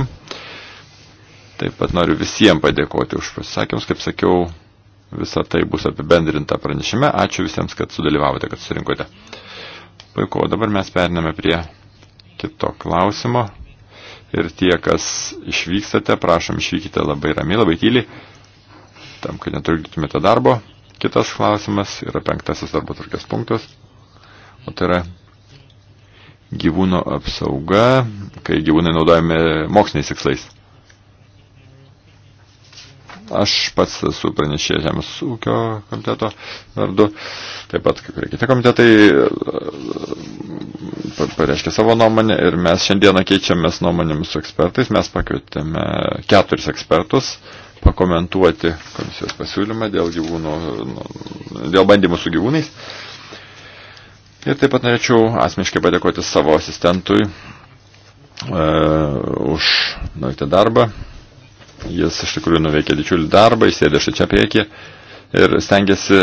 Taip pat noriu visiems padėkoti už pasisakymus. Kaip sakiau, visa tai bus apibendrinta pranešime. Ačiū visiems, kad sudalyvavote, kad surinkote. Puiku, dabar mes periname prie kito klausimo. Ir tie, kas išvykstate, prašom išvykite labai ramiai, labai tyliai, tam, kad netrukdytumėte darbo. Kitas klausimas yra penktasis darbo tvarkės punktas. O tai yra gyvūno apsauga, kai gyvūnai naudojami moksliniais tikslais. Aš pats esu pranešėjęs Žemės ūkio komiteto vardu, taip pat kai kurie kiti komitetai e, pareiškia savo nuomonę ir mes šiandieną keičiamės nuomonėmis su ekspertais. Mes pakvietėme keturis ekspertus pakomentuoti komisijos pasiūlymą dėl, gyvūnų, nu, dėl bandymų su gyvūnais. Ir taip pat norėčiau asmeniškai padėkoti savo asistentui e, už nuvyktą darbą Jis iš tikrųjų nuveikė didžiulį darbą, jis sėdė šia priekį ir stengiasi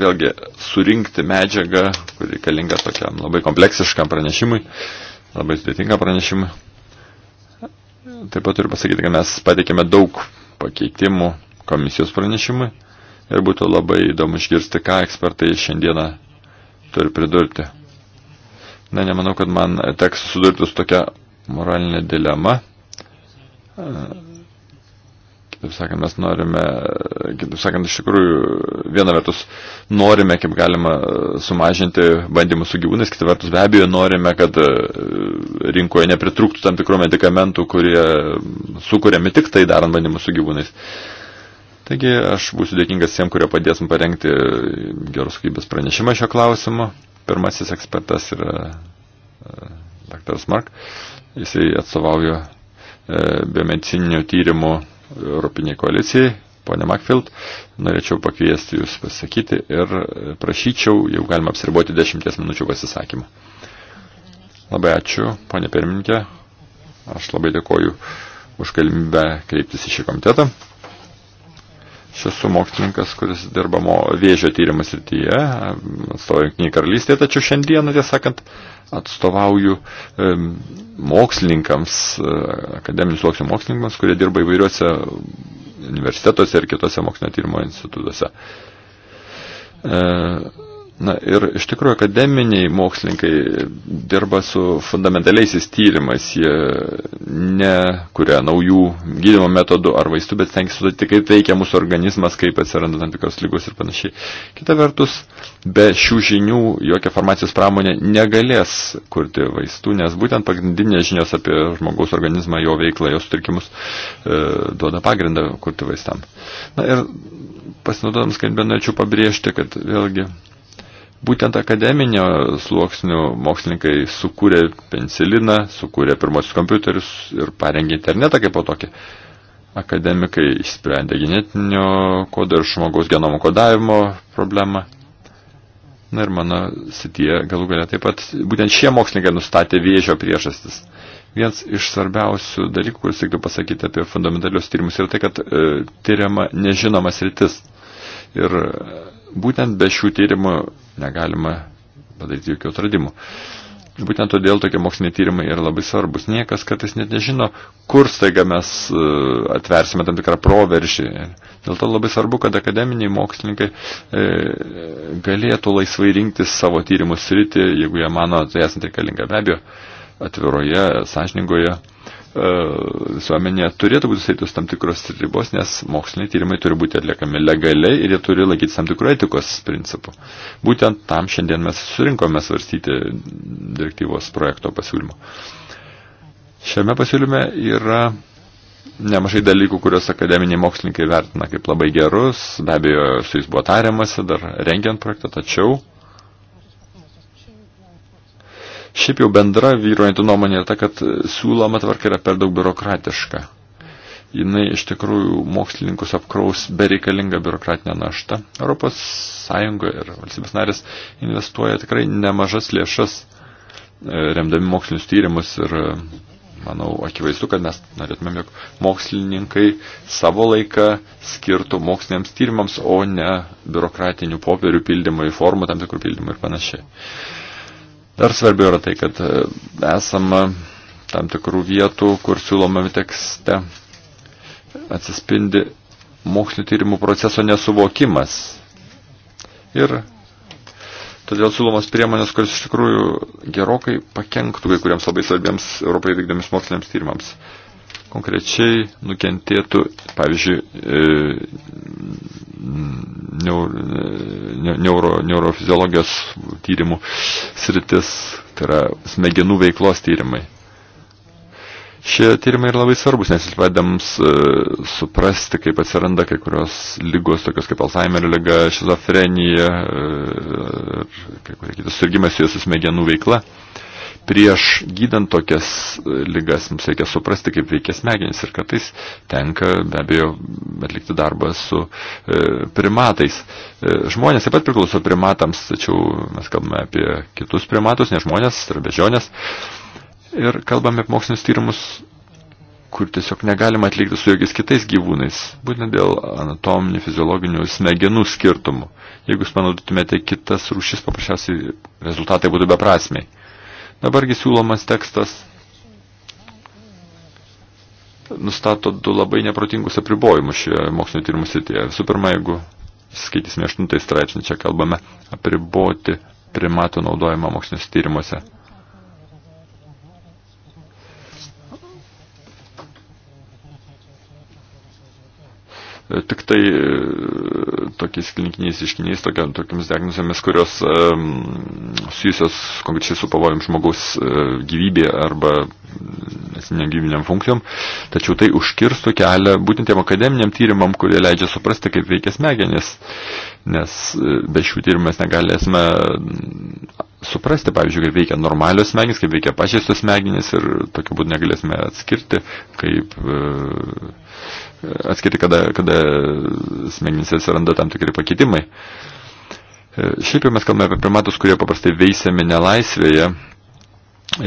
vėlgi surinkti medžiagą, kuri reikalinga tokiam labai kompleksiškam pranešimui, labai sudėtingam pranešimui. Taip pat turiu pasakyti, kad mes pateikėme daug pakeitimų komisijos pranešimui ir būtų labai įdomu išgirsti, ką ekspertai šiandieną turi pridurti. Na, nemanau, kad man teks susidurti su tokia moralinė dilema. Taip sakant, mes norime, kaip sakant, iš tikrųjų, viena vertus norime, kaip galima sumažinti bandymus su gyvūnais, kita vertus be abejo norime, kad e, rinkoje nepritrūktų tam tikrų medikamentų, kurie sukūrėmi tik tai darant bandymus su gyvūnais. Taigi aš būsiu dėkingas tiem, kurie padės man parengti geros kokybės pranešimą šio klausimu. Pirmasis ekspertas yra e, daktaras Mark. Jisai atstovauja e, biomedicininių tyrimų Europiniai koalicijai, ponė Makfield, norėčiau pakviesti Jūs pasakyti ir prašyčiau, jau galima apsiriboti dešimties minučių pasisakymą. Labai ačiū, ponė pirmininkė, aš labai dėkoju už galimybę kreiptis į šį komitetą. Aš esu mokslininkas, kuris dirbamo vėžio tyrimų srityje, atstovauju Junktinį karalystę, tačiau šiandieną, tiesą sakant, atstovauju e, mokslininkams, e, akademinių sluoksnių mokslininkams, kurie dirba įvairiuose universitetuose ir kitose mokslinio tyrimo institutuose. E, Na ir iš tikrųjų akademiniai mokslininkai dirba su fundamentaliaisiais tyrimais, jie ne kuria naujų gydymo metodų ar vaistų, bet stengiasi sudėti, kaip veikia mūsų organizmas, kaip atsiranda tam tikros lygos ir panašiai. Kita vertus, be šių žinių jokia farmacijos pramonė negalės kurti vaistų, nes būtent pagrindinės žinios apie žmogaus organizmą, jo veiklą, jos sutrikimus e, duoda pagrindą kurti vaistam. Na ir pasinaudodams, kad norėčiau pabrėžti, kad vėlgi Būtent akademinio sluoksnių mokslininkai sukūrė peniciliną, sukūrė pirmosius kompiuterius ir parengė internetą kaip po tokį. Akademikai išsprendė genetinio kodo ir žmogaus genomo kodavimo problemą. Na ir mano sitie galų galia taip pat, būtent šie mokslininkai nustatė vėžio priežastis. Vienas iš svarbiausių dalykų, kuris reikėtų pasakyti apie fundamentalius tyrimus, yra tai, kad e, tyriama nežinomas rytis. Ir e, būtent be šių tyrimų negalima padaryti jokių atradimų. Būtent todėl tokie moksliniai tyrimai yra labai svarbus. Niekas kartais net nežino, kur staiga mes e, atversime tam tikrą proveržį. Dėl to labai svarbu, kad akademiniai mokslininkai e, galėtų laisvai rinktis savo tyrimų sritį, jeigu jie mano, tai esant reikalinga be abejo, atviroje, sąžiningoje E, visuomenėje turėtų būti saitos tam tikros ribos, nes moksliniai tyrimai turi būti atliekami legaliai ir jie turi laikytis tam tikrų etikos principų. Būtent tam šiandien mes surinkome svarstyti direktyvos projekto pasiūlymo. Šiame pasiūlyme yra nemažai dalykų, kuriuos akademiniai mokslininkai vertina kaip labai gerus, be abejo, su jais buvo tariamasi dar rengiant projektą, tačiau Šiaip jau bendra vyruojanti nuomonė yra ta, kad siūloma tvarka yra per daug biurokratiška. Jinai iš tikrųjų mokslininkus apkraus bereikalinga biurokratinė našta. Europos Sąjunga ir valstybės narės investuoja tikrai nemažas lėšas e, remdami mokslinius tyrimus ir e, manau, akivaizdu, kad mes norėtumėm, jog mokslininkai savo laiką skirtų moksliniams tyrimams, o ne biurokratinių popierių pildymui, formų tam tikrų pildymų ir panašiai. Dar svarbiau yra tai, kad e, esama tam tikrų vietų, kur siūlomame tekste atsispindi mokslinio tyrimų proceso nesuvokimas. Ir todėl siūlomos priemonės, kuris iš tikrųjų gerokai pakenktų kai kuriems labai svarbiems Europai vykdomis moksliniams tyrimams konkrečiai nukentėtų, pavyzdžiui, e, e, neuro, neurofiziologijos tyrimų sritis, tai yra smegenų veiklos tyrimai. Šie tyrimai yra labai svarbus, nes jis padėms e, suprasti, kaip atsiranda kai kurios lygos, tokios kaip Alzheimerio lyga, šizofrenija ir kai kurie kitas surgymai su jūsų smegenų veikla prieš gydant tokias e, lygas mums reikia suprasti, kaip veikia smegenys ir kartais tenka be abejo atlikti darbą su e, primatais. E, žmonės taip pat priklauso primatams, tačiau mes kalbame apie kitus primatus, ne žmonės, tai yra bežionės. Ir kalbame apie mokslinius tyrimus kur tiesiog negalima atlikti su jokiais kitais gyvūnais, būtent dėl anatominių, fiziologinių smegenų skirtumų. Jeigu jūs panaudotumėte kitas rūšis, paprasčiausiai rezultatai būtų beprasmiai. Dabargi siūlomas tekstas nustato du labai neprotingus apribojimus šioje mokslinio tyrimų srityje. Visų pirma, jeigu skaitysime 8 straipsnį, čia kalbame apriboti primatų naudojimą moksliniuose tyrimuose. tik tai e, tokiais klinikiniais iškiniais, tokiamis diagnozėmis, kurios e, susijusios konkrečiai su pavojom žmogaus e, gyvybė arba mm, gyviniam funkcijom, tačiau tai užkirstų kelią būtent tiem akademiniam tyrimam, kurie leidžia suprasti, kaip veikia smegenis, nes be šių tyrimų mes negalėsime mm, suprasti, pavyzdžiui, kaip veikia normalios smegenys, kaip veikia pažeistos smegenys ir tokiu būdu negalėsime atskirti, kaip atskirti, kada, kada smegenyse atsiranda tam tikri pakeitimai. E, šiaip jau mes kalbame apie primatus, kurie paprastai veisiami nelaisvėje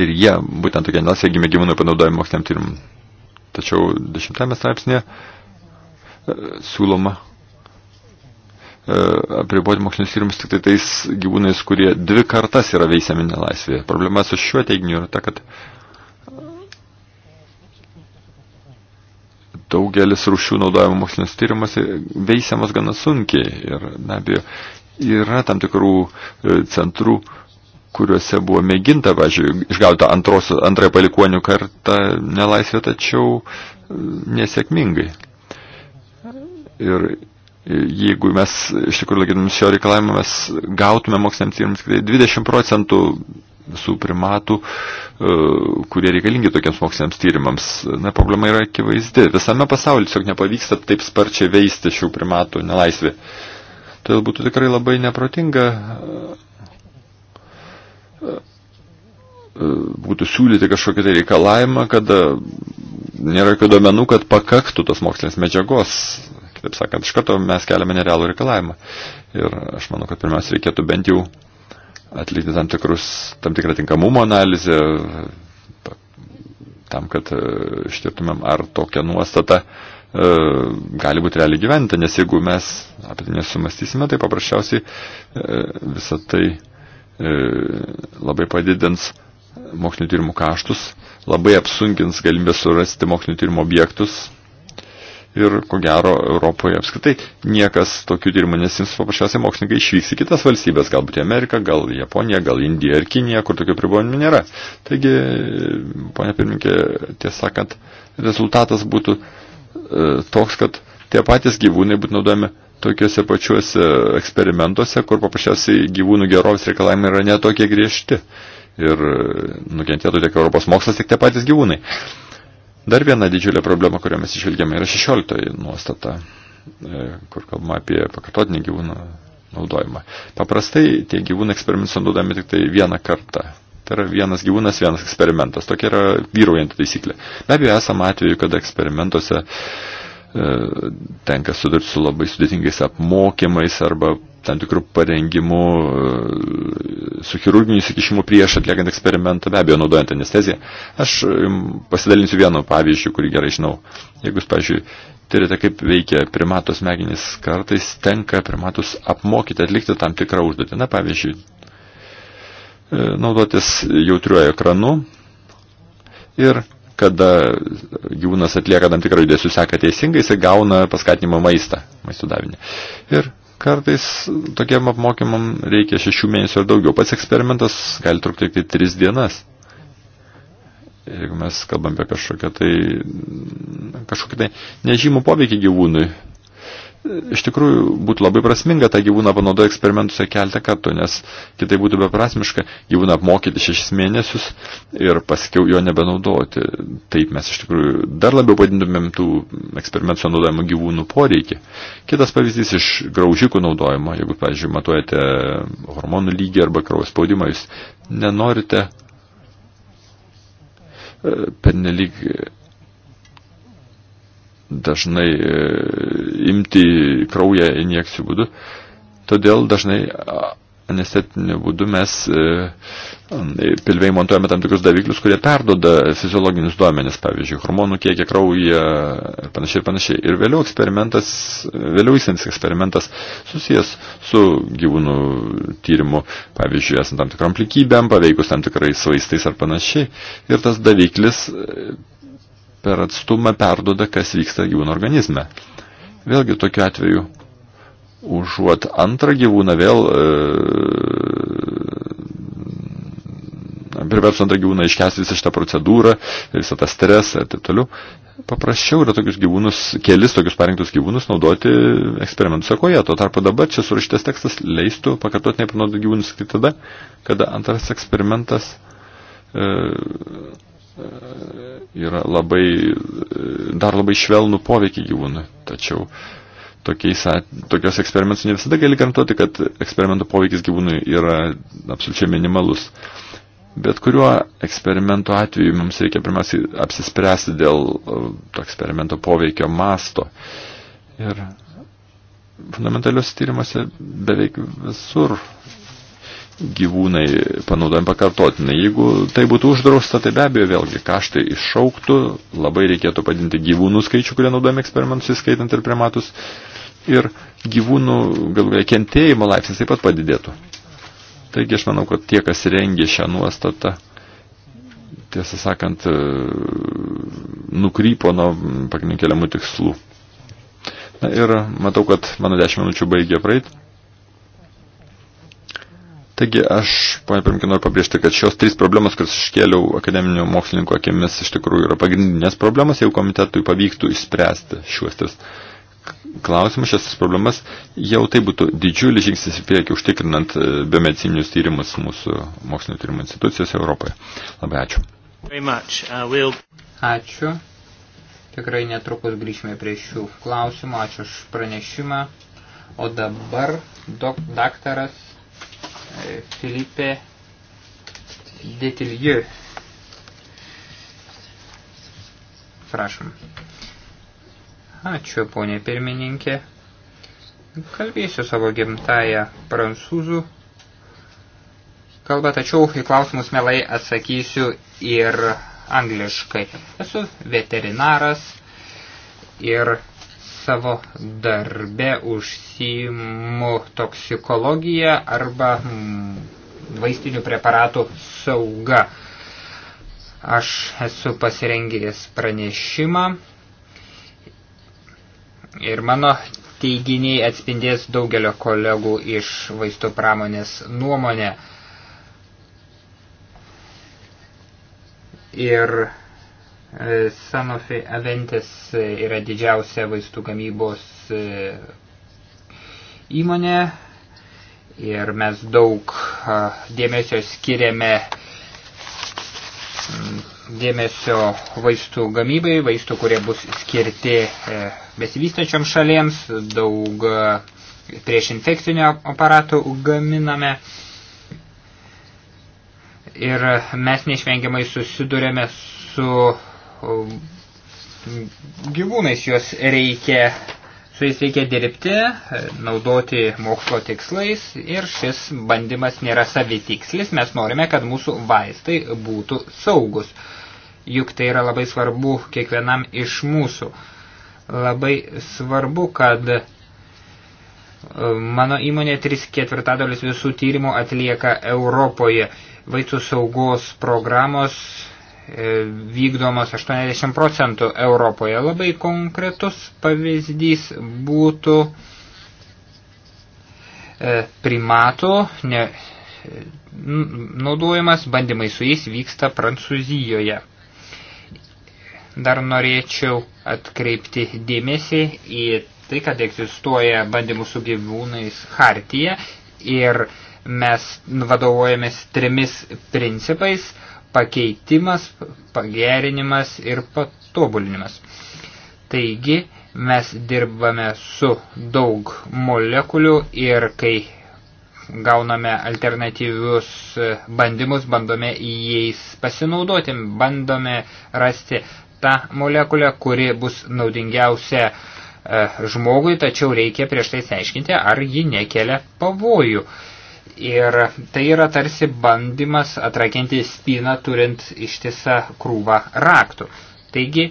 ir jie, būtent tokia nelaisvė, gimė gyvūnų panaudojimo moksliniam tyrimam. Tačiau dešimtame straipsnėje e, siūloma e, apriboti mokslinius tyrimus tik tai tais gyvūnais, kurie dvi kartas yra veisiami nelaisvėje. Problema su šiuo teiginiu yra ta, kad uh, daugelis rūšių naudojimo mokslinius tyrimus veisiamas gana sunkiai ir be abejo yra tam tikrų e, centrų, kuriuose buvo mėginta, važiuoju, išgauta antros, antrąją palikuonių kartą nelaisvę, tačiau e, nesėkmingai. Ir e, jeigu mes iš tikrųjų laikytumės šio reikalavimo, mes gautume moksliniams tyrimams 20 procentų visų primatų, e, kurie reikalingi tokiems moksliniams tyrimams. Na, problema yra akivaizdi. Visame pasaulyje tiesiog nepavyksta taip sparčiai veisti šių primatų nelaisvį. Todėl būtų tikrai labai neprotinga e, e, būtų siūlyti kažkokį tai reikalavimą, kad nėra jokių duomenų, kad pakaktų tos mokslinės medžiagos. Kitaip sakant, iš karto mes keliame nerealų reikalavimą. Ir aš manau, kad pirmiausia reikėtų bent jau atlikti tam, tikrus, tam tikrą tinkamumo analizę, tam, kad e, ištirtumėm, ar tokia nuostata e, gali būti realiai gyventa, nes jeigu mes apie tai nesumastysime, tai paprasčiausiai e, visą tai e, labai padidins mokslinio tyrimų kaštus, labai apsunkins galimybę surasti mokslinio tyrimo objektus, ir ko gero Europoje apskritai niekas tokių tyrimų nesims, paprasčiausiai mokslininkai išvyks į kitas valstybės, galbūt į Ameriką, gal į Japoniją, gal Indiją ir Kiniją, kur tokių pribojimų nėra. Taigi, ponia pirminkė, tiesą sakant, rezultatas būtų e, toks, kad tie patys gyvūnai būtų naudojami tokiuose pačiuose eksperimentuose, kur paprasčiausiai gyvūnų gerovės reikalavimai yra netokie griežti. Ir e, nukentėtų tiek Europos mokslas, tiek tie patys gyvūnai. Dar viena didžiulė problema, kurią mes išvelgiame, yra 16 nuostata, e, kur kalbama apie pakartotinį gyvūną naudojimą. Paprastai tie gyvūnai eksperimentus naudojami tik tai vieną kartą. Tai yra vienas gyvūnas, vienas eksperimentas. Tokia yra vyraujanti taisyklė. Be abejo, esama atveju, kada eksperimentuose uh, E, tenka sudurti su labai sudėtingais apmokymais arba tam tikrų parengimų e, su chirurginiu įsikišimu prieš atliekant eksperimentą, be abejo, naudojant anesteziją. Aš e, pasidalinsiu vienu pavyzdžiu, kurį gerai žinau. Jeigu jūs, pavyzdžiui, tyrite, kaip veikia primatos smegenys, kartais tenka primatus apmokyti atlikti tam tikrą užduotį. Na, pavyzdžiui, naudotis jautriuoju ekranu ir kada gyvūnas atlieka tam tikrą judesių seką teisingai, jisai gauna paskatinimo maistą, maisto davinį. Ir kartais tokiem apmokymam reikia šešių mėnesių ar daugiau. Pats eksperimentas gali trukti tik tai tris dienas. Jeigu mes kalbam apie kažkokią tai, kažkokią tai nežymų poveikį gyvūnui, iš tikrųjų būtų labai prasminga tą gyvūną panaudoja eksperimentuose keltą kartų, nes kitai būtų beprasmiška gyvūną apmokyti šešis mėnesius ir paskiau jo nebenaudoti. Taip mes iš tikrųjų dar labiau padintumėm tų eksperimentuose naudojimo gyvūnų poreikį. Kitas pavyzdys iš graužikų naudojimo, jeigu, pavyzdžiui, matuojate hormonų lygį arba kraujo spaudimą, jūs nenorite e, pernelyg dažnai e, imti kraują injekcijų būdu. Todėl dažnai anestetiniu būdu mes e, e, pilvei montuojame tam tikrus daviklius, kurie perdoda fiziologinius duomenis, pavyzdžiui, hormonų kiekį kraujyje ir panašiai ir panašiai. Ir vėliau eksperimentas, vėliau įsins eksperimentas susijęs su gyvūnų tyrimu, pavyzdžiui, esant tam tikrom plikybėm, paveikus tam tikrais vaistais ar panašiai. Ir tas daviklis per atstumą perdoda, kas vyksta gyvūno organizme. Vėlgi tokiu atveju, užuot antrą gyvūną vėl e, privers antrą gyvūną iškesti visą šitą procedūrą, visą tą stresą ir taip toliau, paprasčiau yra tokius gyvūnus, kelis tokius parinktus gyvūnus naudoti eksperimentų sekoje. Tuo tarpu dabar čia surašytas tekstas leistų pakartotinai panaudoti gyvūnus tik tada, kada antras eksperimentas e, E, yra labai, e, dar labai švelnų poveikį gyvūnui. Tačiau tokiais, tokios eksperimentus ne visada gali garantuoti, kad eksperimento poveikis gyvūnui yra absoliučiai minimalus. Bet kuriuo eksperimento atveju mums reikia pirmiausiai apsispręsti dėl e, to eksperimento poveikio masto. Ir fundamentaliuose tyrimuose beveik visur gyvūnai panaudojami pakartotinai. Jeigu tai būtų uždrausta, tai be abejo vėlgi kaštai iššauktų, labai reikėtų padinti gyvūnų skaičių, kurie naudojami eksperimentus, įskaitant ir primatus, ir gyvūnų galvoje kentėjimo laipsnis taip pat padidėtų. Taigi aš manau, kad tie, kas rengė šią nuostatą, tiesą sakant, e, nukrypo nuo pagrindinių keliamų tikslų. Na ir matau, kad mano 10 minučių baigė praeitį. Taigi aš, ponia Pirmkė, noriu pabrėžti, kad šios trys problemos, kurias iškėliau akademinių mokslininkų akimis, iš tikrųjų yra pagrindinės problemos, jeigu komitetui pavyktų išspręsti šiuos tris klausimus, šias problemas, jau tai būtų didžiulis žingsnis į priekį užtikrinant e, biomedicininius tyrimus mūsų mokslinio tyrimų institucijose Europoje. Labai ačiū. Uh, ačiū. Tikrai netrukus grįžime prie šių klausimų. Ačiū už pranešimą. O dabar dok, daktaras Filipe Detiljų. Prašom. Ačiū, ponė pirmininkė. Kalbėsiu savo gimtają prancūzų kalbą, tačiau į klausimus melai atsakysiu ir angliškai. Esu veterinaras ir savo darbe užsijimu toksikologiją arba mm, vaistinių preparatų sauga. Aš esu pasirengęs pranešimą ir mano teiginiai atspindės daugelio kolegų iš vaistų pramonės nuomonę. Ir Sanofi Aventis e, yra didžiausia vaistų gamybos e, įmonė ir mes daug dėmesio skiriame dėmesio vaistų gamybai, vaistų, kurie bus skirti e, besivystačiam šalėms, daug prieš infekcinio aparatų gaminame ir mes neišvengiamai susidurėme su gyvūnais juos reikia, su jais reikia dirbti, naudoti mokslo tikslais ir šis bandymas nėra savitikslis, mes norime, kad mūsų vaistai būtų saugus. Juk tai yra labai svarbu kiekvienam iš mūsų. Labai svarbu, kad e, Mano įmonė 3 ketvirtadalis visų tyrimų atlieka Europoje. Vaistų saugos programos E, vykdomos 80 procentų Europoje. Labai konkretus pavyzdys būtų e, primatų ne, naudojimas, bandymai su jais vyksta Prancūzijoje. Dar norėčiau atkreipti dėmesį į tai, kad egzistuoja bandymų su gyvūnais hartija ir mes vadovuojamės trimis principais pakeitimas, pagerinimas ir patobulinimas. Taigi mes dirbame su daug molekulių ir kai gauname alternatyvius bandymus, bandome jais pasinaudoti, bandome rasti tą molekulę, kuri bus naudingiausia e, žmogui, tačiau reikia prieš tai seiškinti, ar ji nekelia pavojų. Ir tai yra tarsi bandymas atrakinti spyną turint ištisą krūvą raktų. Taigi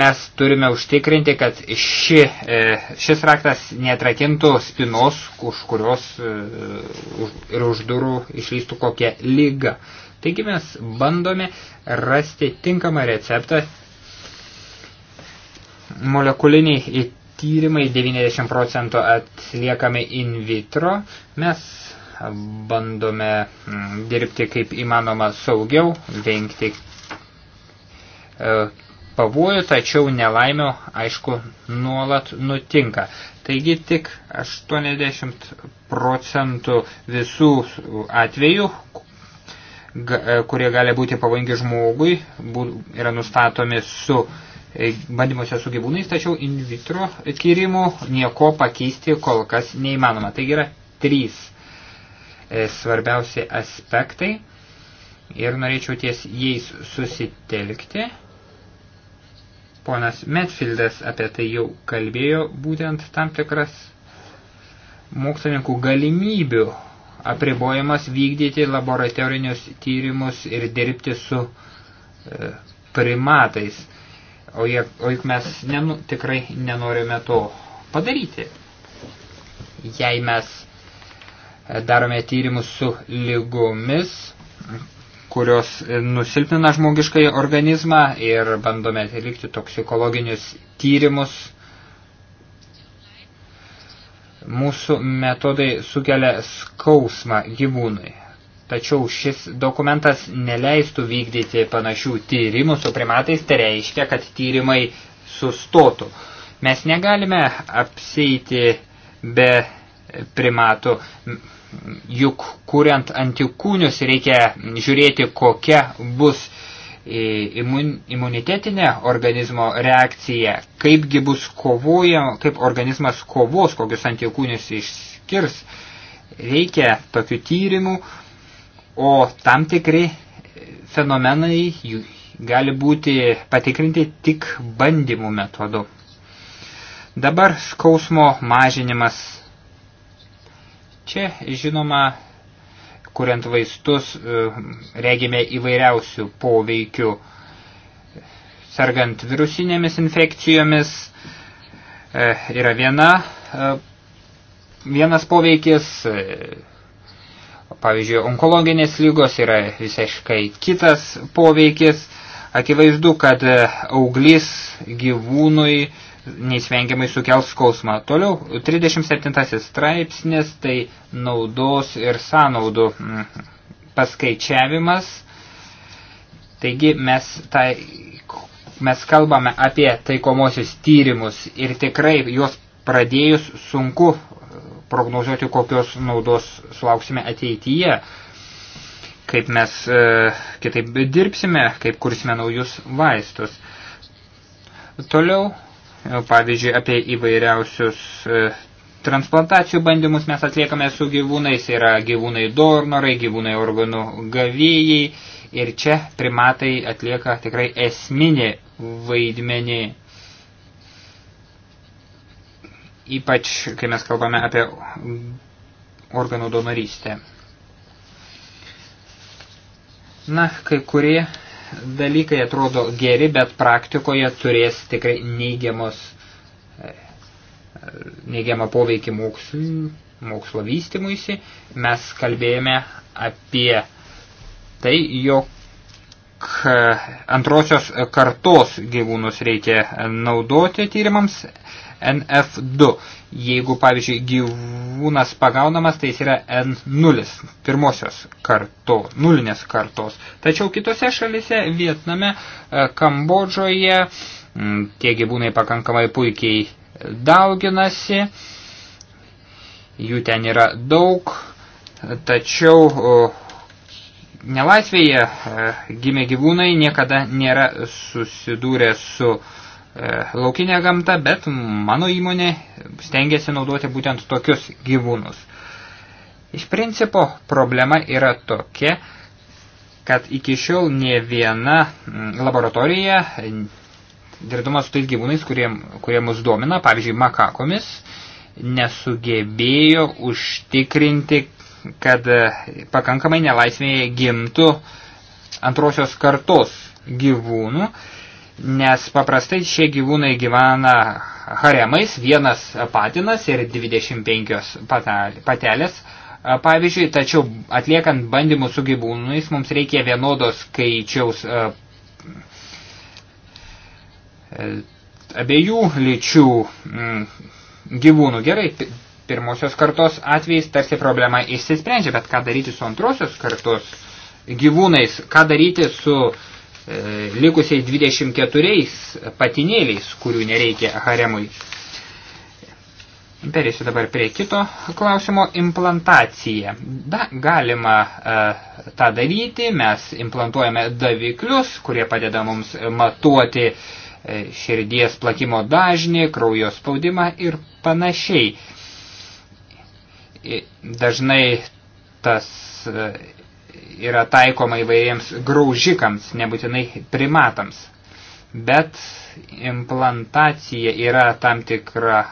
mes turime užtikrinti, kad ši, e, šis raktas netrakintų spinos, už kurios e, ir už durų išlystų kokia lyga. Taigi mes bandome rasti tinkamą receptą. Molekuliniai tyrimai 90 procentų atliekami in vitro. Mes bandome mm, dirbti kaip įmanoma saugiau, vengti e, pavojų, tačiau nelaimio, aišku, nuolat nutinka. Taigi tik 80 procentų visų atvejų, e, kurie gali būti pavojingi žmogui, yra nustatomi su e, bandymuose su gyvūnais, tačiau in vitro tyrimų nieko pakeisti kol kas neįmanoma. Taigi yra trys E, svarbiausi aspektai ir norėčiau ties jais susitelkti. Ponas Medfieldas apie tai jau kalbėjo, būtent tam tikras mokslininkų galimybių apribojimas vykdyti laboratorinius tyrimus ir dirbti su e, primatais. O, jie, o juk mes nenu, tikrai nenorime to padaryti. Jei mes darome tyrimus su lygomis, kurios nusilpnina žmogiškai organizmą ir bandome atlikti toksikologinius tyrimus. Mūsų metodai sukelia skausmą gyvūnui. Tačiau šis dokumentas neleistų vykdyti panašių tyrimų su primatais, tai reiškia, kad tyrimai sustotų. Mes negalime apseiti be primatų juk kuriant antikūnius reikia žiūrėti, kokia bus imun, imunitetinė organizmo reakcija, kaipgi bus kovoja, kaip organizmas kovos, kokius antikūnius išskirs. Reikia tokių tyrimų, o tam tikri fenomenai gali būti patikrinti tik bandymų metodu. Dabar skausmo mažinimas Čia, žinoma, kuriant vaistus, e, regime įvairiausių poveikių. Sergant virusinėmis infekcijomis e, yra viena, e, vienas poveikis, pavyzdžiui, onkologinės lygos yra visiškai kitas poveikis. Akivaizdu, kad auglys gyvūnui neįsvengiamai sukels skausmą. Toliau, 37 straipsnis, tai naudos ir sąnaudų mhm, paskaičiavimas. Taigi mes, tai, mes kalbame apie taikomosius tyrimus ir tikrai juos pradėjus sunku e, prognozuoti, kokios naudos sulauksime ateityje, kaip mes e, kitaip dirbsime, kaip kursime naujus vaistus. Toliau E, pavyzdžiui, apie įvairiausius e, transplantacijų bandymus mes atliekame su gyvūnais, yra gyvūnai donorai, gyvūnai organų gavėjai ir čia primatai atlieka tikrai esminį vaidmenį. Ypač, kai mes kalbame apie organų donorystę. Na, kai kurie dalykai atrodo geri, bet praktikoje turės tikrai neigiamos, e, neigiamą poveikį mokslui, mokslo vystimuisi. Mes kalbėjome apie tai, jog antrosios kartos gyvūnus reikia naudoti tyrimams. NF2. Jeigu, pavyzdžiui, gyvūnas pagaunamas, tai jis yra N0, pirmosios karto, nulinės kartos. Tačiau kitose šalise, Vietname, e, Kambodžoje, tie gyvūnai pakankamai puikiai dauginasi, jų ten yra daug, tačiau nelaisvėje e, gimė gyvūnai niekada nėra susidūrę su uh, E, laukinę gamtą, bet mano įmonė stengiasi naudoti būtent tokius gyvūnus. Iš principo problema yra tokia, kad iki šiol ne viena mm, laboratorija dirbdama su tais gyvūnais, kurie, kurie mus domina, pavyzdžiui, makakomis, nesugebėjo užtikrinti, kad e, pakankamai nelaisvėje gimtų antrosios kartos gyvūnų nes paprastai šie gyvūnai gyvena haremais, vienas patinas ir 25 patelės, pavyzdžiui, tačiau atliekant bandymus su gyvūnais mums reikia vienodos skaičiaus abiejų lyčių gyvūnų. Gerai, pirmosios kartos atvejais tarsi problema išsisprendžia, bet ką daryti su antrosios kartos gyvūnais, ką daryti su uh, E, likusiais 24 patinėliais, kurių nereikia haremui. Perėsiu dabar prie kito klausimo – implantacija. Da, galima e, tą daryti, mes implantuojame daviklius, kurie padeda mums matuoti e, širdies plakimo dažnį, kraujo spaudimą ir panašiai. E, dažnai tas e, yra taikoma įvairiems graužikams, nebūtinai primatams. Bet implantacija yra tam tikra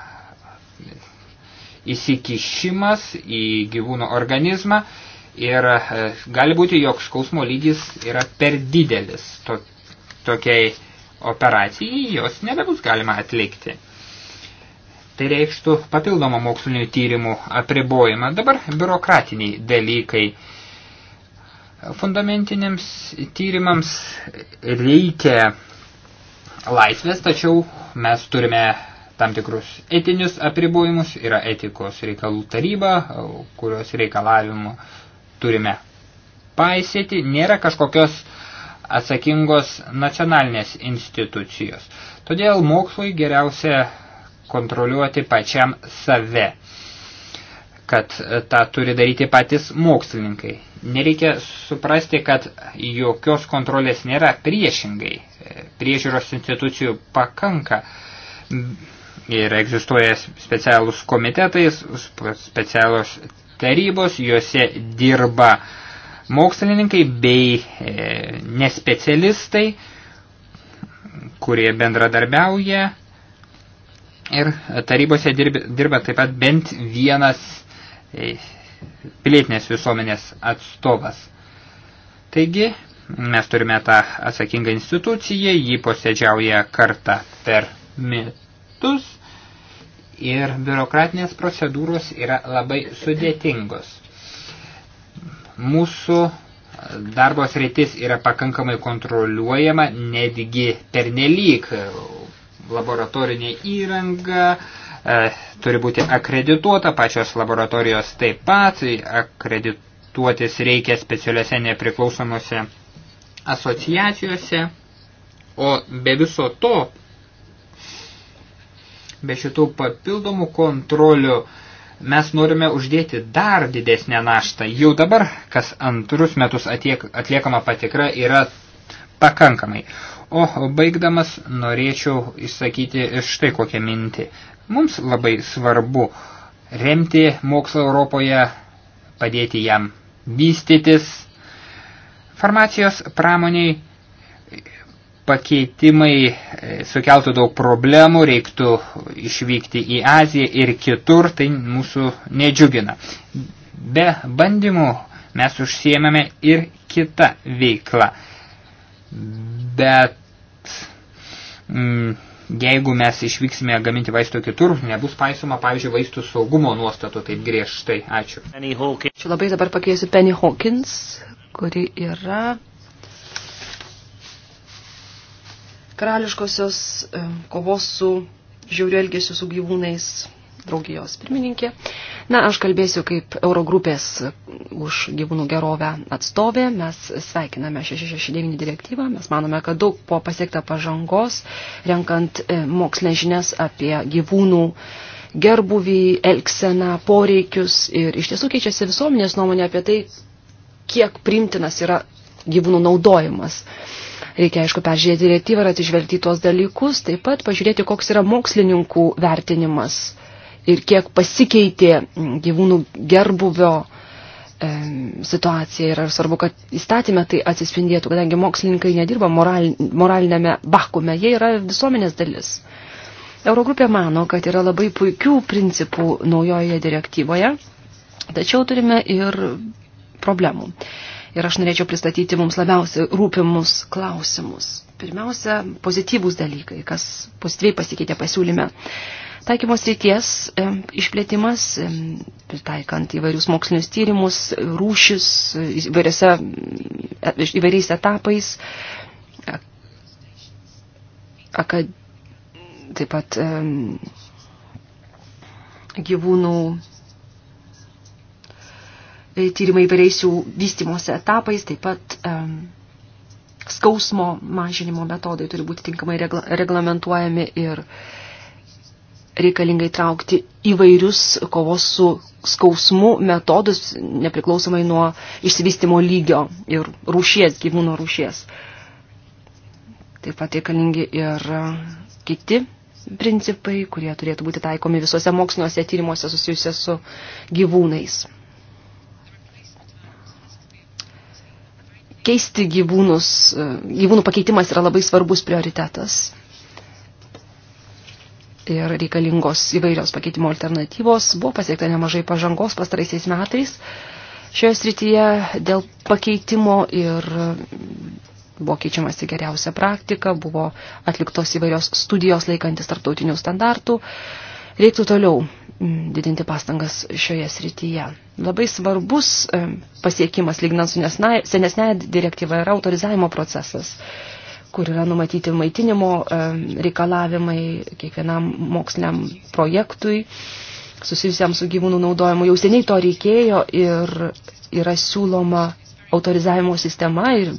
įsikišimas į gyvūno organizmą ir e, gali būti, jog skausmo lygis yra per didelis to, tokiai operacijai, jos nebebus galima atlikti. Tai reikštų papildomą mokslinių tyrimų apribojimą. Dabar biurokratiniai dalykai Fundamentiniams tyrimams reikia laisvės, tačiau mes turime tam tikrus etinius apribojimus, yra etikos reikalų taryba, kurios reikalavimų turime paisėti, nėra kažkokios atsakingos nacionalinės institucijos. Todėl mokslui geriausia kontroliuoti pačiam save kad tą turi daryti patys mokslininkai. Nereikia suprasti, kad jokios kontrolės nėra priešingai. Priežiūros institucijų pakanka ir egzistuoja specialūs komitetai, specialūs tarybos, juose dirba mokslininkai bei e, nespecialistai, kurie bendradarbiauja ir tarybose dirba, dirba taip pat bent vienas pilietinės visuomenės atstovas. Taigi, mes turime tą atsakingą instituciją, jį posėdžiauja kartą per metus ir biurokratinės procedūros yra labai sudėtingos. Mūsų darbo sritis yra pakankamai kontroliuojama, netgi pernelyg laboratorinė įranga, E, turi būti akredituota, pačios laboratorijos taip pat, akredituotis reikia specialiuose nepriklausomose asociacijose, o be viso to, be šitų papildomų kontrolių, mes norime uždėti dar didesnę naštą. Jau dabar kas antrus metus atiek, atliekama patikra yra pakankamai. O baigdamas norėčiau išsakyti štai kokią mintį. Mums labai svarbu remti mokslo Europoje, padėti jam vystytis. Farmacijos pramoniai pakeitimai e, sukeltų daug problemų, reiktų išvykti į Aziją ir kitur, tai mūsų nedžiugina. Be bandymų mes užsiemėme ir kitą veiklą. Bet mm, Jeigu mes išvyksime gaminti vaisto kitur, nebus paisoma, pavyzdžiui, vaistų saugumo nuostatų taip griežtai. Ačiū. Ačiū labai dabar pakviesiu Penny Hawkins, kuri yra karališkosios e, kovos su žiauriu elgesiu su gyvūnais draugijos pirmininkė. Na, aš kalbėsiu kaip Eurogrupės už gyvūnų gerovę atstovė. Mes sveikiname 669 direktyvą. Mes manome, kad daug buvo pasiekta pažangos, renkant e, mokslinės žinias apie gyvūnų gerbuvį, elkseną, poreikius. Ir iš tiesų keičiasi visuomenės nuomonė apie tai, kiek primtinas yra gyvūnų naudojimas. Reikia, aišku, peržiūrėti direktyvą ir atsižvelgti tuos dalykus, taip pat pažiūrėti, koks yra mokslininkų vertinimas ir kiek pasikeitė gyvūnų gerbuvio e, situacija ir ar svarbu, kad įstatymė tai atsispindėtų, kadangi mokslininkai nedirba moral, moralinėme bakume, jie yra visuomenės dalis. Eurogrupė mano, kad yra labai puikių principų naujoje direktyvoje, tačiau turime ir problemų. Ir aš norėčiau pristatyti mums labiausiai rūpimus klausimus. Pirmiausia, pozityvūs dalykai, kas pozityviai pasikeitė pasiūlyme. Taikymos ryties e, išplėtimas, e, pritaikant įvairius mokslinius tyrimus, rūšis e, įvairiais etapais, akad, taip pat gyvūnų tyrimai įvairiais jų vystimuose etapais, taip pat skausmo mažinimo metodai turi būti tinkamai reglamentuojami ir reglamentuojami reikalinga įtraukti įvairius kovos su skausmu metodus, nepriklausomai nuo išsivystimo lygio ir rūšies, gyvūno rūšies. Taip pat reikalingi ir e, kiti principai, kurie turėtų būti taikomi visose moksliniuose tyrimuose susijusiuose su gyvūnais. Keisti gyvūnus, e, gyvūnų pakeitimas yra labai svarbus prioritetas ir reikalingos įvairios pakeitimo alternatyvos. Buvo pasiekta nemažai pažangos pastaraisiais metais šioje srityje dėl pakeitimo ir mm, buvo keičiamasi geriausia praktika, buvo atliktos įvairios studijos laikantis tarptautinių standartų. Reiktų toliau mm, didinti pastangas šioje srityje. Labai svarbus mm, pasiekimas lyginant su senesnėje direktyva yra autorizavimo procesas kur yra numatyti maitinimo e, reikalavimai kiekvienam moksliniam projektui susijusiam su gyvūnų naudojimu. Jau seniai to reikėjo ir yra siūloma autorizavimo sistema, ir,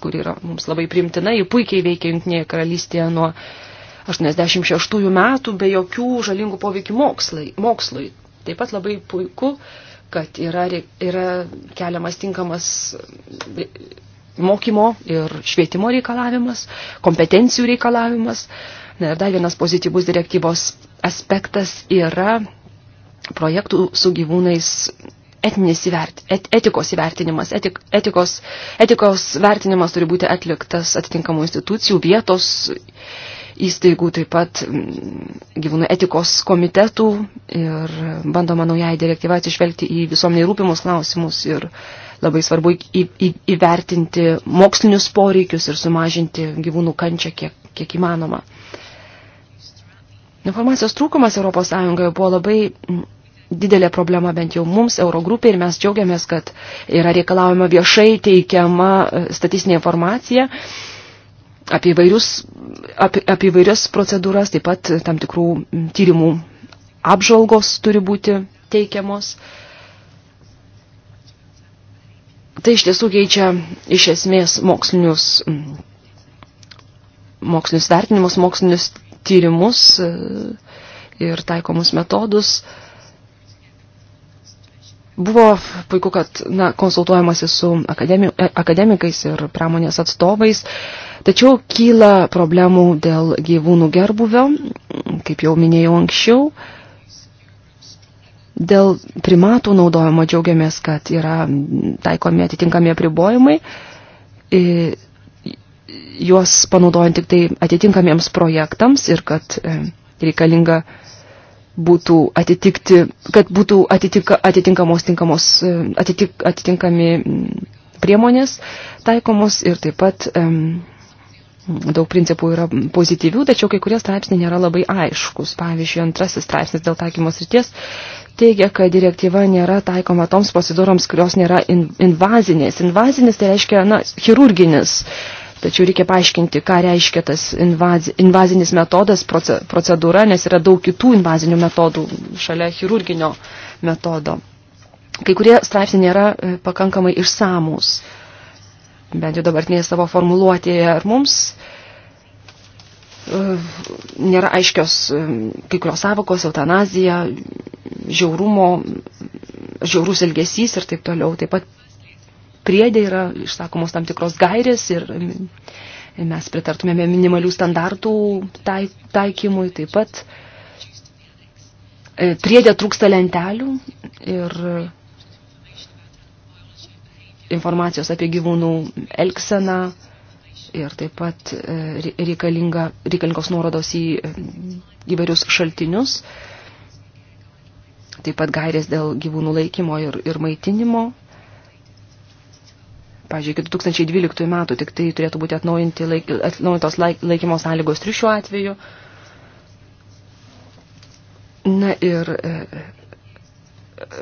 kur yra mums labai primtina, ji puikiai veikia Junktinėje karalystėje nuo 86 metų be jokių žalingų poveikių mokslai, mokslui. Taip pat labai puiku, kad yra, yra keliamas tinkamas mokymo ir švietimo reikalavimas, kompetencijų reikalavimas. Na ir dar vienas pozityvus direktyvos aspektas yra projektų su gyvūnais etinis įvert, et, etikos įvertinimas, etik, etikos, etikos vertinimas turi būti atliktas atitinkamų institucijų, vietos įstaigų, taip pat mm, gyvūnų etikos komitetų ir bandoma naujai direktyvą atsižvelgti į visuomeniai rūpimus klausimus ir uh, Labai svarbu į, į, įvertinti mokslinius poreikius ir sumažinti gyvūnų kančią kiek, kiek įmanoma. Informacijos trūkumas ES buvo labai didelė problema bent jau mums, Eurogrupė, ir mes džiaugiamės, kad yra reikalaujama viešai teikiama e, statistinė informacija apie įvairius, apie, apie įvairias procedūras, taip pat tam tikrų tyrimų apžalgos turi būti teikiamos tai iš tiesų keičia iš esmės mokslinius, mm, mokslinius vertinimus, mokslinius tyrimus e, ir taikomus metodus. Buvo puiku, kad na, konsultuojamasi su akademi, e, akademikais ir pramonės atstovais, tačiau kyla problemų dėl gyvūnų gerbuvio, kaip jau minėjau anksčiau. Dėl primatų naudojimo džiaugiamės, kad yra taikomi atitinkami apribojimai, juos panaudojant tik tai atitinkamiems projektams ir kad e, reikalinga būtų atitikti, kad būtų atitika, atitinkamos tinkamos, e, atitik, atitinkami mm, priemonės taikomos ir taip pat um, daug principų yra pozityvių, tačiau kai kurie straipsniai nėra labai aiškus. Pavyzdžiui, antrasis straipsnis dėl taikymos ryties teigia, kad direktyva nėra taikoma toms procedūroms, kurios nėra invazinės. Invazinis tai reiškia, na, chirurginis. Tačiau reikia paaiškinti, ką reiškia tas invazinis metodas, procedūra, nes yra daug kitų invazinių metodų šalia chirurginio metodo. Kai kurie straipsniai nėra e, pakankamai išsamūs, bent jau dabartinėje savo formuluotėje. Ar mums nėra aiškios e, kai kurios savokos, eutanazija, žiaurumo, žiaurus elgesys ir taip toliau. Taip pat priedė yra išsakomos tam tikros gairės ir e, mes pritartumėme minimalių standartų tai, taikymui taip pat. E, priedė trūksta lentelių ir informacijos apie gyvūnų elkseną, ir taip pat e, reikalinga, reikalingos nuorodos į e, įvairius šaltinius, taip pat gairės dėl gyvūnų laikymo ir, ir maitinimo. Pavyzdžiui, iki 2012 metų tik tai turėtų būti laik, atnaujintos laik, laikymo sąlygos triušių atveju. Na ir e,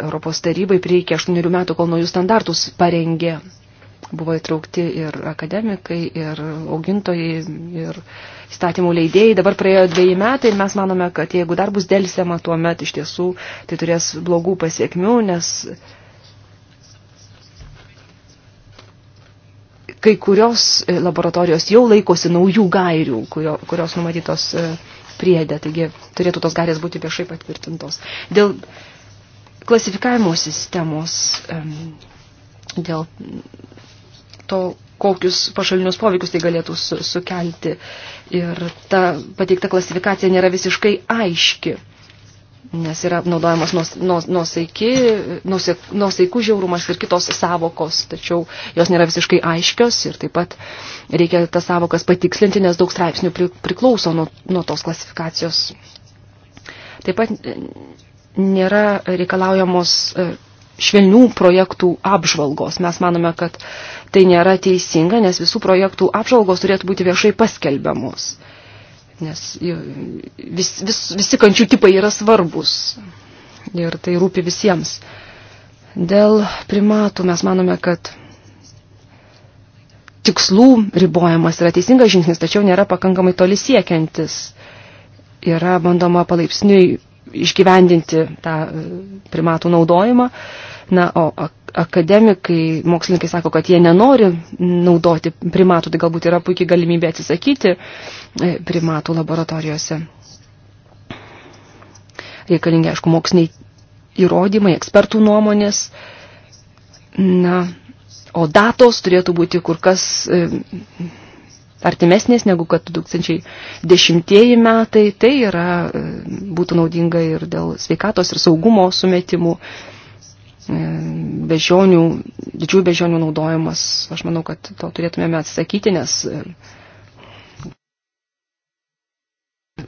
Europos tarybai prieikia 8 metų, kol naujus standartus parengė Buvo įtraukti ir akademikai, ir augintojai, ir įstatymų leidėjai. Dabar praėjo dviejai metai ir mes manome, kad jeigu dar bus dėlsiama tuo metu iš tiesų, tai turės blogų pasiekmių, nes kai kurios laboratorijos jau laikosi naujų gairių, kurios numatytos e, priedė, taigi turėtų tos gairės būti viešai patvirtintos. Dėl klasifikavimo sistemos, dėl to, kokius pašalinius poveikius tai galėtų su, sukelti. Ir ta pateikta klasifikacija nėra visiškai aiški, nes yra naudojamas nuosaikų žiaurumas ir kitos savokos, tačiau jos nėra visiškai aiškios ir taip pat reikia tas savokas patikslinti, nes daug straipsnių priklauso nuo, nuo tos klasifikacijos. Taip pat nėra reikalaujamos e, švelnių projektų apžvalgos. Mes manome, kad tai nėra teisinga, nes visų projektų apžvalgos turėtų būti viešai paskelbiamos. Nes vis, vis, visi kančių tipai yra svarbus ir tai rūpi visiems. Dėl primatų mes manome, kad tikslų ribojimas yra teisingas žingsnis, tačiau nėra pakankamai toli siekiantis. Yra bandoma palaipsniui išgyvendinti tą e, primatų naudojimą. Na, o akademikai, mokslininkai sako, kad jie nenori naudoti primatų, tai galbūt yra puikiai galimybė atsisakyti e, primatų laboratorijose. Reikalingi, aišku, moksliniai įrodymai, ekspertų nuomonės. Na, o datos turėtų būti kur kas e, artimesnės negu kad 2010 metai, tai yra, e, būtų naudinga ir dėl sveikatos ir saugumo sumetimų, e, bežionių, didžiųjų bežionių naudojimas, aš manau, kad to turėtumėme atsisakyti, nes e,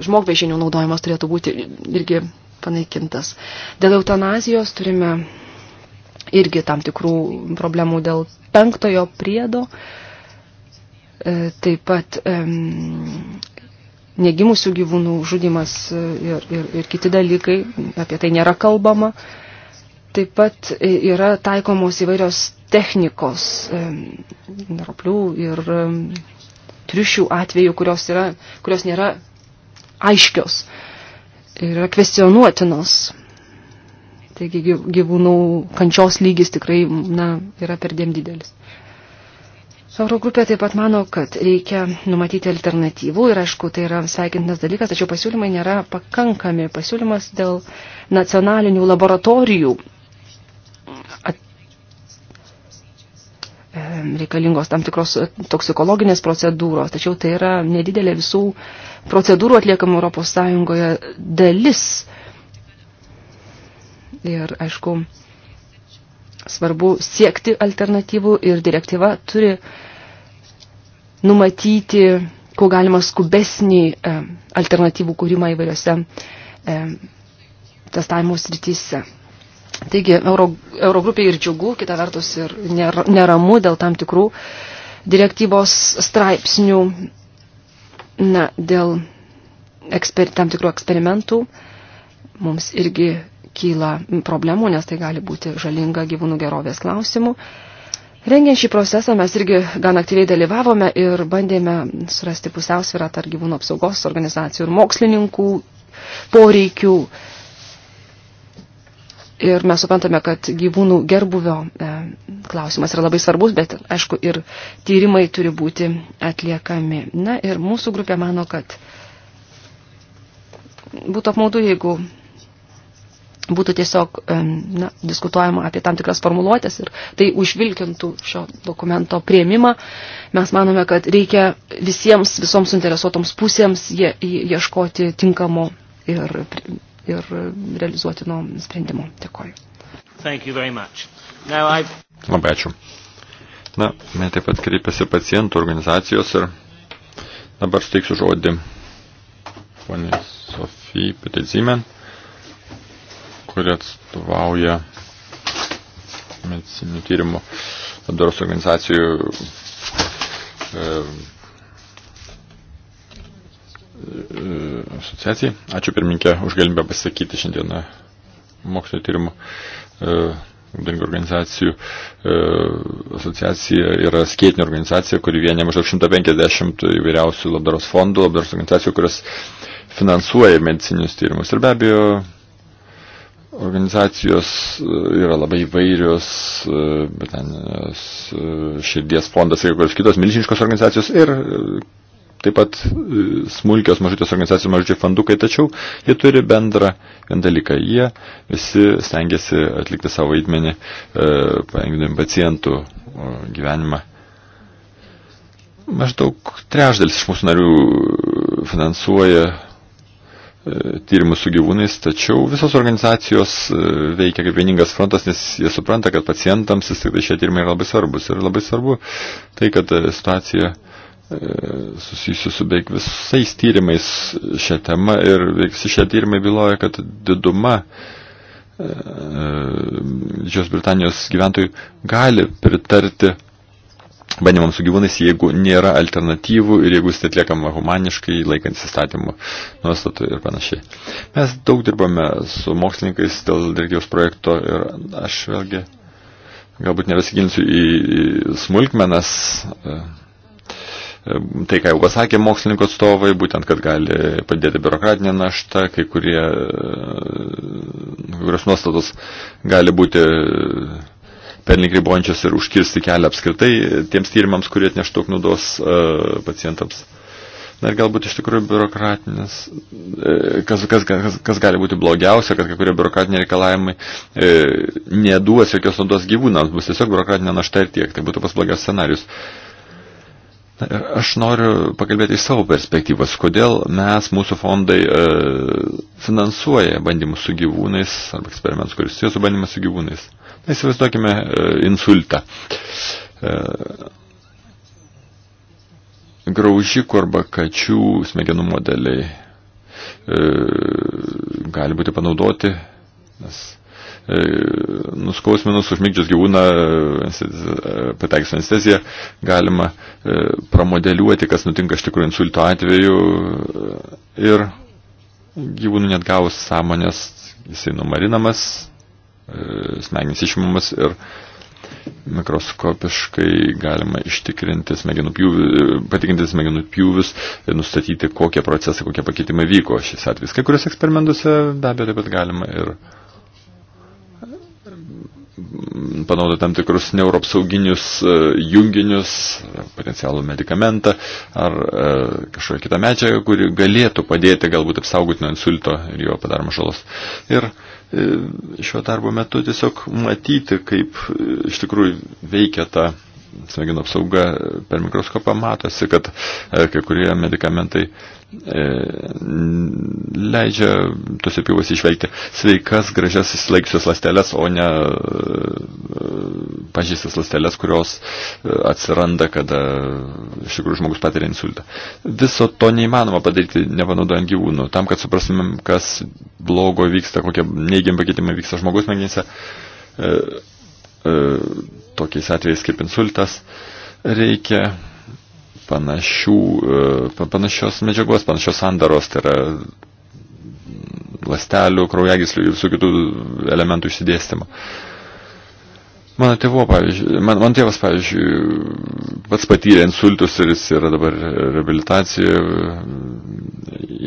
žmogvežinių naudojimas turėtų būti irgi panaikintas. Dėl eutanazijos turime irgi tam tikrų problemų dėl penktojo priedo, E, taip pat negimusių gyvūnų žudimas e, ir, ir, ir kiti dalykai, apie tai nėra kalbama. Taip pat e, yra taikomos įvairios technikos, roplių ir triušių atveju, kurios, yra, kurios nėra aiškios ir yra kvestionuotinos. Taigi gyvūnų kančios lygis tikrai na, yra perdėm didelis. Eurogrupė taip pat mano, kad reikia numatyti alternatyvų ir aišku, tai yra sveikintinas dalykas, tačiau pasiūlymai nėra pakankami. Pasiūlymas dėl nacionalinių laboratorijų at... reikalingos tam tikros toksikologinės procedūros, tačiau tai yra nedidelė visų procedūrų atliekamų Europos Sąjungoje dalis. Ir aišku, svarbu siekti alternatyvų ir direktyva turi numatyti, kuo galima skubesnį e, alternatyvų kūrimą įvairiose e, testavimo srityse. Taigi, Euro, Eurogrupiai ir džiugu, kita vertus ir neramu dėl tam tikrų direktyvos straipsnių, na, dėl eksper, tam tikrų eksperimentų. Mums irgi kyla problemų, nes tai gali būti žalinga gyvūnų gerovės klausimų. Rengiant šį procesą mes irgi gan aktyviai dalyvavome ir bandėme surasti pusiausvyrą tarp gyvūnų apsaugos organizacijų ir mokslininkų poreikių. Ir mes suprantame, kad gyvūnų gerbuvio e, klausimas yra labai svarbus, bet aišku ir tyrimai turi būti atliekami. Na ir mūsų grupė mano, kad būtų apmaudu, jeigu būtų tiesiog na, diskutuojama apie tam tikras formuluotės ir tai užvilkintų šio dokumento prieimimą. Mes manome, kad reikia visiems, visoms suinteresuotoms pusėms jie, ieškoti tinkamo ir, ir realizuotino sprendimo. Dėkoju. Labai ačiū. Na, mes taip pat kreipiasi pacientų organizacijos ir dabar suteiksiu žodį poniai Sofijai Petitzimen kurie atstovauja medicininių tyrimų labdaros organizacijų e, e, asociacijai. Ačiū pirminkė už galimybę pasakyti šiandieną mokslinio tyrimų e, labdaringų organizacijų e, asociacija yra skėtinė organizacija, kuri vienė maždaug 150 įvairiausių labdaros fondų, labdaros organizacijų, kurios finansuoja medicinius tyrimus. Ir be abejo, Organizacijos e, yra labai įvairios, e, Britanijos e, širdies fondas ir kurios kitos milžiniškos organizacijos ir taip pat smulkios mažutės organizacijos mažučiai fondukai, tačiau jie turi bendrą vieną dalyką. Jie visi stengiasi atlikti savo vaidmenį, palengvindami pacientų gyvenimą. Maždaug trešdalis iš mūsų narių finansuoja E, tyrimus su gyvūnais, tačiau visos organizacijos e, veikia kaip vieningas frontas, nes jie supranta, kad pacientams vis tik tai šie tyrimai yra labai svarbus. Ir labai svarbu tai, kad e, situacija susijusiu su beveik visais tyrimais šią temą ir visi šie tyrimai byloja, kad diduma Didžios Britanijos gyventojų gali pritarti bandymams su gyvūnais, jeigu nėra alternatyvų ir jeigu jis atliekama humaniškai, laikant įstatymų nuostatų ir panašiai. Mes daug dirbame su mokslininkais dėl direktyvos projekto ir aš vėlgi galbūt nebesigilinsiu į smulkmenas, e, e, tai ką jau pasakė mokslininko atstovai, būtent, kad gali padėti biurokratinė našta, kai kurie, e, kurios nuostatos gali būti perlink ribojančios ir užkirsti kelią apskritai tiems tyrimams, kurie atneš daug naudos uh, pacientams. Na ir galbūt iš tikrųjų biurokratinis, e, kas, kas, kas, kas gali būti blogiausia, kad kai kurie biurokratiniai reikalavimai e, neduos jokios naudos gyvūnams, bus tiesiog biurokratinė našta ir tiek, tai būtų pas blogas scenarius. Na, ir aš noriu pakalbėti iš savo perspektyvos, kodėl mes, mūsų fondai, e, finansuoja bandymus su gyvūnais arba eksperimentus, kuris susijęs su bandymus su gyvūnais. Na, įsivaizduokime e, insultą. E, graužikų arba kačių smegenų modeliai e, gali būti panaudoti, nes nuskausminus, užmygdžius gyvūną, pateikus anesteziją, galima pramodeliuoti, kas nutinka iš tikrųjų insulto atveju ir gyvūnų net gaus sąmonės, jisai numarinamas, E, smegenys išimamas ir mikroskopiškai galima ištikrinti smegenų pjūvius, e, patikinti smegenų pjūvius ir nustatyti, kokie procesai, kokie pakeitimai vyko šis atvejs. Kai kuriuose eksperimentuose be abejo taip pat galima ir mm, panaudoti tam tikrus neuroapsauginius e, junginius, potencialų medikamentą ar kažkokią kitą medžiagą, kuri galėtų padėti galbūt apsaugoti nuo insulto ir jo padaromos žalos. Ir uh, E, šio darbo metu tiesiog matyti, kaip e, iš tikrųjų veikia ta smegenų apsauga per mikroskopą matosi, kad e, kai kurie medikamentai E, leidžia tuose pievose išvelgti sveikas, gražias įsilaikiusias ląsteles, o ne e, pažįstas ląsteles, kurios e, atsiranda, kada iš tikrųjų žmogus patiria insultą. Viso to neįmanoma padaryti nepanaudojant gyvūnų. Tam, kad suprasimėm, kas blogo vyksta, kokie neigiami pakeitimai vyksta žmogus smegenyse, tokiais atvejais kaip insultas, reikia panašių, e, panašios medžiagos, panašios sandaros, tai yra lastelių, kraujagislių ir visų kitų elementų išsidėstymo. Mano, tėvo, man, man tėvas, pavyzdžiui, pats patyrė insultus ir jis yra dabar rehabilitacijoje.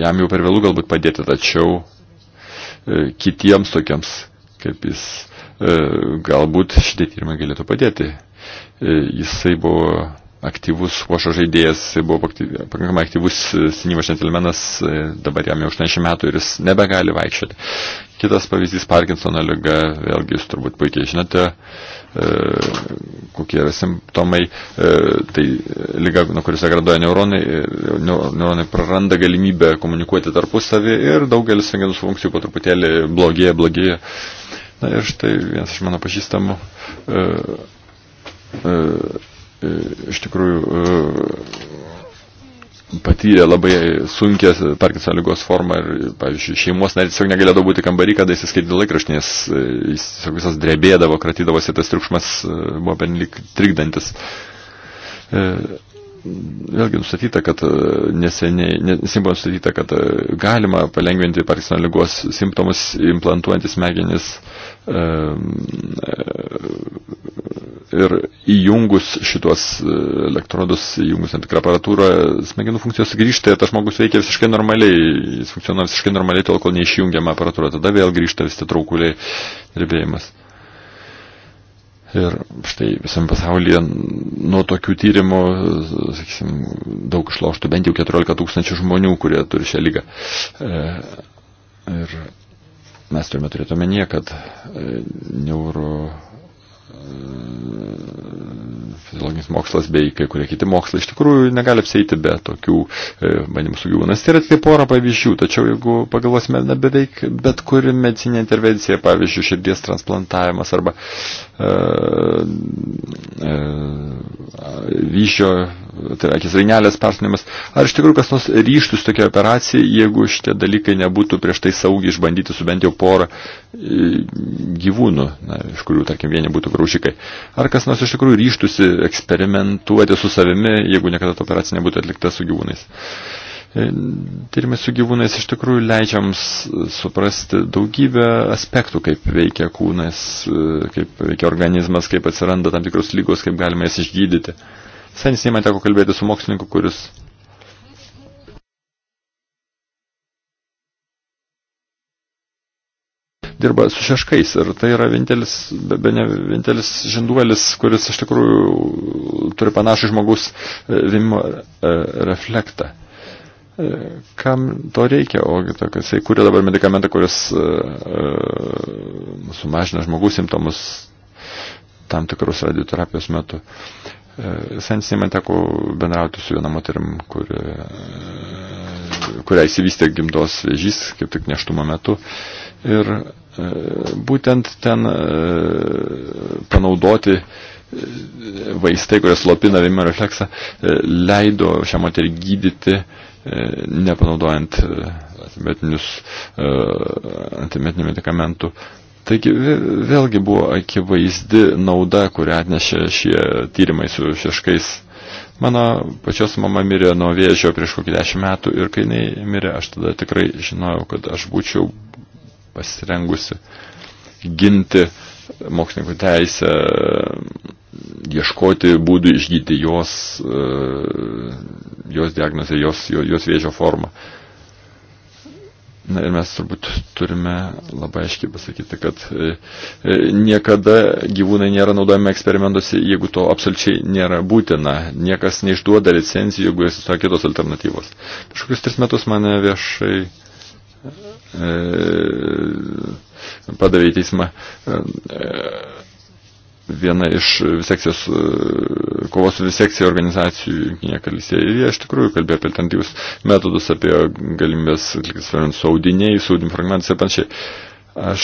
Jam jau per vėlų galbūt padėti, tačiau e, kitiems tokiems, kaip jis, e, galbūt šitie tyrimai galėtų padėti. Jisai buvo aktyvus košo žaidėjas, buvo pakankamai aktyvus e, senyvas džentelmenas, e, dabar jam jau 80 metų ir jis nebegali vaikščioti. Kitas pavyzdys - Parkinsono lyga, vėlgi jūs turbūt puikiai žinote, e, kokie yra simptomai. Tai lyga, nuo kuriuose graduoja neuronai, neuronai praranda galimybę komunikuoti tarpusavį ir daugelis smegenų funkcijų po truputėlį blogėja, blogėja. Na ir štai vienas iš mano pažįstamų. Uh, uh, iš tikrųjų e, patyrė labai sunkias Parkinson lygos formą ir, pavyzdžiui, šeimos narys tiesiog negalėdavo būti kambarį, kada jis skaitė laikraštį, nes e, jis visas drebėdavo, kratydavosi, tas triukšmas e, buvo pernelyg trikdantis vėlgi nustatyta, kad neseniai, neseniai buvo nustatyta, kad galima palengventi Parkinsono lygos simptomus implantuojant į smegenis Ehm, ehm, ir įjungus šitos e, elektrodus, įjungus tam tikrą aparatūrą, smegenų funkcijos grįžta, tas žmogus veikia visiškai normaliai, jis funkcionuoja visiškai normaliai, tol kol neišjungiama aparatūra, tada vėl grįžta visi traukuliai drebėjimas. Ir štai visam pasaulyje nuo tokių tyrimų, sakysim, daug išloštų bent jau 14 tūkstančių žmonių, kurie turi šią lygą. E, ir Mes turime turėti omenyje, kad e, neuro fiziologinis mokslas bei kai kurie kiti mokslai iš tikrųjų negali apsėti be tokių e, bandymų su gyvūnas. Tai yra tik pora pavyzdžių, tačiau jeigu pagalvosime, na, beveik bet kuri medicinė intervencija, pavyzdžiui, širdies transplantavimas arba e, e, vyšio, tai yra akis rainelės persinimas, ar iš tikrųjų kas nors ryštus tokia operacija, jeigu šitie dalykai nebūtų prieš tai saugiai išbandyti su bent jau porą e, gyvūnų, na, iš kurių, tarkim, vieni būtų graužiai plaušikai. Ar kas nors iš tikrųjų ryštusi eksperimentuoti su savimi, jeigu niekada ta operacija nebūtų atlikta su gyvūnais? E, tyrimai su gyvūnais iš tikrųjų leidžiam suprasti daugybę aspektų, kaip veikia kūnas, e, kaip veikia organizmas, kaip atsiranda tam tikros lygos, kaip galima jas išgydyti. Senis man teko kalbėti su mokslininku, kuris dirba su šeškais ir tai yra vienintelis, be, be ne vienintelis žinduolis, kuris iš tikrųjų turi panašų žmogus e, vimimo e, reflektą. E, kam to reikia? O jisai kuria dabar medikamentą, kuris uh, sumažina žmogus simptomus tam tikrus radioterapijos metu. Sensiniai man teko bendrauti su viena moterim, kuri, kurią įsivystė gimdos vėžys, kaip tik neštumo metu. Ir E, būtent ten e, panaudoti e, vaistai, kurie slopina vėmio refleksą, leido šią moterį gydyti, nepanaudojant antimetinius, antimetinių medikamentų. Taigi vėlgi buvo akivaizdi nauda, kurią atnešė šie tyrimai su šeškais. Mano pačios mama mirė nuo vėžio prieš kokį dešimt metų ir kai jinai mirė, aš tada tikrai žinojau, kad aš būčiau pasirengusi ginti mokslininkų teisę, ieškoti būdų išgydyti jos, e, jos diagnozę, jos, jos vėžio formą. Na ir mes turbūt turime labai aiškiai pasakyti, kad e, e, niekada gyvūnai nėra naudojami eksperimentuose, jeigu to absoliučiai nėra būtina. Niekas neišduoda licencijų, jeigu egzistuoja kitos alternatyvos. Prieš kokius tris metus mane viešai E, padavė į teismą e, viena iš sekcijos, e, kovos su visekcija organizacijų Junktinėje karalystėje. Ir jie iš tikrųjų kalbėjo apie alternatyvus metodus, apie galimybės atlikti su audiniais, su audinių fragmentais ir panašiai. Aš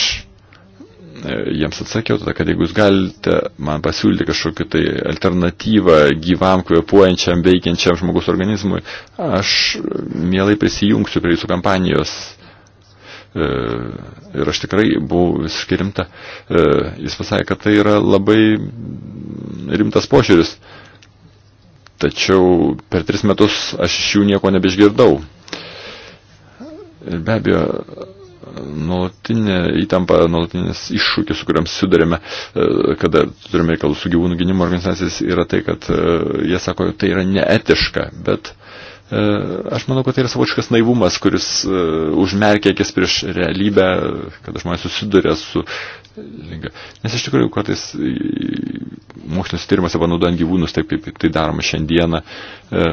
jiems atsakiau tada, kad jeigu jūs galite man pasiūlyti kažkokį tai alternatyvą gyvam, kvepuojančiam, veikiančiam žmogus organizmui, aš mielai prisijungsiu prie jūsų kampanijos E, ir aš tikrai buvau visiškai rimta. E, jis pasakė, kad tai yra labai rimtas požiūris. Tačiau per tris metus aš iš jų nieko nebeišgirdau. Ir be abejo, nuolatinė įtampa, nuolatinis iššūkis, su kuriam sudarėme, e, kada turime reikalų su gyvūnų gynimo organizacijas, yra tai, kad jie sako, tai yra neetiška, bet uh, E, aš manau, kad tai yra savočiškas naivumas, kuris e, užmerkia akis prieš realybę, kad žmonės susiduria su lyga. Nes iš tikrųjų, kartais mokslinis tyrimuose panaudojant gyvūnus, taip kaip tai daroma šiandieną, e,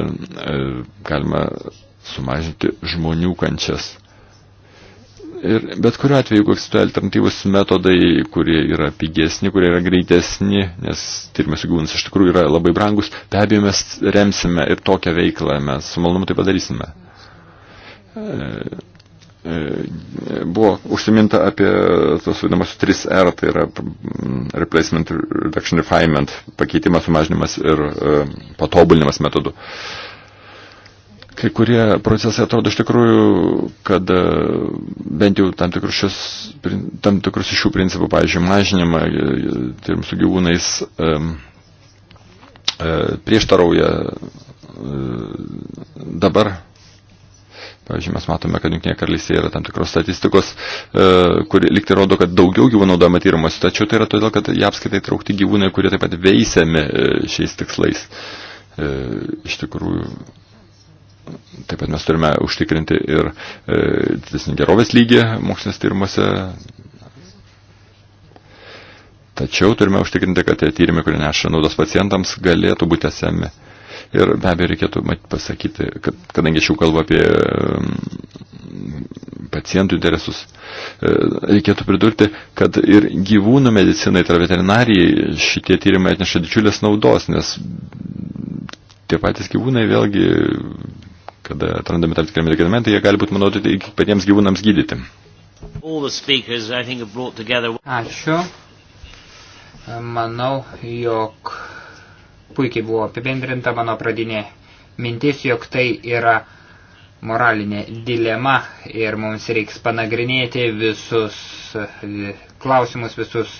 galima sumažinti žmonių kančias. Ir bet kuriuo atveju, jeigu egzistuoja alternatyvus metodai, kurie yra pigesni, kurie yra greitesni, nes tyrimai su gyvūnais iš tikrųjų yra labai brangus, be abejo mes remsime ir tokią veiklą, mes su malonumu tai padarysime. E, e, buvo užsiminta apie tos vadinamos 3R, tai yra mm, replacement, reduction, refinement, pakeitimas, sumažinimas ir e, patobulinimas metodų. E, kai kurie procesai atrodo iš tikrųjų, kad e, bent jau tam tikrus, šios, tam tikrus iš šių principų, pavyzdžiui, mažinimą, tai su gyvūnais e, e, prieštarauja e, dabar. Pavyzdžiui, mes matome, kad Junktinėje karalystėje yra tam tikros statistikos, kuri likti rodo, kad daugiau gyvūnų naudojama tyrimuose, tačiau tai yra todėl, kad jie apskaitai traukti gyvūnai, kurie taip pat veisiami šiais tikslais. Iš tikrųjų, Taip pat mes turime užtikrinti ir e, didesnį gerovės lygį mokslinės tyrimuose. Tačiau turime užtikrinti, kad tie tyrimai, kurie neša naudos pacientams, galėtų būti esami. Ir be abejo reikėtų pasakyti, kad kadangi aš jau kalbu apie mm, pacientų interesus, e, reikėtų pridurti, kad ir gyvūnų medicinai, tai veterinarijai, šitie tyrimai atneša didžiulės naudos, nes tie patys gyvūnai vėlgi kada atrandami tam tikri medikamentai, jie gali būti naudoti iki patiems gyvūnams gydyti. Ačiū. Manau, jog puikiai buvo apibendrinta mano pradinė mintis, jog tai yra moralinė dilema ir mums reiks panagrinėti visus e, klausimus, visus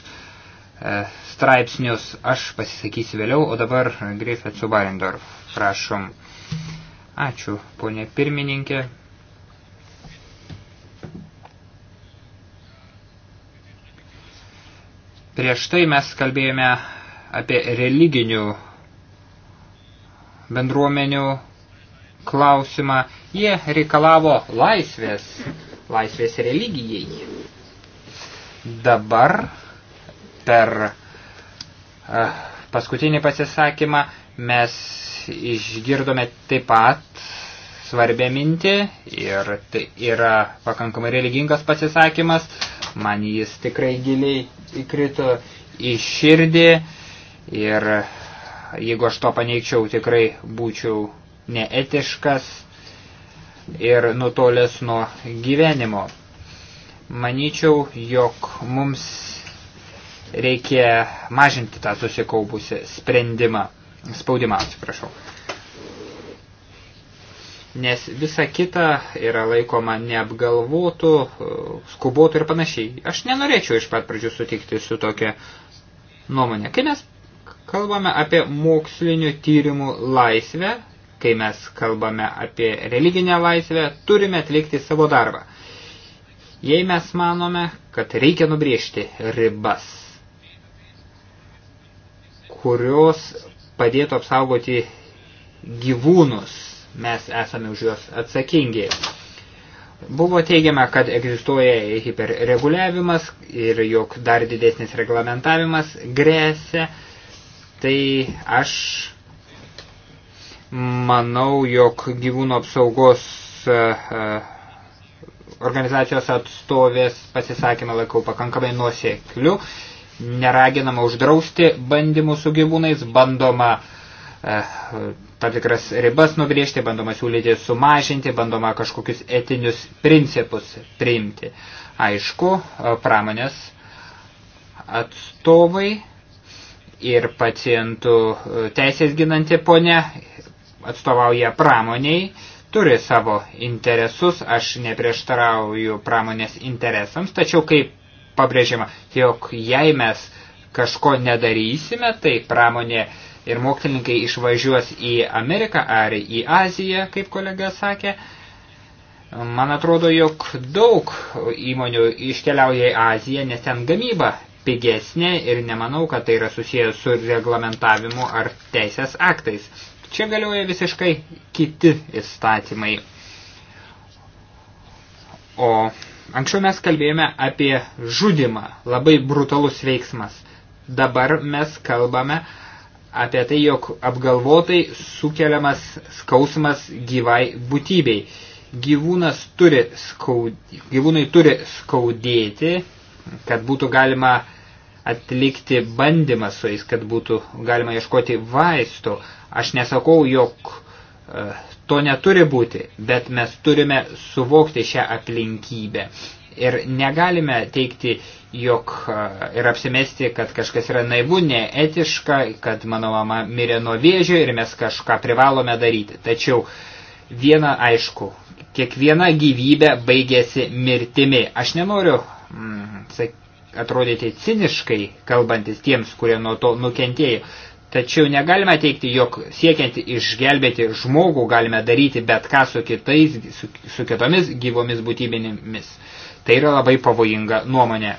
e, straipsnius. Aš pasisakysiu vėliau, o dabar Griffith Subarendorf, prašom. Ačiū, ponė pirmininkė. Prieš tai mes kalbėjome apie religinių bendruomenių klausimą. Jie reikalavo laisvės, laisvės religijai. Dabar per eh, paskutinį pasisakymą Mes išgirdome taip pat svarbę mintį ir tai yra pakankamai religingas pasisakymas. Man jis tikrai giliai įkrito į širdį ir jeigu aš to paneigčiau, tikrai būčiau neetiškas ir nutolęs nuo gyvenimo. Manyčiau, jog mums reikia mažinti tą susikaupusią sprendimą spaudimą, atsiprašau. Nes visa kita yra laikoma neapgalvotų, skubotų ir panašiai. Aš nenorėčiau iš pat pradžių sutikti su tokia nuomonė. Kai mes kalbame apie mokslinių tyrimų laisvę, kai mes kalbame apie religinę laisvę, turime atlikti savo darbą. Jei mes manome, kad reikia nubriežti ribas, kurios padėtų apsaugoti gyvūnus. Mes esame už juos atsakingi. Buvo teigiama, kad egzistuoja hiperreguliavimas ir jog dar didesnis reglamentavimas grėsia. Tai aš manau, jog gyvūnų apsaugos e, e, organizacijos atstovės pasisakymą laikau pakankamai nuosekliu neraginama uždrausti bandymų su gyvūnais, bandoma eh, tam tikras ribas nubriežti, bandoma siūlyti sumažinti, bandoma kažkokius etinius principus priimti. Aišku, eh, pramonės atstovai ir pacientų eh, teisės ginanti ponė atstovauja pramoniai, turi savo interesus, aš neprieštarauju pramonės interesams, tačiau kaip pabrėžiama, jog jei mes kažko nedarysime, tai pramonė ir mokslininkai išvažiuos į Ameriką ar į Aziją, kaip kolega sakė. Man atrodo, jog daug įmonių iškeliauja į Aziją, nes ten gamyba pigesnė ir nemanau, kad tai yra susijęs su reglamentavimu ar teisės aktais. Čia galioja visiškai kiti įstatymai. O Anksčiau mes kalbėjome apie žudimą, labai brutalus veiksmas. Dabar mes kalbame apie tai, jog apgalvotai sukeliamas skausmas gyvai būtybei. Gyvūnas turi skaud... Gyvūnai turi skaudėti, kad būtų galima atlikti bandymą su jais, kad būtų galima ieškoti vaistų. Aš nesakau, jog e, To neturi būti, bet mes turime suvokti šią aplinkybę. Ir negalime teikti, jog ir apsimesti, kad kažkas yra naivu, neetiška, kad mano mama mirė nuo vėžio ir mes kažką privalome daryti. Tačiau viena aišku, kiekviena gyvybė baigėsi mirtimi. Aš nenoriu mm, atrodyti ciniškai, kalbantis tiems, kurie nuo to nukentėjo. Tačiau negalime teikti, jog siekiant išgelbėti žmogų galime daryti bet ką su, kitais, su, su kitomis gyvomis būtybinėmis. Tai yra labai pavojinga nuomonė.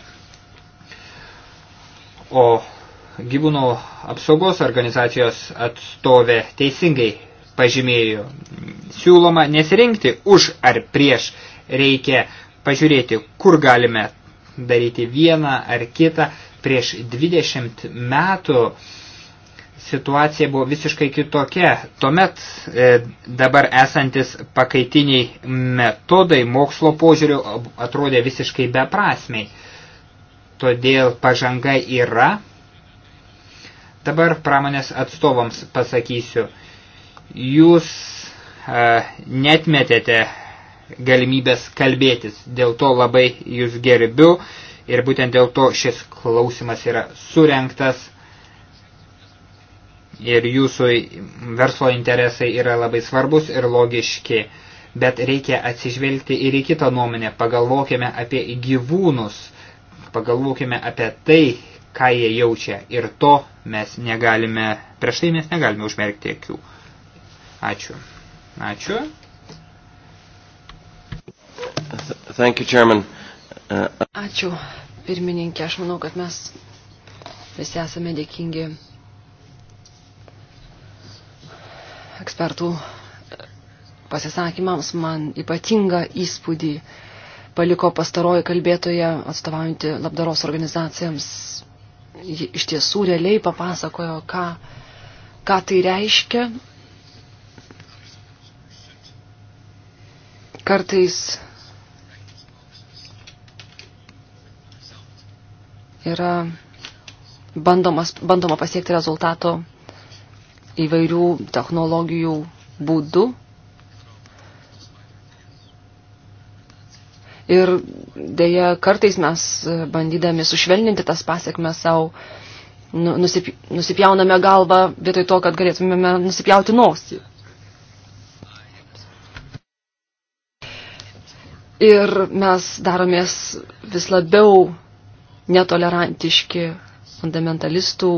O gyvūnų apsaugos organizacijos atstovė teisingai pažymėjo, siūloma nesirinkti už ar prieš, reikia pažiūrėti, kur galime daryti vieną ar kitą. Prieš 20 metų uh, situacija buvo visiškai kitokia. Tuomet e, dabar esantis pakaitiniai metodai mokslo požiūriu atrodė visiškai beprasmiai. Todėl pažanga yra. Dabar pramonės atstovams pasakysiu. Jūs e, netmetėte galimybės kalbėtis. Dėl to labai jūs gerbiu ir būtent dėl to šis klausimas yra surenktas ir jūsų verslo interesai yra labai svarbus ir logiški, bet reikia atsižvelgti ir į kitą nuomonę. Pagalvokime apie gyvūnus, pagalvokime apie tai, ką jie jaučia ir to mes negalime, prieš tai mes negalime užmerkti akių. Ačiū. Ačiū. Thank you, Chairman. Uh, Ačiū, pirmininkė. Aš manau, kad mes visi esame dėkingi ekspertų pasisakymams man ypatingą įspūdį paliko pastaroji kalbėtoja atstovaujanti labdaros organizacijams. Ji iš tiesų realiai papasakojo, ką, ką tai reiškia. Kartais yra bandomas, bandoma pasiekti rezultato įvairių technologijų būdu. Ir dėja, kartais mes e, bandydami sušvelninti tas pasiekmes savo nu, nusip, nusipjauname galvą vietoj to, kad galėtumėme nusipjauti nosį. Ir mes daromės vis labiau netolerantiški fundamentalistų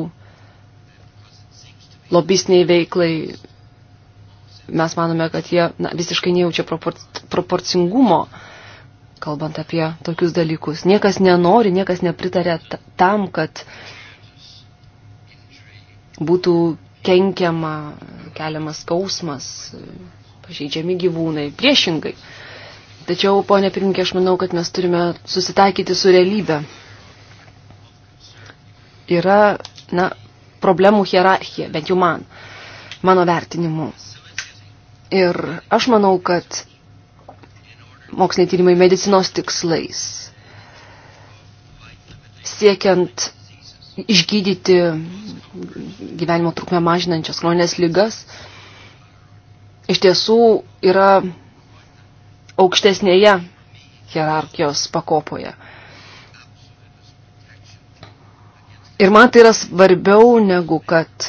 lobistiniai veiklai. Mes manome, kad jie na, visiškai nejaučia propor proporcingumo, kalbant apie tokius dalykus. Niekas nenori, niekas nepritarė tam, kad būtų kenkiama, keliamas skausmas, pažeidžiami gyvūnai, priešingai. Tačiau, ponė pirmininkė, aš manau, kad mes turime susitaikyti su realybė. Yra, na, problemų hierarchija, bent jau man, mano vertinimu. Ir aš manau, kad moksliniai tyrimai medicinos tikslais, siekiant išgydyti gyvenimo trukmę mažinančias kronės lygas, iš tiesų yra aukštesnėje hierarchijos pakopoje. Ir man tai yra svarbiau negu kad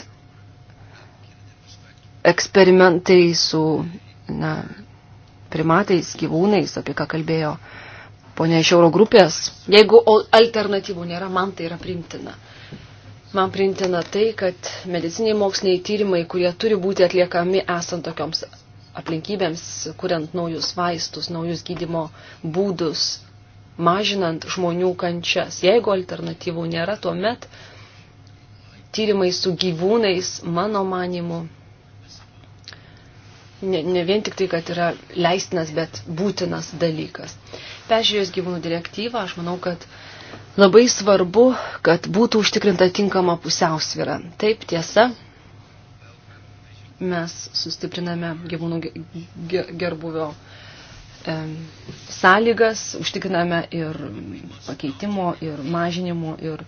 eksperimentai su na, primatais, gyvūnais, apie ką kalbėjo ponia iš euro grupės. Jeigu alternatyvų nėra, man tai yra primtina. Man primtina tai, kad mediciniai moksliniai tyrimai, kurie turi būti atliekami esant tokioms aplinkybėms, kuriant naujus vaistus, naujus gydimo būdus, mažinant žmonių kančias. Jeigu alternatyvų nėra, tuomet tyrimai su gyvūnais, mano manimu, ne, ne vien tik tai, kad yra leistinas, bet būtinas dalykas. Peržiūrėjus gyvūnų direktyvą, aš manau, kad labai svarbu, kad būtų užtikrinta tinkama pusiausvyra. Taip tiesa, mes sustipriname gyvūnų gerbuvio sąlygas, užtikriname ir pakeitimo, ir mažinimo, ir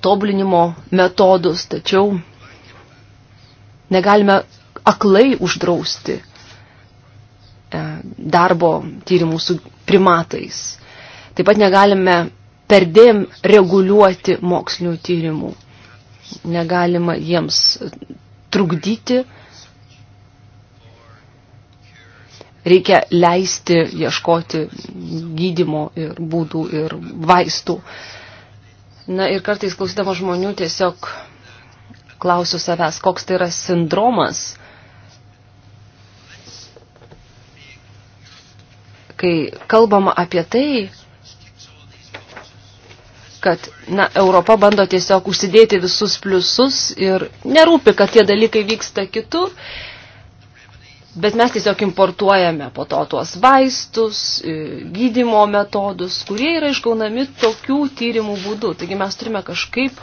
tobulinimo metodus, tačiau negalime aklai uždrausti e, darbo tyrimų su primatais. Taip pat negalime perdėm reguliuoti mokslinių tyrimų. Negalima jiems trukdyti, reikia leisti ieškoti gydimo ir būdų ir vaistų. Na ir kartais klausydama žmonių tiesiog klausiu savęs, koks tai yra sindromas, kai kalbama apie tai, kad na, Europa bando tiesiog užsidėti visus pliusus ir nerūpi, kad tie dalykai vyksta kitur Bet mes tiesiog importuojame po to tuos vaistus, e, gydimo metodus, kurie yra išgaunami tokių tyrimų būdų. Taigi mes turime kažkaip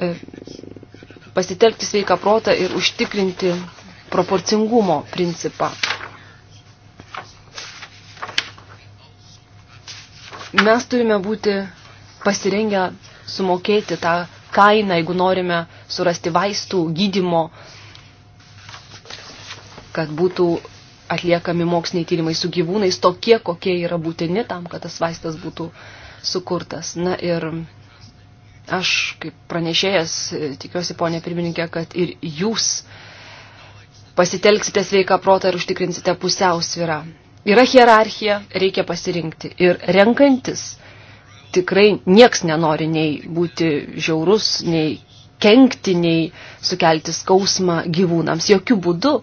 e, pasitelkti sveiką protą ir užtikrinti proporcingumo principą. Mes turime būti pasirengę sumokėti tą kainą, jeigu norime surasti vaistų, gydimo metodų kad būtų atliekami moksliniai tyrimai su gyvūnais tokie, kokie yra būtini tam, kad tas vaistas būtų sukurtas. Na ir aš kaip pranešėjas tikiuosi, ponė pirmininkė, kad ir jūs pasitelksite sveiką protą ir užtikrinsite pusiausvyrą. Yra hierarchija, reikia pasirinkti. Ir renkantis tikrai nieks nenori nei būti žiaurus, nei kenkti, nei sukelti skausmą gyvūnams. Jokių būdų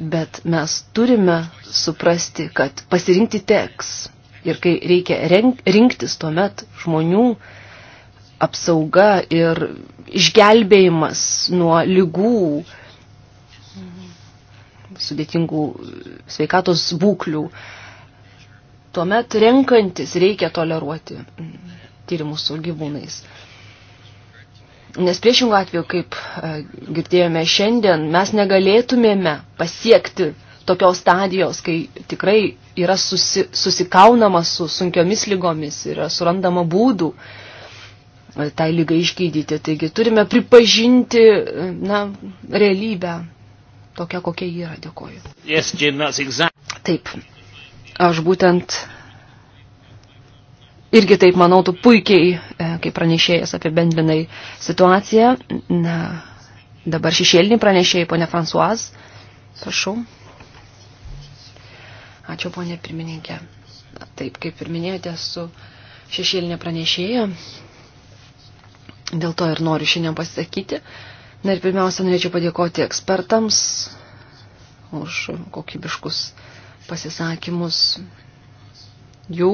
Bet mes turime suprasti, kad pasirinkti teks. Ir kai reikia rinktis tuomet žmonių apsauga ir išgelbėjimas nuo lygų, sudėtingų sveikatos būklių, tuomet renkantis reikia toleruoti tyrimus su gyvūnais. Nes priešingų atveju, kaip e, girdėjome šiandien, mes negalėtumėme pasiekti tokios stadijos, kai tikrai yra susi, susikaunama su sunkiomis lygomis, yra surandama būdų e, tai lygai išgydyti. Taigi turime pripažinti e, na, realybę tokią, kokia ji yra. Dėkoju. Yes, Jim, exactly... Taip, aš būtent irgi taip, manau, tu puikiai, e, kaip pranešėjas apibendrinai situaciją. Na, dabar šešėlinį pranešėjai, ponė Fransuaz. Prašau. Ačiū, ponė pirmininkė. Taip, kaip ir minėjote, su šešėlinė pranešėja. Dėl to ir noriu šiandien pasisakyti. Na ir pirmiausia, norėčiau padėkoti ekspertams už kokybiškus pasisakymus. Jų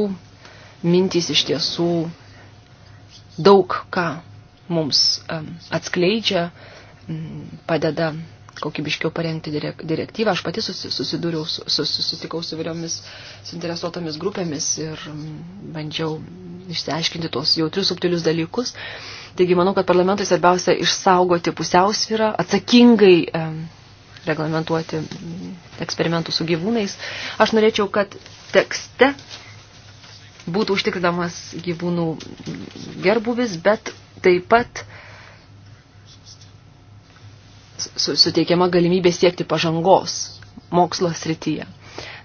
mintys iš tiesų daug ką mums atskleidžia, padeda kokybiškiau parengti direktyvą. Aš pati susidūriau, susitikau su vyriomis suinteresuotomis grupėmis ir bandžiau išsiaiškinti tuos jautrius, subtilius dalykus. Taigi manau, kad parlamentui svarbiausia išsaugoti pusiausvyrą, atsakingai reglamentuoti eksperimentų su gyvūnais. Aš norėčiau, kad tekste būtų užtikrinamas gyvūnų gerbuvis, bet taip pat suteikiama galimybė siekti pažangos mokslo srityje.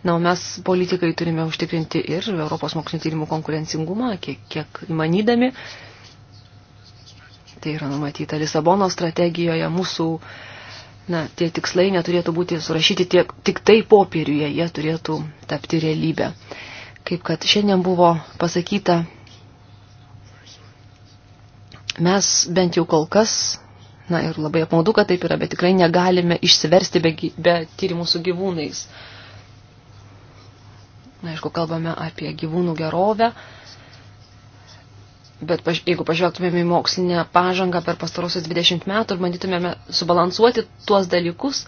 Na, o mes politikai turime užtikrinti ir Europos mokslinio tyrimų konkurencingumą, kiek, kiek įmanydami. Tai yra numatyta Lisabono strategijoje. Mūsų na, tie tikslai neturėtų būti surašyti tiek, tik tai popieriuje, jie turėtų tapti realybę. Kaip kad šiandien buvo pasakyta, mes bent jau kol kas, na ir labai apmaudu, kad taip yra, bet tikrai negalime išsiversti be, be tyrimų su gyvūnais. Na, aišku, kalbame apie gyvūnų gerovę, bet paž jeigu pažvelgtumėme į mokslinę pažangą per pastarosius 20 metų ir bandytumėme subalansuoti tuos dalykus,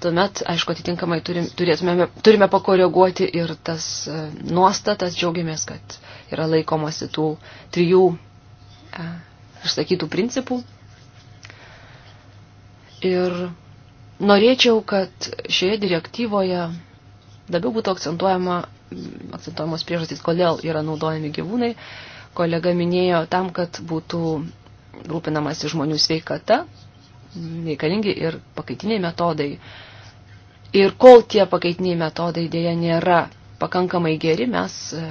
tuomet, aišku, atitinkamai turim, turėtume, turime pakoreguoti ir tas e, nuostatas, džiaugiamės, kad yra laikomasi tų trijų e, išsakytų principų. Ir norėčiau, kad šioje direktyvoje labiau būtų akcentuojama, akcentuojamos priežastys, kodėl yra naudojami gyvūnai. Kolega minėjo tam, kad būtų rūpinamasi žmonių sveikata, reikalingi ir pakaitiniai metodai. Ir kol tie pakaitiniai metodai dėja nėra pakankamai geri, mes e,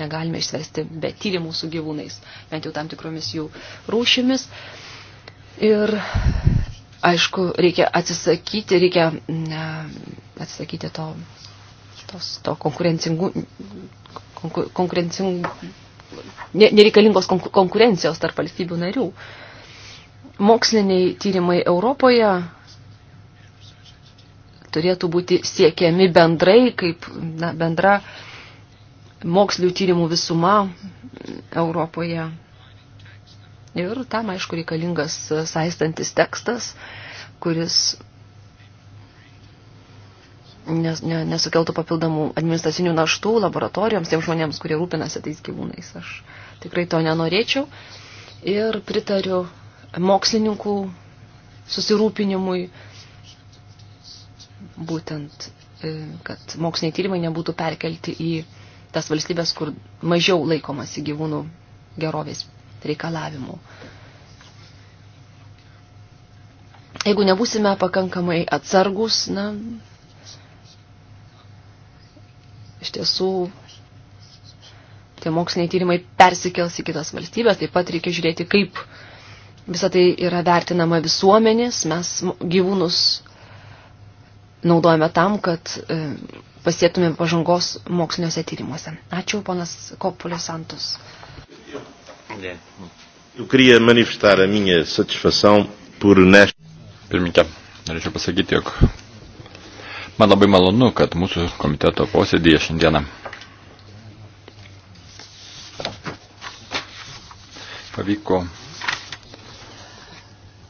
negalime išsvesti be tyrimų su gyvūnais, bent jau tam tikromis jų rūšimis. Ir aišku, reikia atsisakyti, reikia ne, atsisakyti to, tos, to konkurencingų, konkurencingų nereikalingos konkurencijos tarp valstybių narių. Uh, moksliniai tyrimai Europoje turėtų būti siekiami bendrai, kaip na, bendra mokslinių tyrimų visuma Europoje. Ir tam, aišku, reikalingas saistantis tekstas, kuris nes, ne, nesukeltų papildomų administracinių naštų laboratorijoms, tiems žmonėms, kurie rūpinasi tais gyvūnais. Aš tikrai to nenorėčiau. Ir pritariu mokslininkų susirūpinimui, būtent, e, kad moksliniai tyrimai nebūtų perkelti į tas valstybės, kur mažiau laikomasi gyvūnų gerovės reikalavimų. Jeigu nebusime pakankamai atsargus, na, iš tiesų tie moksliniai tyrimai persikels į kitas valstybės, taip pat reikia žiūrėti, kaip Visą tai yra vertinama visuomenės, mes gyvūnus naudojame tam, kad e, pasiektumėm pažangos moksliniuose tyrimuose. Ačiū, ponas Kopulio Santos. Eu queria manifestar a minha satisfação por nesta. Pirmininkė, norėčiau pasakyti, jog man labai malonu, kad mūsų komiteto posėdėje šiandieną pavyko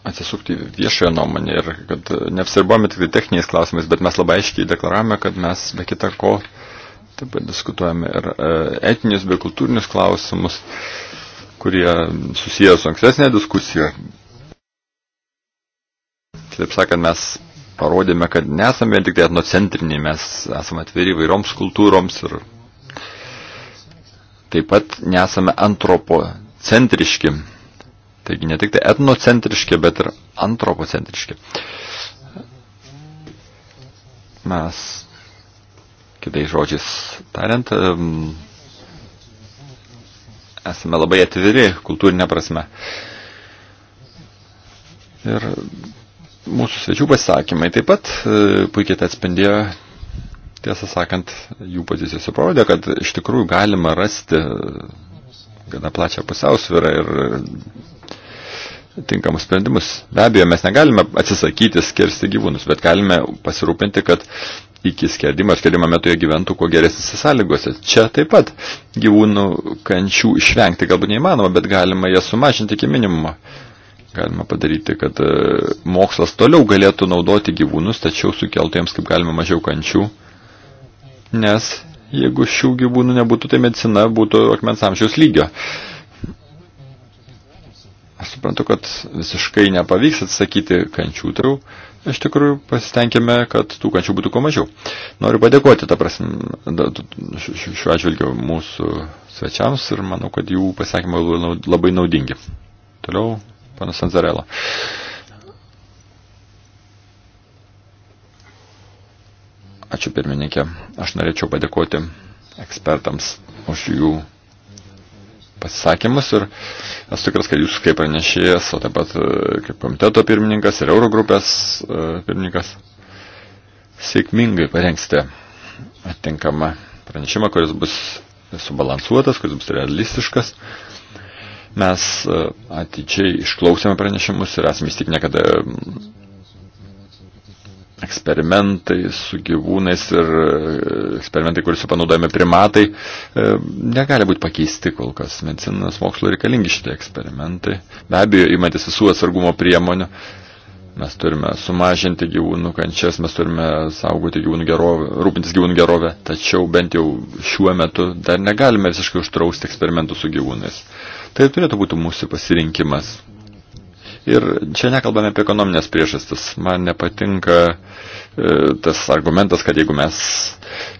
atsisukti viešojo nuomonę ir kad neapsiribojame tik tai techniniais klausimais, bet mes labai aiškiai deklaravome, kad mes be kita ko taip pat diskutuojame ir e, etinius bei kultūrinius klausimus, kurie susiję su ankstesnė diskusija. Taip sakant, mes parodėme, kad nesame tik tai etnocentriniai, mes esame atviri įvairioms kultūroms ir taip pat nesame antropocentriški. Taigi ne tik tai etnocentriški, bet ir antropocentriški. Mes, kitais žodžiais tariant, esame labai atviri kultūrinė prasme. Ir mūsų svečių pasisakymai taip pat e, puikiai tai atspindėjo, tiesą sakant, jų pozicijose parodė, kad iš tikrųjų galima rasti e, gana plačią pusiausvyrą ir tinkamus sprendimus. Be abejo, mes negalime atsisakyti skersti gyvūnus, bet galime pasirūpinti, kad iki skerdimo ir skerdimo metu jie gyventų kuo geresnėse sąlygose. Čia taip pat gyvūnų kančių išvengti galbūt neįmanoma, bet galima jas sumažinti iki minimumo. Galima padaryti, kad e, mokslas toliau galėtų naudoti gyvūnus, tačiau sukeltų jiems kaip galima mažiau kančių, nes jeigu šių gyvūnų nebūtų, tai medicina būtų akmens amžiaus lygio. Uh, Aš suprantu, kad visiškai nepavyks atsakyti kančių, tai iš tikrųjų pasitenkime, kad tų kančių būtų kuo mažiau. Noriu padėkoti, ta prasme, šiuo atžvilgiu mūsų svečiams ir manau, kad jų pasakymai labai naudingi. Toliau, panas Anzarelo. Ačiū pirmininkė. Aš norėčiau padėkoti ekspertams už jų pasisakymus ir esu tikras, kad jūs kaip pranešėjas, o taip pat e, kaip komiteto pirmininkas ir Eurogrupės e, pirmininkas sėkmingai parengsite atinkamą pranešimą, kuris bus subalansuotas, kuris bus realistiškas. Mes e, atidžiai išklausėme pranešimus ir esame įstikinę, kad eksperimentai su gyvūnais ir e, eksperimentai, kuriuose panaudojami primatai, e, negali būti pakeisti kol kas. Medicinos mokslo reikalingi šitie eksperimentai. Be abejo, įmantis visų atsargumo priemonių, mes turime sumažinti gyvūnų kančias, mes turime saugoti gyvūnų gerovę, rūpintis gyvūnų gerovę, tačiau bent jau šiuo metu dar negalime visiškai uždrausti eksperimentų su gyvūnais. Tai turėtų būti mūsų pasirinkimas Ir čia nekalbame apie ekonominės priežastis. Man nepatinka e, tas argumentas, kad jeigu mes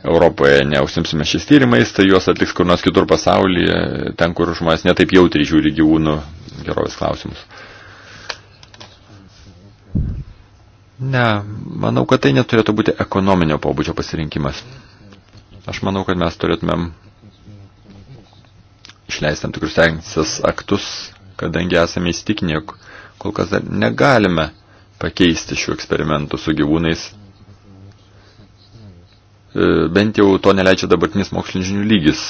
Europoje neusimsime šiais tyrimais, tai juos atliks kur nors kitur pasaulyje, ten, kur žmonės netaip jautriai žiūri gyvūnų gerovės klausimus. Ne, manau, kad tai neturėtų būti ekonominio pobūdžio pasirinkimas. Aš manau, kad mes turėtumėm išleisti tam tikrus teisės aktus, kadangi esame įstikinę, jog kol kas dar negalime pakeisti šių eksperimentų su gyvūnais. E, bent jau to neleidžia dabartinis mokslinių žinių lygis.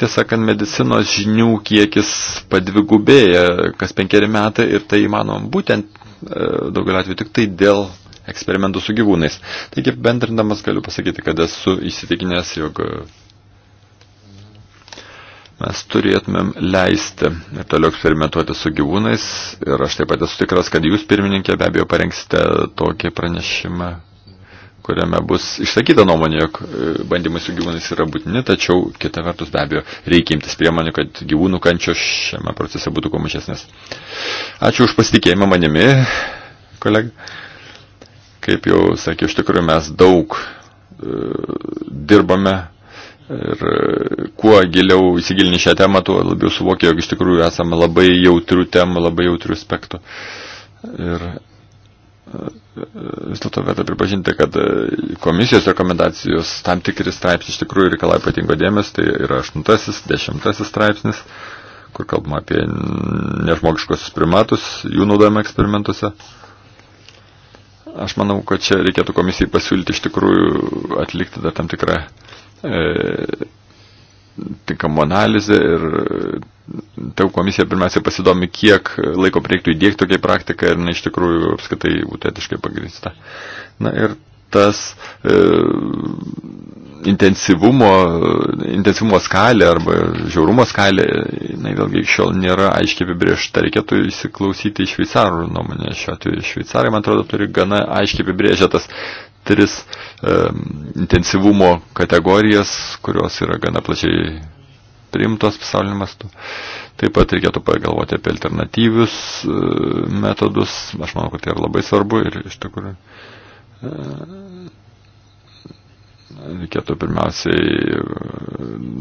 Tiesa, kad medicinos žinių kiekis padvigubėja kas penkeri metai ir tai įmanom būtent e, daugelio atveju tik tai dėl eksperimentų su gyvūnais. Taigi, bendrindamas galiu pasakyti, kad esu įsitikinęs, jog mes turėtumėm leisti ir toliau eksperimentuoti su gyvūnais. Ir aš taip pat esu tikras, kad jūs, pirmininkė, be abejo parengsite tokį pranešimą, kuriame bus išsakyta nuomonė, jog e, bandymai su gyvūnais yra būtini, tačiau kita vertus be abejo reikia imtis priemonių, kad gyvūnų kančios šiame procese būtų kuo mažesnės. Ačiū už pasitikėjimą manimi, kolega. Kaip jau sakiau, iš tikrųjų mes daug e, dirbame Ir e, kuo giliau įsigilini šią temą, tuo labiau suvokia, jog iš tikrųjų esame labai jautrių temų, labai jautrių aspektų. Ir e, e, vis dėlto verta pripažinti, kad komisijos rekomendacijos tam tikri straipsniai iš tikrųjų reikalauja ypatingo dėmesio, tai yra 8-10 straipsnis, kur kalbama apie nežmogiškosius primatus, jų naudojimą eksperimentuose. Aš manau, kad čia reikėtų komisijai pasiūlyti iš tikrųjų atlikti dar tam tikrą E, tinkamų analizę ir e, tau komisija pirmiausia pasidomi, kiek laiko reiktų įdėkti tokiai praktikai ir ne iš tikrųjų apskaitai būtų etiškai pagrįsta. Na ir tas e, intensyvumo, intensyvumo skalė arba žiaurumo skalė, jinai vėlgi šiol nėra aiškiai apibriežta. Reikėtų įsiklausyti į šveicarų nuomonę šiuo atveju. Šveicarai, man atrodo, turi gana aiškiai apibrėžę tas tris e, intensyvumo kategorijas, kurios yra gana plačiai priimtos pasaulyje mastu. Taip pat reikėtų pagalvoti apie alternatyvius e, metodus. Aš manau, kad tai yra labai svarbu ir iš tikrųjų e, reikėtų pirmiausiai e,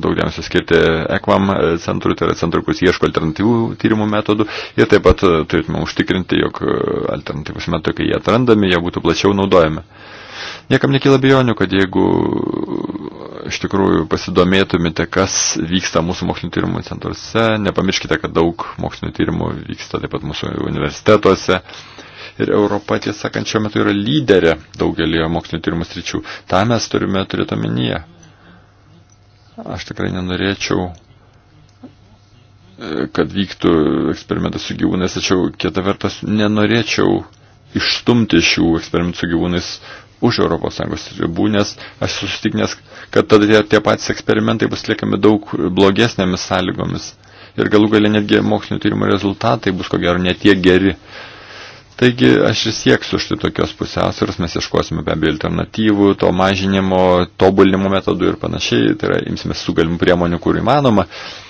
daug dėmesio skirti ekvam centrui, tai yra centrui, kuris ieško alternatyvų tyrimų metodų ir taip pat e, turėtume užtikrinti, jog e, alternatyvus metodai, kai jie atrandami, jie būtų plačiau naudojami. Niekam nekyla bijonių, kad jeigu e, iš tikrųjų pasidomėtumėte, kas vyksta mūsų mokslinio tyrimų centruose, nepamirškite, kad daug mokslinio tyrimų vyksta taip pat mūsų universitetuose. Ir Europa, tiesą sakant, šiuo metu yra lyderė daugelį mokslinio tyrimų sričių. Ta mes turime turėti omenyje. Aš tikrai nenorėčiau e, kad vyktų eksperimentas su gyvūnais, tačiau kita vertas nenorėčiau išstumti šių eksperimentų su gyvūnais už ES ribų, nes aš susitiknęs, kad tada tie, tie patys eksperimentai bus liekami daug blogesnėmis sąlygomis. Ir galų galia netgi mokslinio tyrimo rezultatai bus ko gero netie geri. Taigi aš ir sieksiu štai tokios pusiausvėros, mes ieškosime be abejo alternatyvų, to mažinimo, tobulinimo metodų ir panašiai, tai yra imsime su galimų priemonių, kur įmanoma. Uh,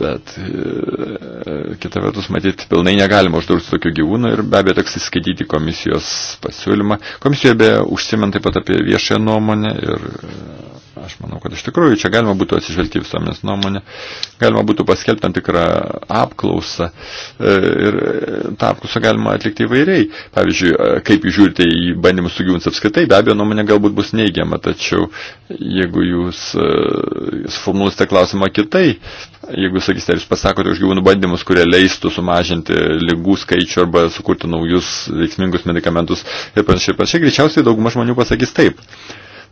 bet e, kita vertus, matyti, pilnai negalima uždrausti tokių gyvūnų ir be abejo teks įskaityti komisijos pasiūlymą. Komisijoje beje užsimint taip pat apie viešąją nuomonę ir Aš manau, kad iš tikrųjų čia galima būtų atsižvelgti visomis nuomonė, galima būtų paskelbti tam tikrą apklausą e, ir tą apklausą galima atlikti įvairiai. Pavyzdžiui, e, kaip jūs žiūrite į bandymus su gyvūnus apskaitai, be abejo, nuomonė galbūt bus neigiama, tačiau jeigu jūs e, suformuluosite klausimą kitai, jeigu sakysite, jūs pasakote už gyvūnų bandymus, kurie leistų sumažinti lygų skaičių arba sukurti naujus veiksmingus medikamentus ir panašiai, panašiai, greičiausiai dauguma žmonių pasakys taip.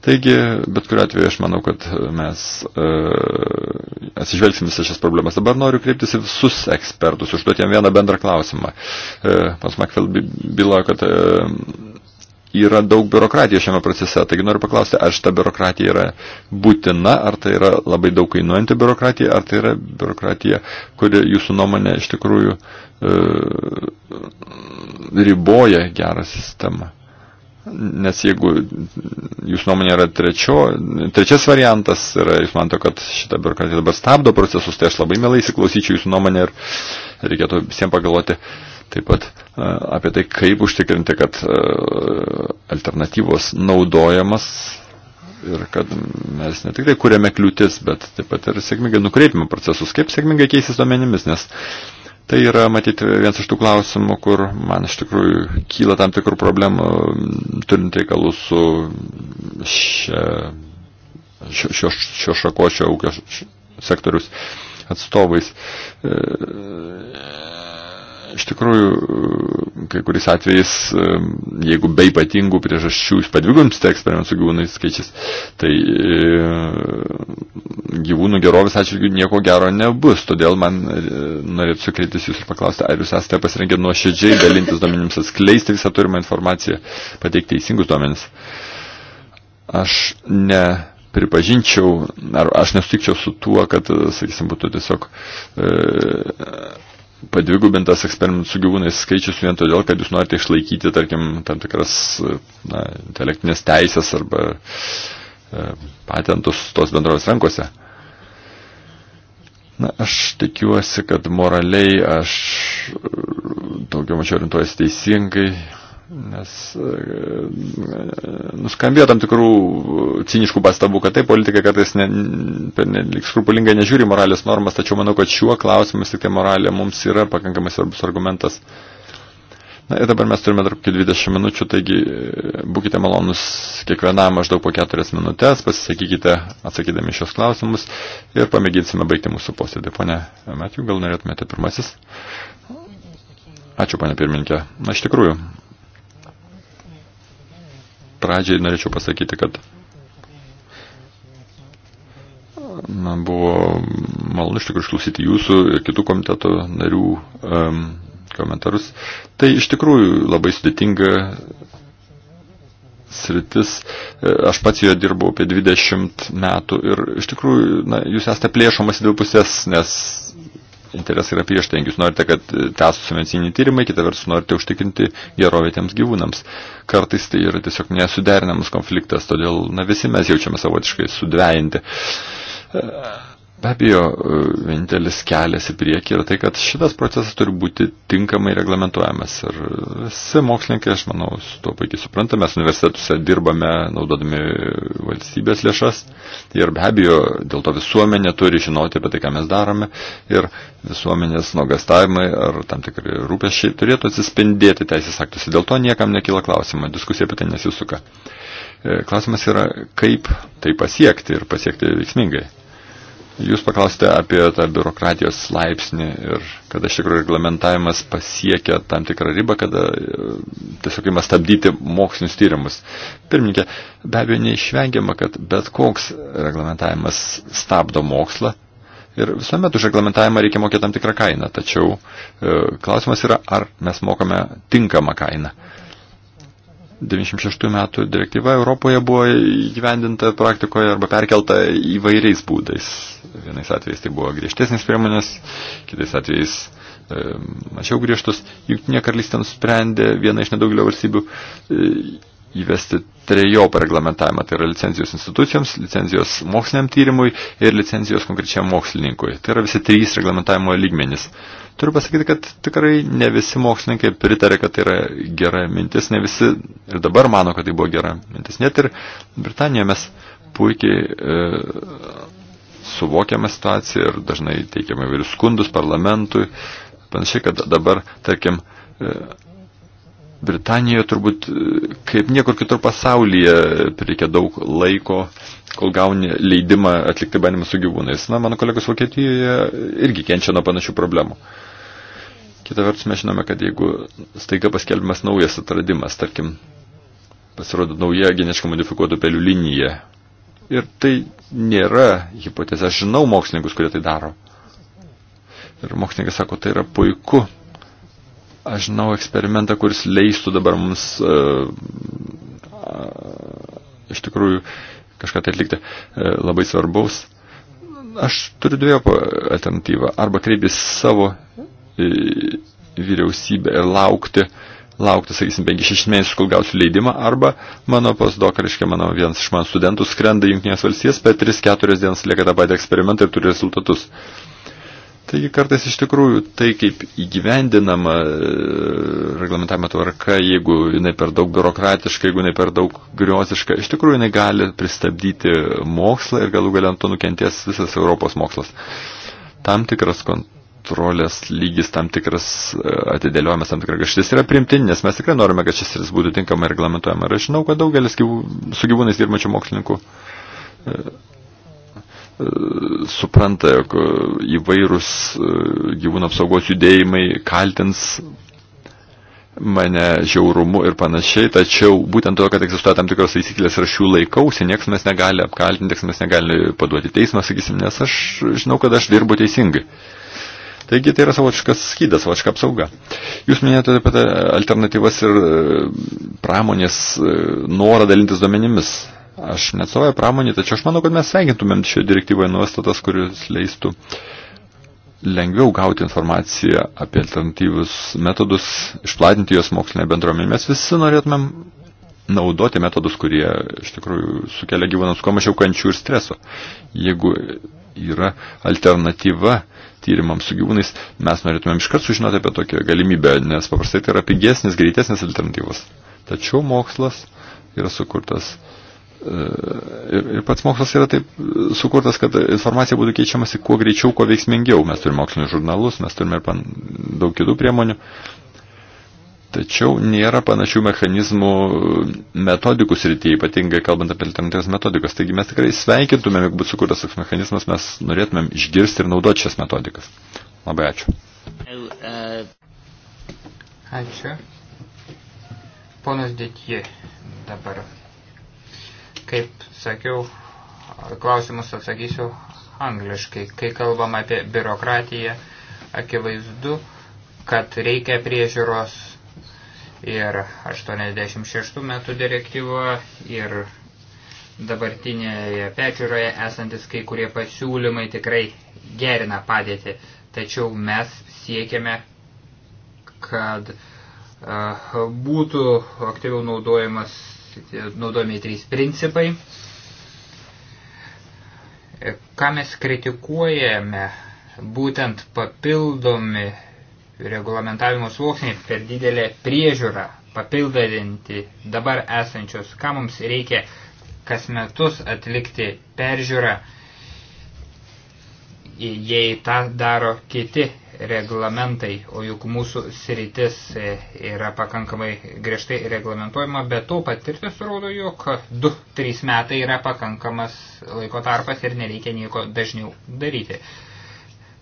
Taigi, bet kuriuo atveju aš manau, kad mes e, atsižvelgsim visas šias problemas. Dabar noriu kreiptis į visus ekspertus, užduoti jam vieną bendrą klausimą. E, pas Makvel bylo, kad e, yra daug biurokratijos šiame procese, taigi noriu paklausti, ar šita biurokratija yra būtina, ar tai yra labai daug kainuojanti biurokratija, ar tai yra biurokratija, kuri jūsų nuomonė iš tikrųjų e, riboja gerą sistemą. Nes jeigu jūs nuomonė yra trečio, trečias variantas, yra, jūs manto, kad šita biurokratija dabar stabdo procesus, tai aš labai mielai įsiklausyčiau jūsų nuomonę ir reikėtų visiems pagalvoti taip pat apie tai, kaip užtikrinti, kad alternatyvos naudojamas ir kad mes ne tik tai kuriame kliūtis, bet taip pat ir sėkmingai nukreipiame procesus, kaip sėkmingai keisis duomenimis, nes Tai yra, matyti, vienas iš tų klausimų, kur man iš tikrųjų kyla tam tikrų problemų, mm, turint reikalų su šio, šio, šio šako, šio ūkio sektorius atstovais. E, Iš tikrųjų, e, kai kuriais atvejais, e, jeigu be ypatingų priežasčių jūs padvigumsite eksperimentų su gyvūnais skaičiais, tai e, gyvūnų gerovės atžvilgių nieko gero nebus. Todėl man norėtų sukreiptis jūs ir paklausti, ar jūs esate pasirengę nuoširdžiai dalintis duomenims, atskleisti visą turimą informaciją, pateikti teisingus duomenis. Aš ne pripažinčiau, ar aš nesutikčiau su tuo, kad, sakysim, būtų tiesiog e, padvigubintas eksperimentų su gyvūnais skaičius vien todėl, kad jūs norite išlaikyti, tarkim, tam tikras na, intelektinės teisės arba e, patentus tos bendrovės rankose. Na, aš tikiuosi, kad moraliai aš e, daugiau mačiau orientuojasi teisingai, nes e, e, nuskambėjo tam tikrų e, ciniškų pastabų, kad tai politika kartais ne, ne, skrupulingai nežiūri moralės normas, tačiau manau, kad šiuo klausimas tik tai moralė mums yra pakankamai svarbus argumentas. Na ir dabar mes turime dar kokių 20 minučių, taigi būkite malonus kiekvienam maždaug po 4 minutės, pasisakykite atsakydami šios klausimus ir pamėginsime baigti mūsų posėdį. Pone Matijų, gal norėtumėte pirmasis? Ačiū, pane pirmininkė. Na, iš tikrųjų, pradžiai norėčiau pasakyti, kad man buvo malonu iš tikrųjų išklausyti jūsų ir kitų komiteto narių um, komentarus. Tai iš tikrųjų labai sudėtinga sritis. E, aš pats joje dirbau apie 20 metų ir iš tikrųjų na, jūs esate plėšomas dvi pusės, nes interesai yra prieštengi. Jūs norite, kad e, tęstųsi medicininiai tyrimai, kitą vertus norite užtikrinti gerovę tiems gyvūnams. Kartais tai yra tiesiog nesuderinamas konfliktas, todėl na, visi mes jaučiame savotiškai sudvejinti. Uh, Be abejo, e, vienintelis kelias į priekį yra tai, kad šitas procesas turi būti tinkamai reglamentuojamas. Ir visi mokslininkai, aš manau, su to puikiai supranta, mes universitetuose dirbame naudodami valstybės lėšas. Ir be abejo, dėl to visuomenė turi žinoti apie tai, ką mes darome. Ir visuomenės nuogastavimai ar tam tikri rūpešiai turėtų atsispindėti teisės aktuose. Dėl to niekam nekyla klausimą, diskusija apie tai nesisuka. E, klausimas yra, kaip tai pasiekti ir pasiekti veiksmingai. Jūs paklausite apie tą biurokratijos laipsnį ir kada iš tikrųjų reglamentavimas pasiekia tam tikrą ribą, kada e, tiesiog ima stabdyti mokslinius tyrimus. Pirmininkė, be abejo neišvengiama, kad bet koks reglamentavimas stabdo mokslą ir visuomet už reglamentavimą reikia mokėti tam tikrą kainą, tačiau e, klausimas yra, ar mes mokame tinkamą kainą. 96 metų direktyva Europoje buvo įgyvendinta praktikoje arba perkelta įvairiais būdais. Vienais atvejais tai buvo griežtesnės priemonės, kitais atvejais e, mažiau griežtos. Jungtinė karalystė nusprendė viena iš nedaugelio valstybių e, įvesti trejopą reglamentavimą, tai yra licenzijos institucijoms, licenzijos moksliniam tyrimui ir licenzijos konkrečiam mokslininkui. Tai yra visi trys reglamentavimo lygmenys. Turiu pasakyti, kad tikrai ne visi mokslininkai pritarė, kad tai yra gera mintis, ne visi ir dabar mano, kad tai buvo gera mintis. Net ir Britanijoje mes puikiai e, suvokiame situaciją ir dažnai teikiame įvairius skundus parlamentui, panašiai, kad dabar, tarkim, e, Britanijoje turbūt e, kaip niekur kitur pasaulyje reikia daug laiko, kol gauni leidimą atlikti bandymą su gyvūnais. Na, mano kolegos Vokietijoje irgi kenčia nuo panašių problemų. Kita vertus, mes žinome, kad jeigu staiga paskelbimas naujas atradimas, tarkim, pasirodo nauja geniškai modifikuotų pelių linija. Ir tai nėra hipotezė. Aš žinau mokslininkus, kurie tai daro. Ir mokslininkas sako, tai yra puiku, Aš žinau eksperimentą, kuris leistų dabar mums uh, uh, iš tikrųjų kažką tai atlikti uh, labai svarbaus. Aš turiu dviejopą alternatyvą. Arba kreiptis savo uh, vyriausybę ir laukti uh, laukti, sakysim, 5-6 mėnesius, kol gausiu leidimą, arba mano postdoc, reiškia, mano vienas iš mano studentų skrenda Junktinės valstijas, per 3-4 dienas lieka tą patį eksperimentą ir turi rezultatus. Uh, Taigi kartais iš tikrųjų tai, kaip įgyvendinama e, reglamentavimo tvarka, jeigu jinai per daug biurokratiška, jeigu jinai per daug grioziška, iš tikrųjų jinai gali pristabdyti mokslą ir galų galiant to nukenties visas Europos mokslas. Tam tikras kontrolės lygis, tam tikras e, atidėliojimas, tam tikra kažtis yra primtini, nes mes tikrai norime, kad šis ris būtų tinkamai reglamentuojama. Ir aš žinau, kad daugelis gyvų, su gyvūnais dirbančių mokslininkų e, supranta, jog e, įvairūs e, gyvūnų apsaugos judėjimai kaltins mane žiaurumu ir panašiai, tačiau būtent to, kad egzistuoja tam tikros taisyklės ir aš jų laikausi, nieks mes negali apkaltinti, nieks mes negali paduoti teismą, sakysim, nes aš žinau, kad aš dirbu teisingai. Taigi tai yra savotiškas skydas, savotiška apsauga. Jūs minėjote taip pat alternatyvas ir e, pramonės norą dalintis duomenimis. Aš neatsavauju pramonį, tačiau aš manau, kad mes sveikintumėm šioje direktyvoje nuostatas, kuris leistų lengviau gauti informaciją apie alternatyvius metodus, išplatinti juos mokslinę bendruomenę. Mes visi norėtumėm naudoti metodus, kurie iš tikrųjų sukelia gyvūnams kuo mažiau kančių ir streso. Jeigu yra alternatyva tyrimams su gyvūnais, mes norėtumėm iškart sužinoti apie tokią galimybę, nes paprastai tai yra pigesnis, greitesnis alternatyvas. Tačiau mokslas yra sukurtas E, ir, ir pats mokslas yra taip sukurtas, kad informacija būtų keičiamasi kuo greičiau, kuo veiksmingiau. Mes turime mokslinius žurnalus, mes turime ir pan, daug kitų priemonių. Tačiau nėra panašių mechanizmų e, metodikų srityje, ypatingai kalbant apie alternatyvas metodikas. Taigi mes tikrai sveikintumėm, jeigu būtų sukurtas toks mechanizmas, mes norėtumėm išgirsti ir naudoti šias metodikas. Labai ačiū. Uh, ačiū. Ponas Dėtie dabar Kaip sakiau, klausimus atsakysiu angliškai. Kai kalbam apie biurokratiją, akivaizdu, kad reikia priežiūros ir 86 metų direktyvoje ir dabartinėje pečiūroje esantis kai kurie pasiūlymai tikrai gerina padėtį, tačiau mes siekiame, kad uh, būtų aktyviau naudojamas E, naudojami trys principai. E, ką mes kritikuojame, būtent papildomi reglamentavimo sluoksniai per didelę priežiūrą, papildadinti dabar esančius, ką mums reikia kas metus atlikti peržiūrą, jei tą daro kiti reglamentai, o juk mūsų sritis yra pakankamai griežtai reglamentojama, bet to patirtis rodo, jog 2-3 metai yra pakankamas laiko tarpas ir nereikia nieko dažniau daryti.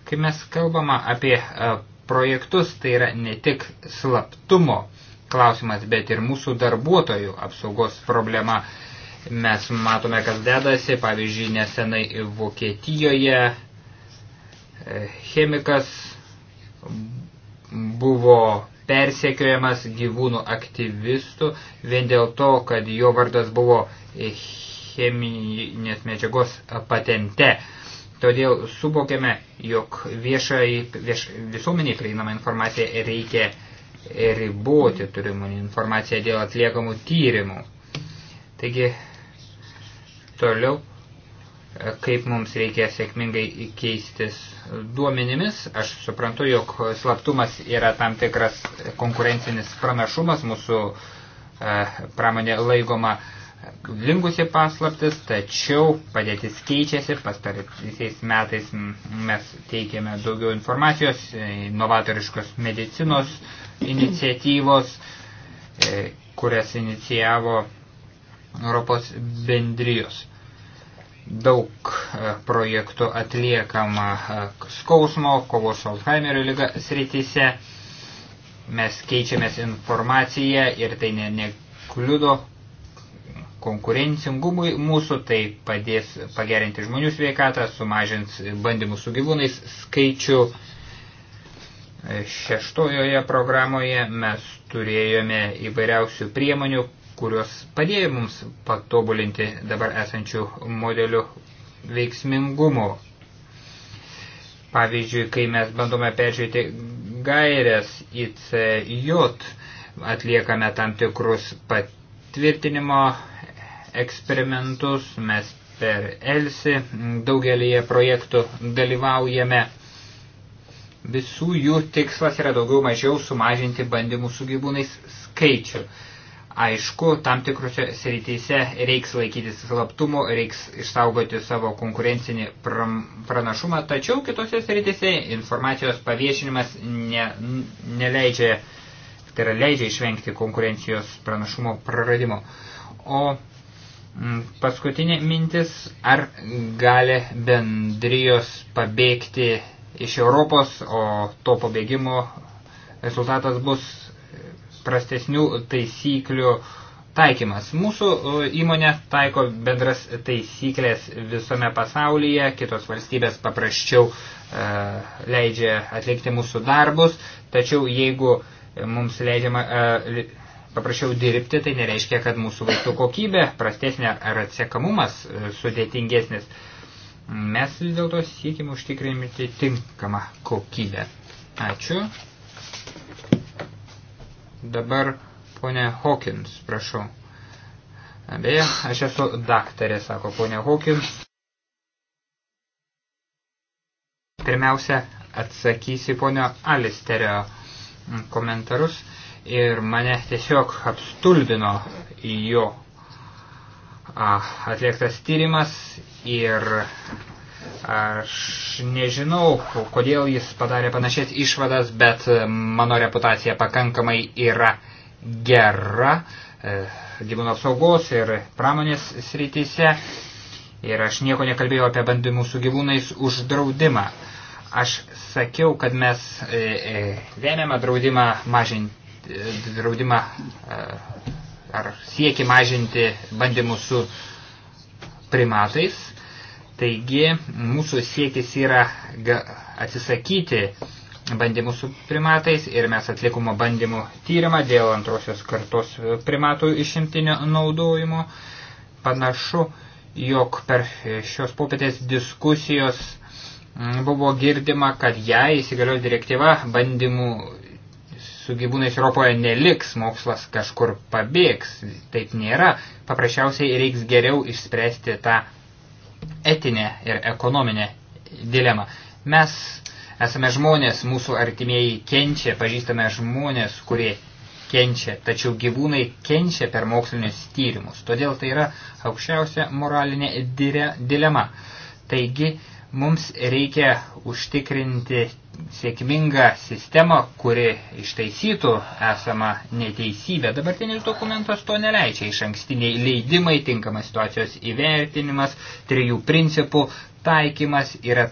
Kai mes kalbama apie e, projektus, tai yra ne tik slaptumo klausimas, bet ir mūsų darbuotojų apsaugos problema. Mes matome, kas dedasi, pavyzdžiui, nesenai Vokietijoje e, chemikas buvo persekiojamas gyvūnų aktyvistų vien dėl to, kad jo vardas buvo cheminės medžiagos patente. Todėl subokėme, jog viešai, vieš, visuomeniai prieinamą informaciją reikia riboti turimų informaciją dėl atliekamų tyrimų. Taigi, toliau kaip mums reikia sėkmingai keistis duomenimis. Aš suprantu, jog slaptumas yra tam tikras konkurencinis pranašumas, mūsų e, pramonė laikoma lingusi paslaptis, tačiau padėtis keičiasi, pastarysiais metais mes teikėme daugiau informacijos, inovatoriškos e, medicinos iniciatyvos, e, kurias inicijavo Europos bendrijos daug e, projektų atliekama e, skausmo, kovos su Alzheimerio lyga srityse. Mes keičiamės informaciją ir tai ne, nekliudo konkurencingumui mūsų, tai padės pagerinti žmonių sveikatą, sumažins bandymus su gyvūnais skaičių. E, šeštojoje programoje mes turėjome įvairiausių priemonių, kurios padėjo mums patobulinti dabar esančių modelių veiksmingumo. Pavyzdžiui, kai mes bandome peržiūrėti gairias ICJ, atliekame tam tikrus patvirtinimo eksperimentus, mes per ELSI daugelįje projektų dalyvaujame. Visų jų tikslas yra daugiau mažiau sumažinti bandymų su gyvūnais skaičių. Aišku, tam tikrose srityse reiks laikytis slaptumo, reiks išsaugoti savo konkurencinį pranašumą, tačiau kitose srityse informacijos paviešinimas ne, neleidžia, tai yra leidžia išvengti konkurencijos pranašumo praradimo. O paskutinė mintis, ar gali bendrijos pabėgti iš Europos, o to pabėgimo rezultatas bus prastesnių taisyklių taikymas. Mūsų e, įmonė taiko bendras taisyklės visame pasaulyje, kitos valstybės paprasčiau e, leidžia atlikti mūsų darbus, tačiau jeigu mums leidžiama e, paprasčiau dirbti, tai nereiškia, kad mūsų vaistų kokybė prastesnė ar atsiekamumas e, sudėtingesnis. Mes vis dėlto siekime užtikrinti tinkamą kokybę. Ačiū. Dabar ponė Hawkins, prašau. Beje, aš esu daktarė, sako ponė Hawkins. Pirmiausia, atsakysi ponio Alisterio komentarus ir mane tiesiog apstulbino jo atliektas tyrimas ir Aš nežinau, kodėl jis padarė panašias išvadas, bet e, mano reputacija pakankamai yra gera e, gyvūnų apsaugos ir pramonės srityse. Ir aš nieko nekalbėjau apie bandymų su gyvūnais uždraudimą. Aš sakiau, kad mes e, e, remiamą draudimą mažinti, e, draudimą e, ar sieki mažinti bandymus su primatais. Taigi mūsų siekis yra atsisakyti bandymų su primatais ir mes atlikome bandymų tyrimą dėl antrosios kartos e, primatų išimtinio naudojimo. Panašu, jog per e, šios popietės diskusijos buvo girdima, kad jei įsigalios direktyva bandymų su gyvūnais Europoje neliks, mokslas kažkur pabėgs. Taip nėra. Paprasčiausiai reiks geriau išspręsti tą etinę ir ekonominę dilemą. Mes esame žmonės, mūsų artimieji kenčia, pažįstame žmonės, kurie kenčia, tačiau gyvūnai kenčia per mokslinius tyrimus. Todėl tai yra aukščiausia moralinė dilema. Taigi, mums reikia užtikrinti sėkmingą sistemą, kuri ištaisytų esamą neteisybę. Dabartinis dokumentas to neleidžia. Iš ankstiniai leidimai, tinkamas situacijos įvertinimas, trijų principų taikymas yra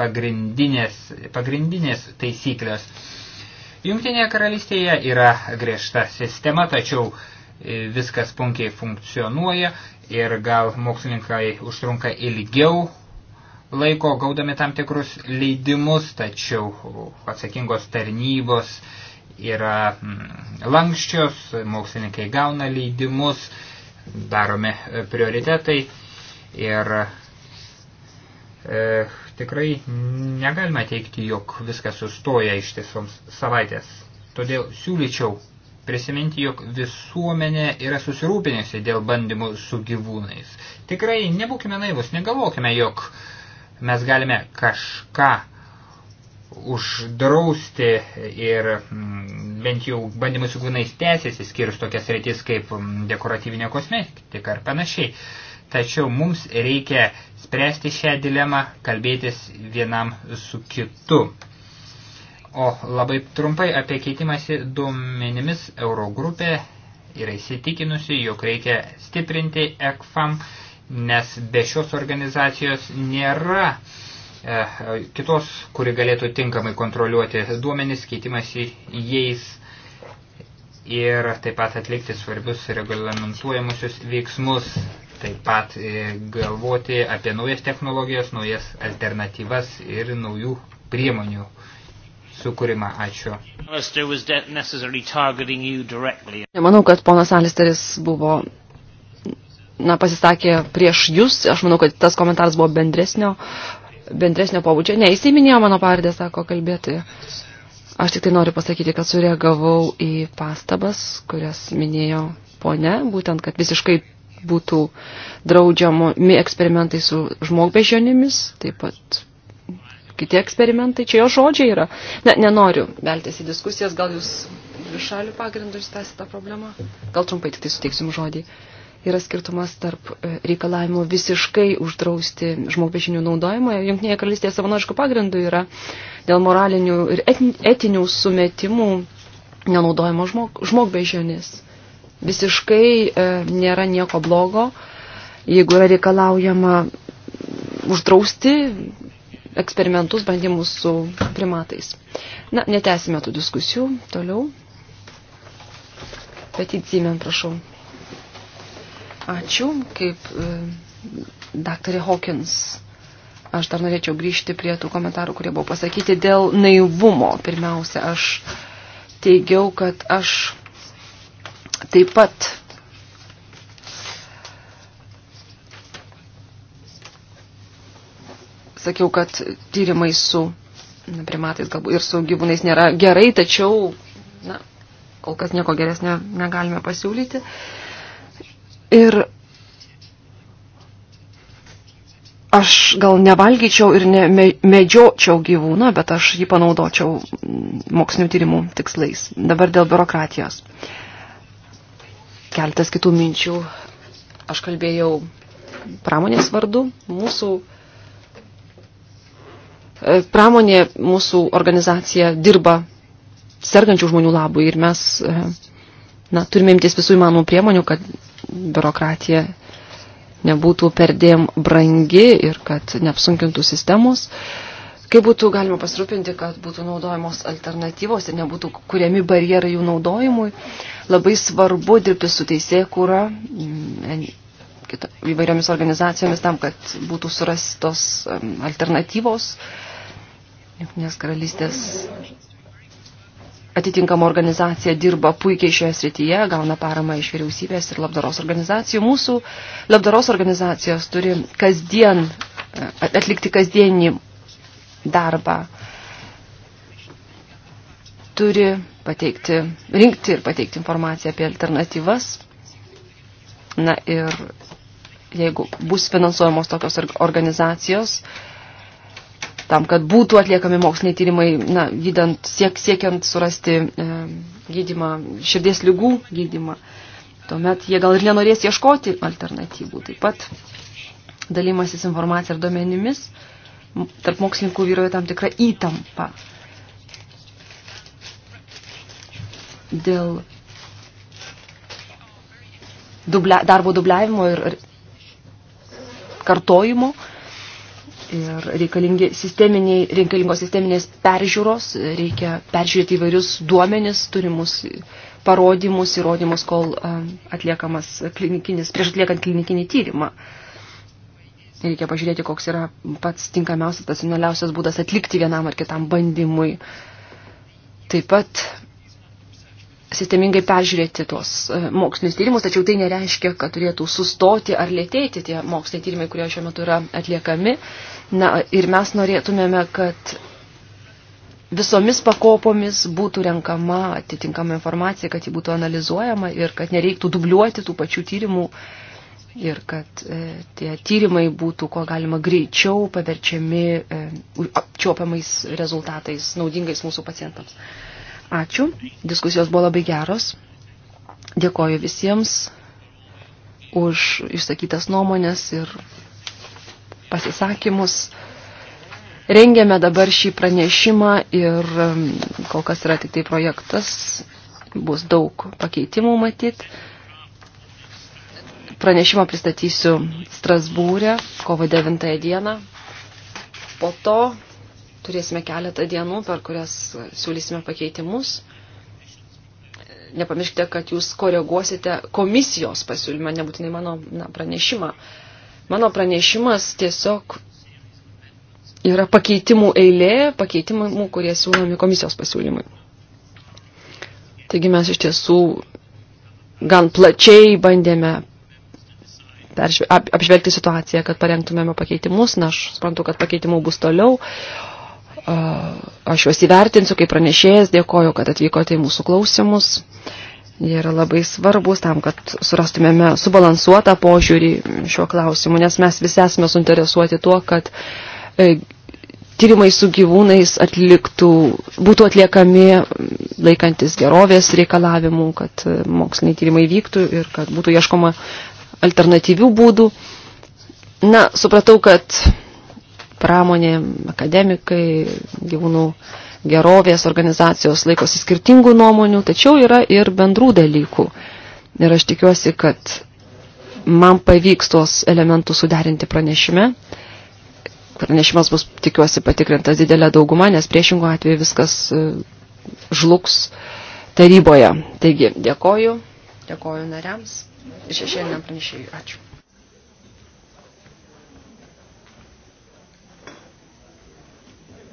pagrindinės, pagrindinės taisyklės. Jungtinėje karalystėje yra griežta sistema, tačiau e, viskas punkiai funkcionuoja ir gal mokslininkai užtrunka ilgiau laiko gaudami tam tikrus leidimus, tačiau atsakingos tarnybos yra mm, lankščios, mokslininkai gauna leidimus, daromi e, prioritetai ir e, tikrai negalime teikti, jog viskas sustoja ištisoms savaitės. Todėl siūlyčiau prisiminti, jog visuomenė yra susirūpinęsi dėl bandymų su gyvūnais. Tikrai nebūkime naivus, negalvokime, jog e, mes galime kažką uždrausti ir mm, bent jau bandymai su gūnais tęsiasi skirus tokias reitis kaip mm, dekoratyvinė kosmetika ar panašiai. Tačiau mums reikia spręsti šią dilemą, kalbėtis vienam su kitu. O labai trumpai apie keitimąsi duomenimis Eurogrupė yra įsitikinusi, jog reikia stiprinti ECFAM nes be šios organizacijos nėra e, kitos, kuri galėtų tinkamai kontroliuoti duomenis, keitimas jais ir taip pat atlikti svarbius reglamentuojamusius veiksmus, taip pat e, galvoti apie naujas technologijas, naujas alternatyvas ir naujų priemonių sukūrimą. Ačiū. Nemanau, kad ponas Alisteris buvo na, pasisakė prieš jūs, aš manau, kad tas komentaras buvo bendresnio, bendresnio pobūdžio. Ne, jis įminėjo mano pavardę, sako kalbėtoja. Aš tik tai noriu pasakyti, kad sureagavau į pastabas, kurias minėjo ponia, būtent, kad visiškai būtų draudžiami eksperimentai su žmogbežionimis, taip pat kiti eksperimentai, čia jo žodžiai yra. Ne, nenoriu veltis į diskusijas, gal jūs šalių pagrindų išspręsite tą problemą? Gal trumpai tik tai suteiksim žodį. Uh, yra skirtumas tarp e, reikalavimo visiškai uždrausti žmogbežinių naudojimą. Junktinėje karalystėje savanoriškų pagrindų yra dėl moralinių ir etinių sumetimų nenaudojimo žmog, žmogbežionis. Visiškai e, nėra nieko blogo, jeigu yra reikalaujama uždrausti eksperimentus, bandymus su primatais. Na, netesime tų diskusijų toliau. Petit Zimen, prašau. Ačiū, kaip e, daktarė Hawkins. Aš dar norėčiau grįžti prie tų komentarų, kurie buvo pasakyti dėl naivumo. Pirmiausia, aš teigiau, kad aš taip pat sakiau, kad tyrimai su na, primatais galbūt ir su gyvūnais nėra gerai, tačiau na, kol kas nieko geresnio negalime pasiūlyti. Uh, Ir aš gal nevalgyčiau ir ne medžiočiau gyvūną, bet aš jį panaudočiau mm, mokslinių tyrimų tikslais. Dabar dėl biurokratijos. Keltas kitų minčių. Aš kalbėjau pramonės vardu. Mūsų e, pramonė, mūsų organizacija dirba sergančių žmonių labui ir mes e, na, turime imtis visų įmanomų priemonių, kad biurokratija nebūtų perdėm brangi ir kad neapsunkintų sistemos. Kaip būtų galima pasirūpinti, kad būtų naudojamos alternatyvos ir nebūtų kuriami barjerai jų naudojimui. Labai svarbu dirbti su teisėkūra mm, įvairiomis organizacijomis tam, kad būtų surastos alternatyvos. Nes karalystės atitinkama organizacija dirba puikiai šioje srityje, gauna paramą iš vyriausybės ir labdaros organizacijų. Mūsų labdaros organizacijos turi kasdien, e, atlikti kasdienį darbą, turi pateikti, rinkti ir pateikti informaciją apie alternatyvas. Na ir jeigu bus finansuojamos tokios organizacijos, tam, kad būtų atliekami moksliniai tyrimai, na, gydant, siek, siekiant surasti e, gydimą, širdies lygų gydimą. Tuomet jie gal ir nenorės ieškoti alternatyvų. Taip pat dalymasis informacija ir duomenimis tarp mokslininkų vyroja tam tikra įtampa dėl dublia, darbo dubliavimo ir kartojimo. E, ir reikalingi sisteminiai, reikalingos sisteminės peržiūros, reikia peržiūrėti įvairius duomenis, turimus parodymus, įrodymus, kol atliekamas klinikinis, prieš atliekant klinikinį tyrimą. Reikia pažiūrėti, koks yra pats tinkamiausias, tas finaliausias būdas atlikti vienam ar kitam bandymui. Taip pat sistemingai peržiūrėti tuos e, mokslinius tyrimus, tačiau tai nereiškia, kad turėtų sustoti ar lėtėti tie moksliniai tyrimai, kurie šiuo metu yra atliekami. Na ir mes norėtumėme, kad visomis pakopomis būtų renkama atitinkama informacija, kad ji būtų analizuojama ir kad nereiktų dubliuoti tų pačių tyrimų ir kad e, tie tyrimai būtų kuo galima greičiau paverčiami e, apčiopiamais rezultatais, naudingais mūsų pacientams. E, Ačiū. Diskusijos buvo labai geros. Dėkoju visiems už išsakytas nuomonės ir pasisakymus. Rengiame dabar šį pranešimą ir kol kas yra tik tai projektas, bus daug pakeitimų matyt. Pranešimą pristatysiu Strasbūrė kovo 9 dieną. Po to turėsime keletą dienų, per kurias siūlysime pakeitimus. Nepamirškite, kad jūs koreguosite komisijos pasiūlymą, nebūtinai mano na, pranešimą. Mano pranešimas tiesiog yra pakeitimų eilė, pakeitimų, kurie siūlomi komisijos pasiūlymai. Taigi mes iš tiesų gan plačiai bandėme apžvelgti situaciją, kad parengtumėme pakeitimus. Na, aš suprantu, kad pakeitimų bus toliau. Aš juos įvertinsiu kaip pranešėjas, dėkoju, kad atvykote į mūsų klausimus. Jie yra labai svarbus tam, kad surastumėme subalansuotą požiūrį šiuo klausimu, nes mes visi esame suinteresuoti tuo, kad e, tyrimai su gyvūnais atliktų, būtų atliekami laikantis gerovės reikalavimų, kad e, moksliniai tyrimai vyktų ir kad būtų ieškoma alternatyvių būdų. Na, supratau, kad pramonė, akademikai, gyvūnų gerovės organizacijos laikosi skirtingų nuomonių, tačiau yra ir bendrų dalykų. Ir aš tikiuosi, kad man pavyks tuos elementus suderinti pranešime. Pranešimas bus, tikiuosi, patikrintas didelę daugumą, nes priešingų atveju viskas e, žlugs taryboje. Taigi, dėkoju, dėkoju nariams. Šešėliniam pranešėjui. Ačiū.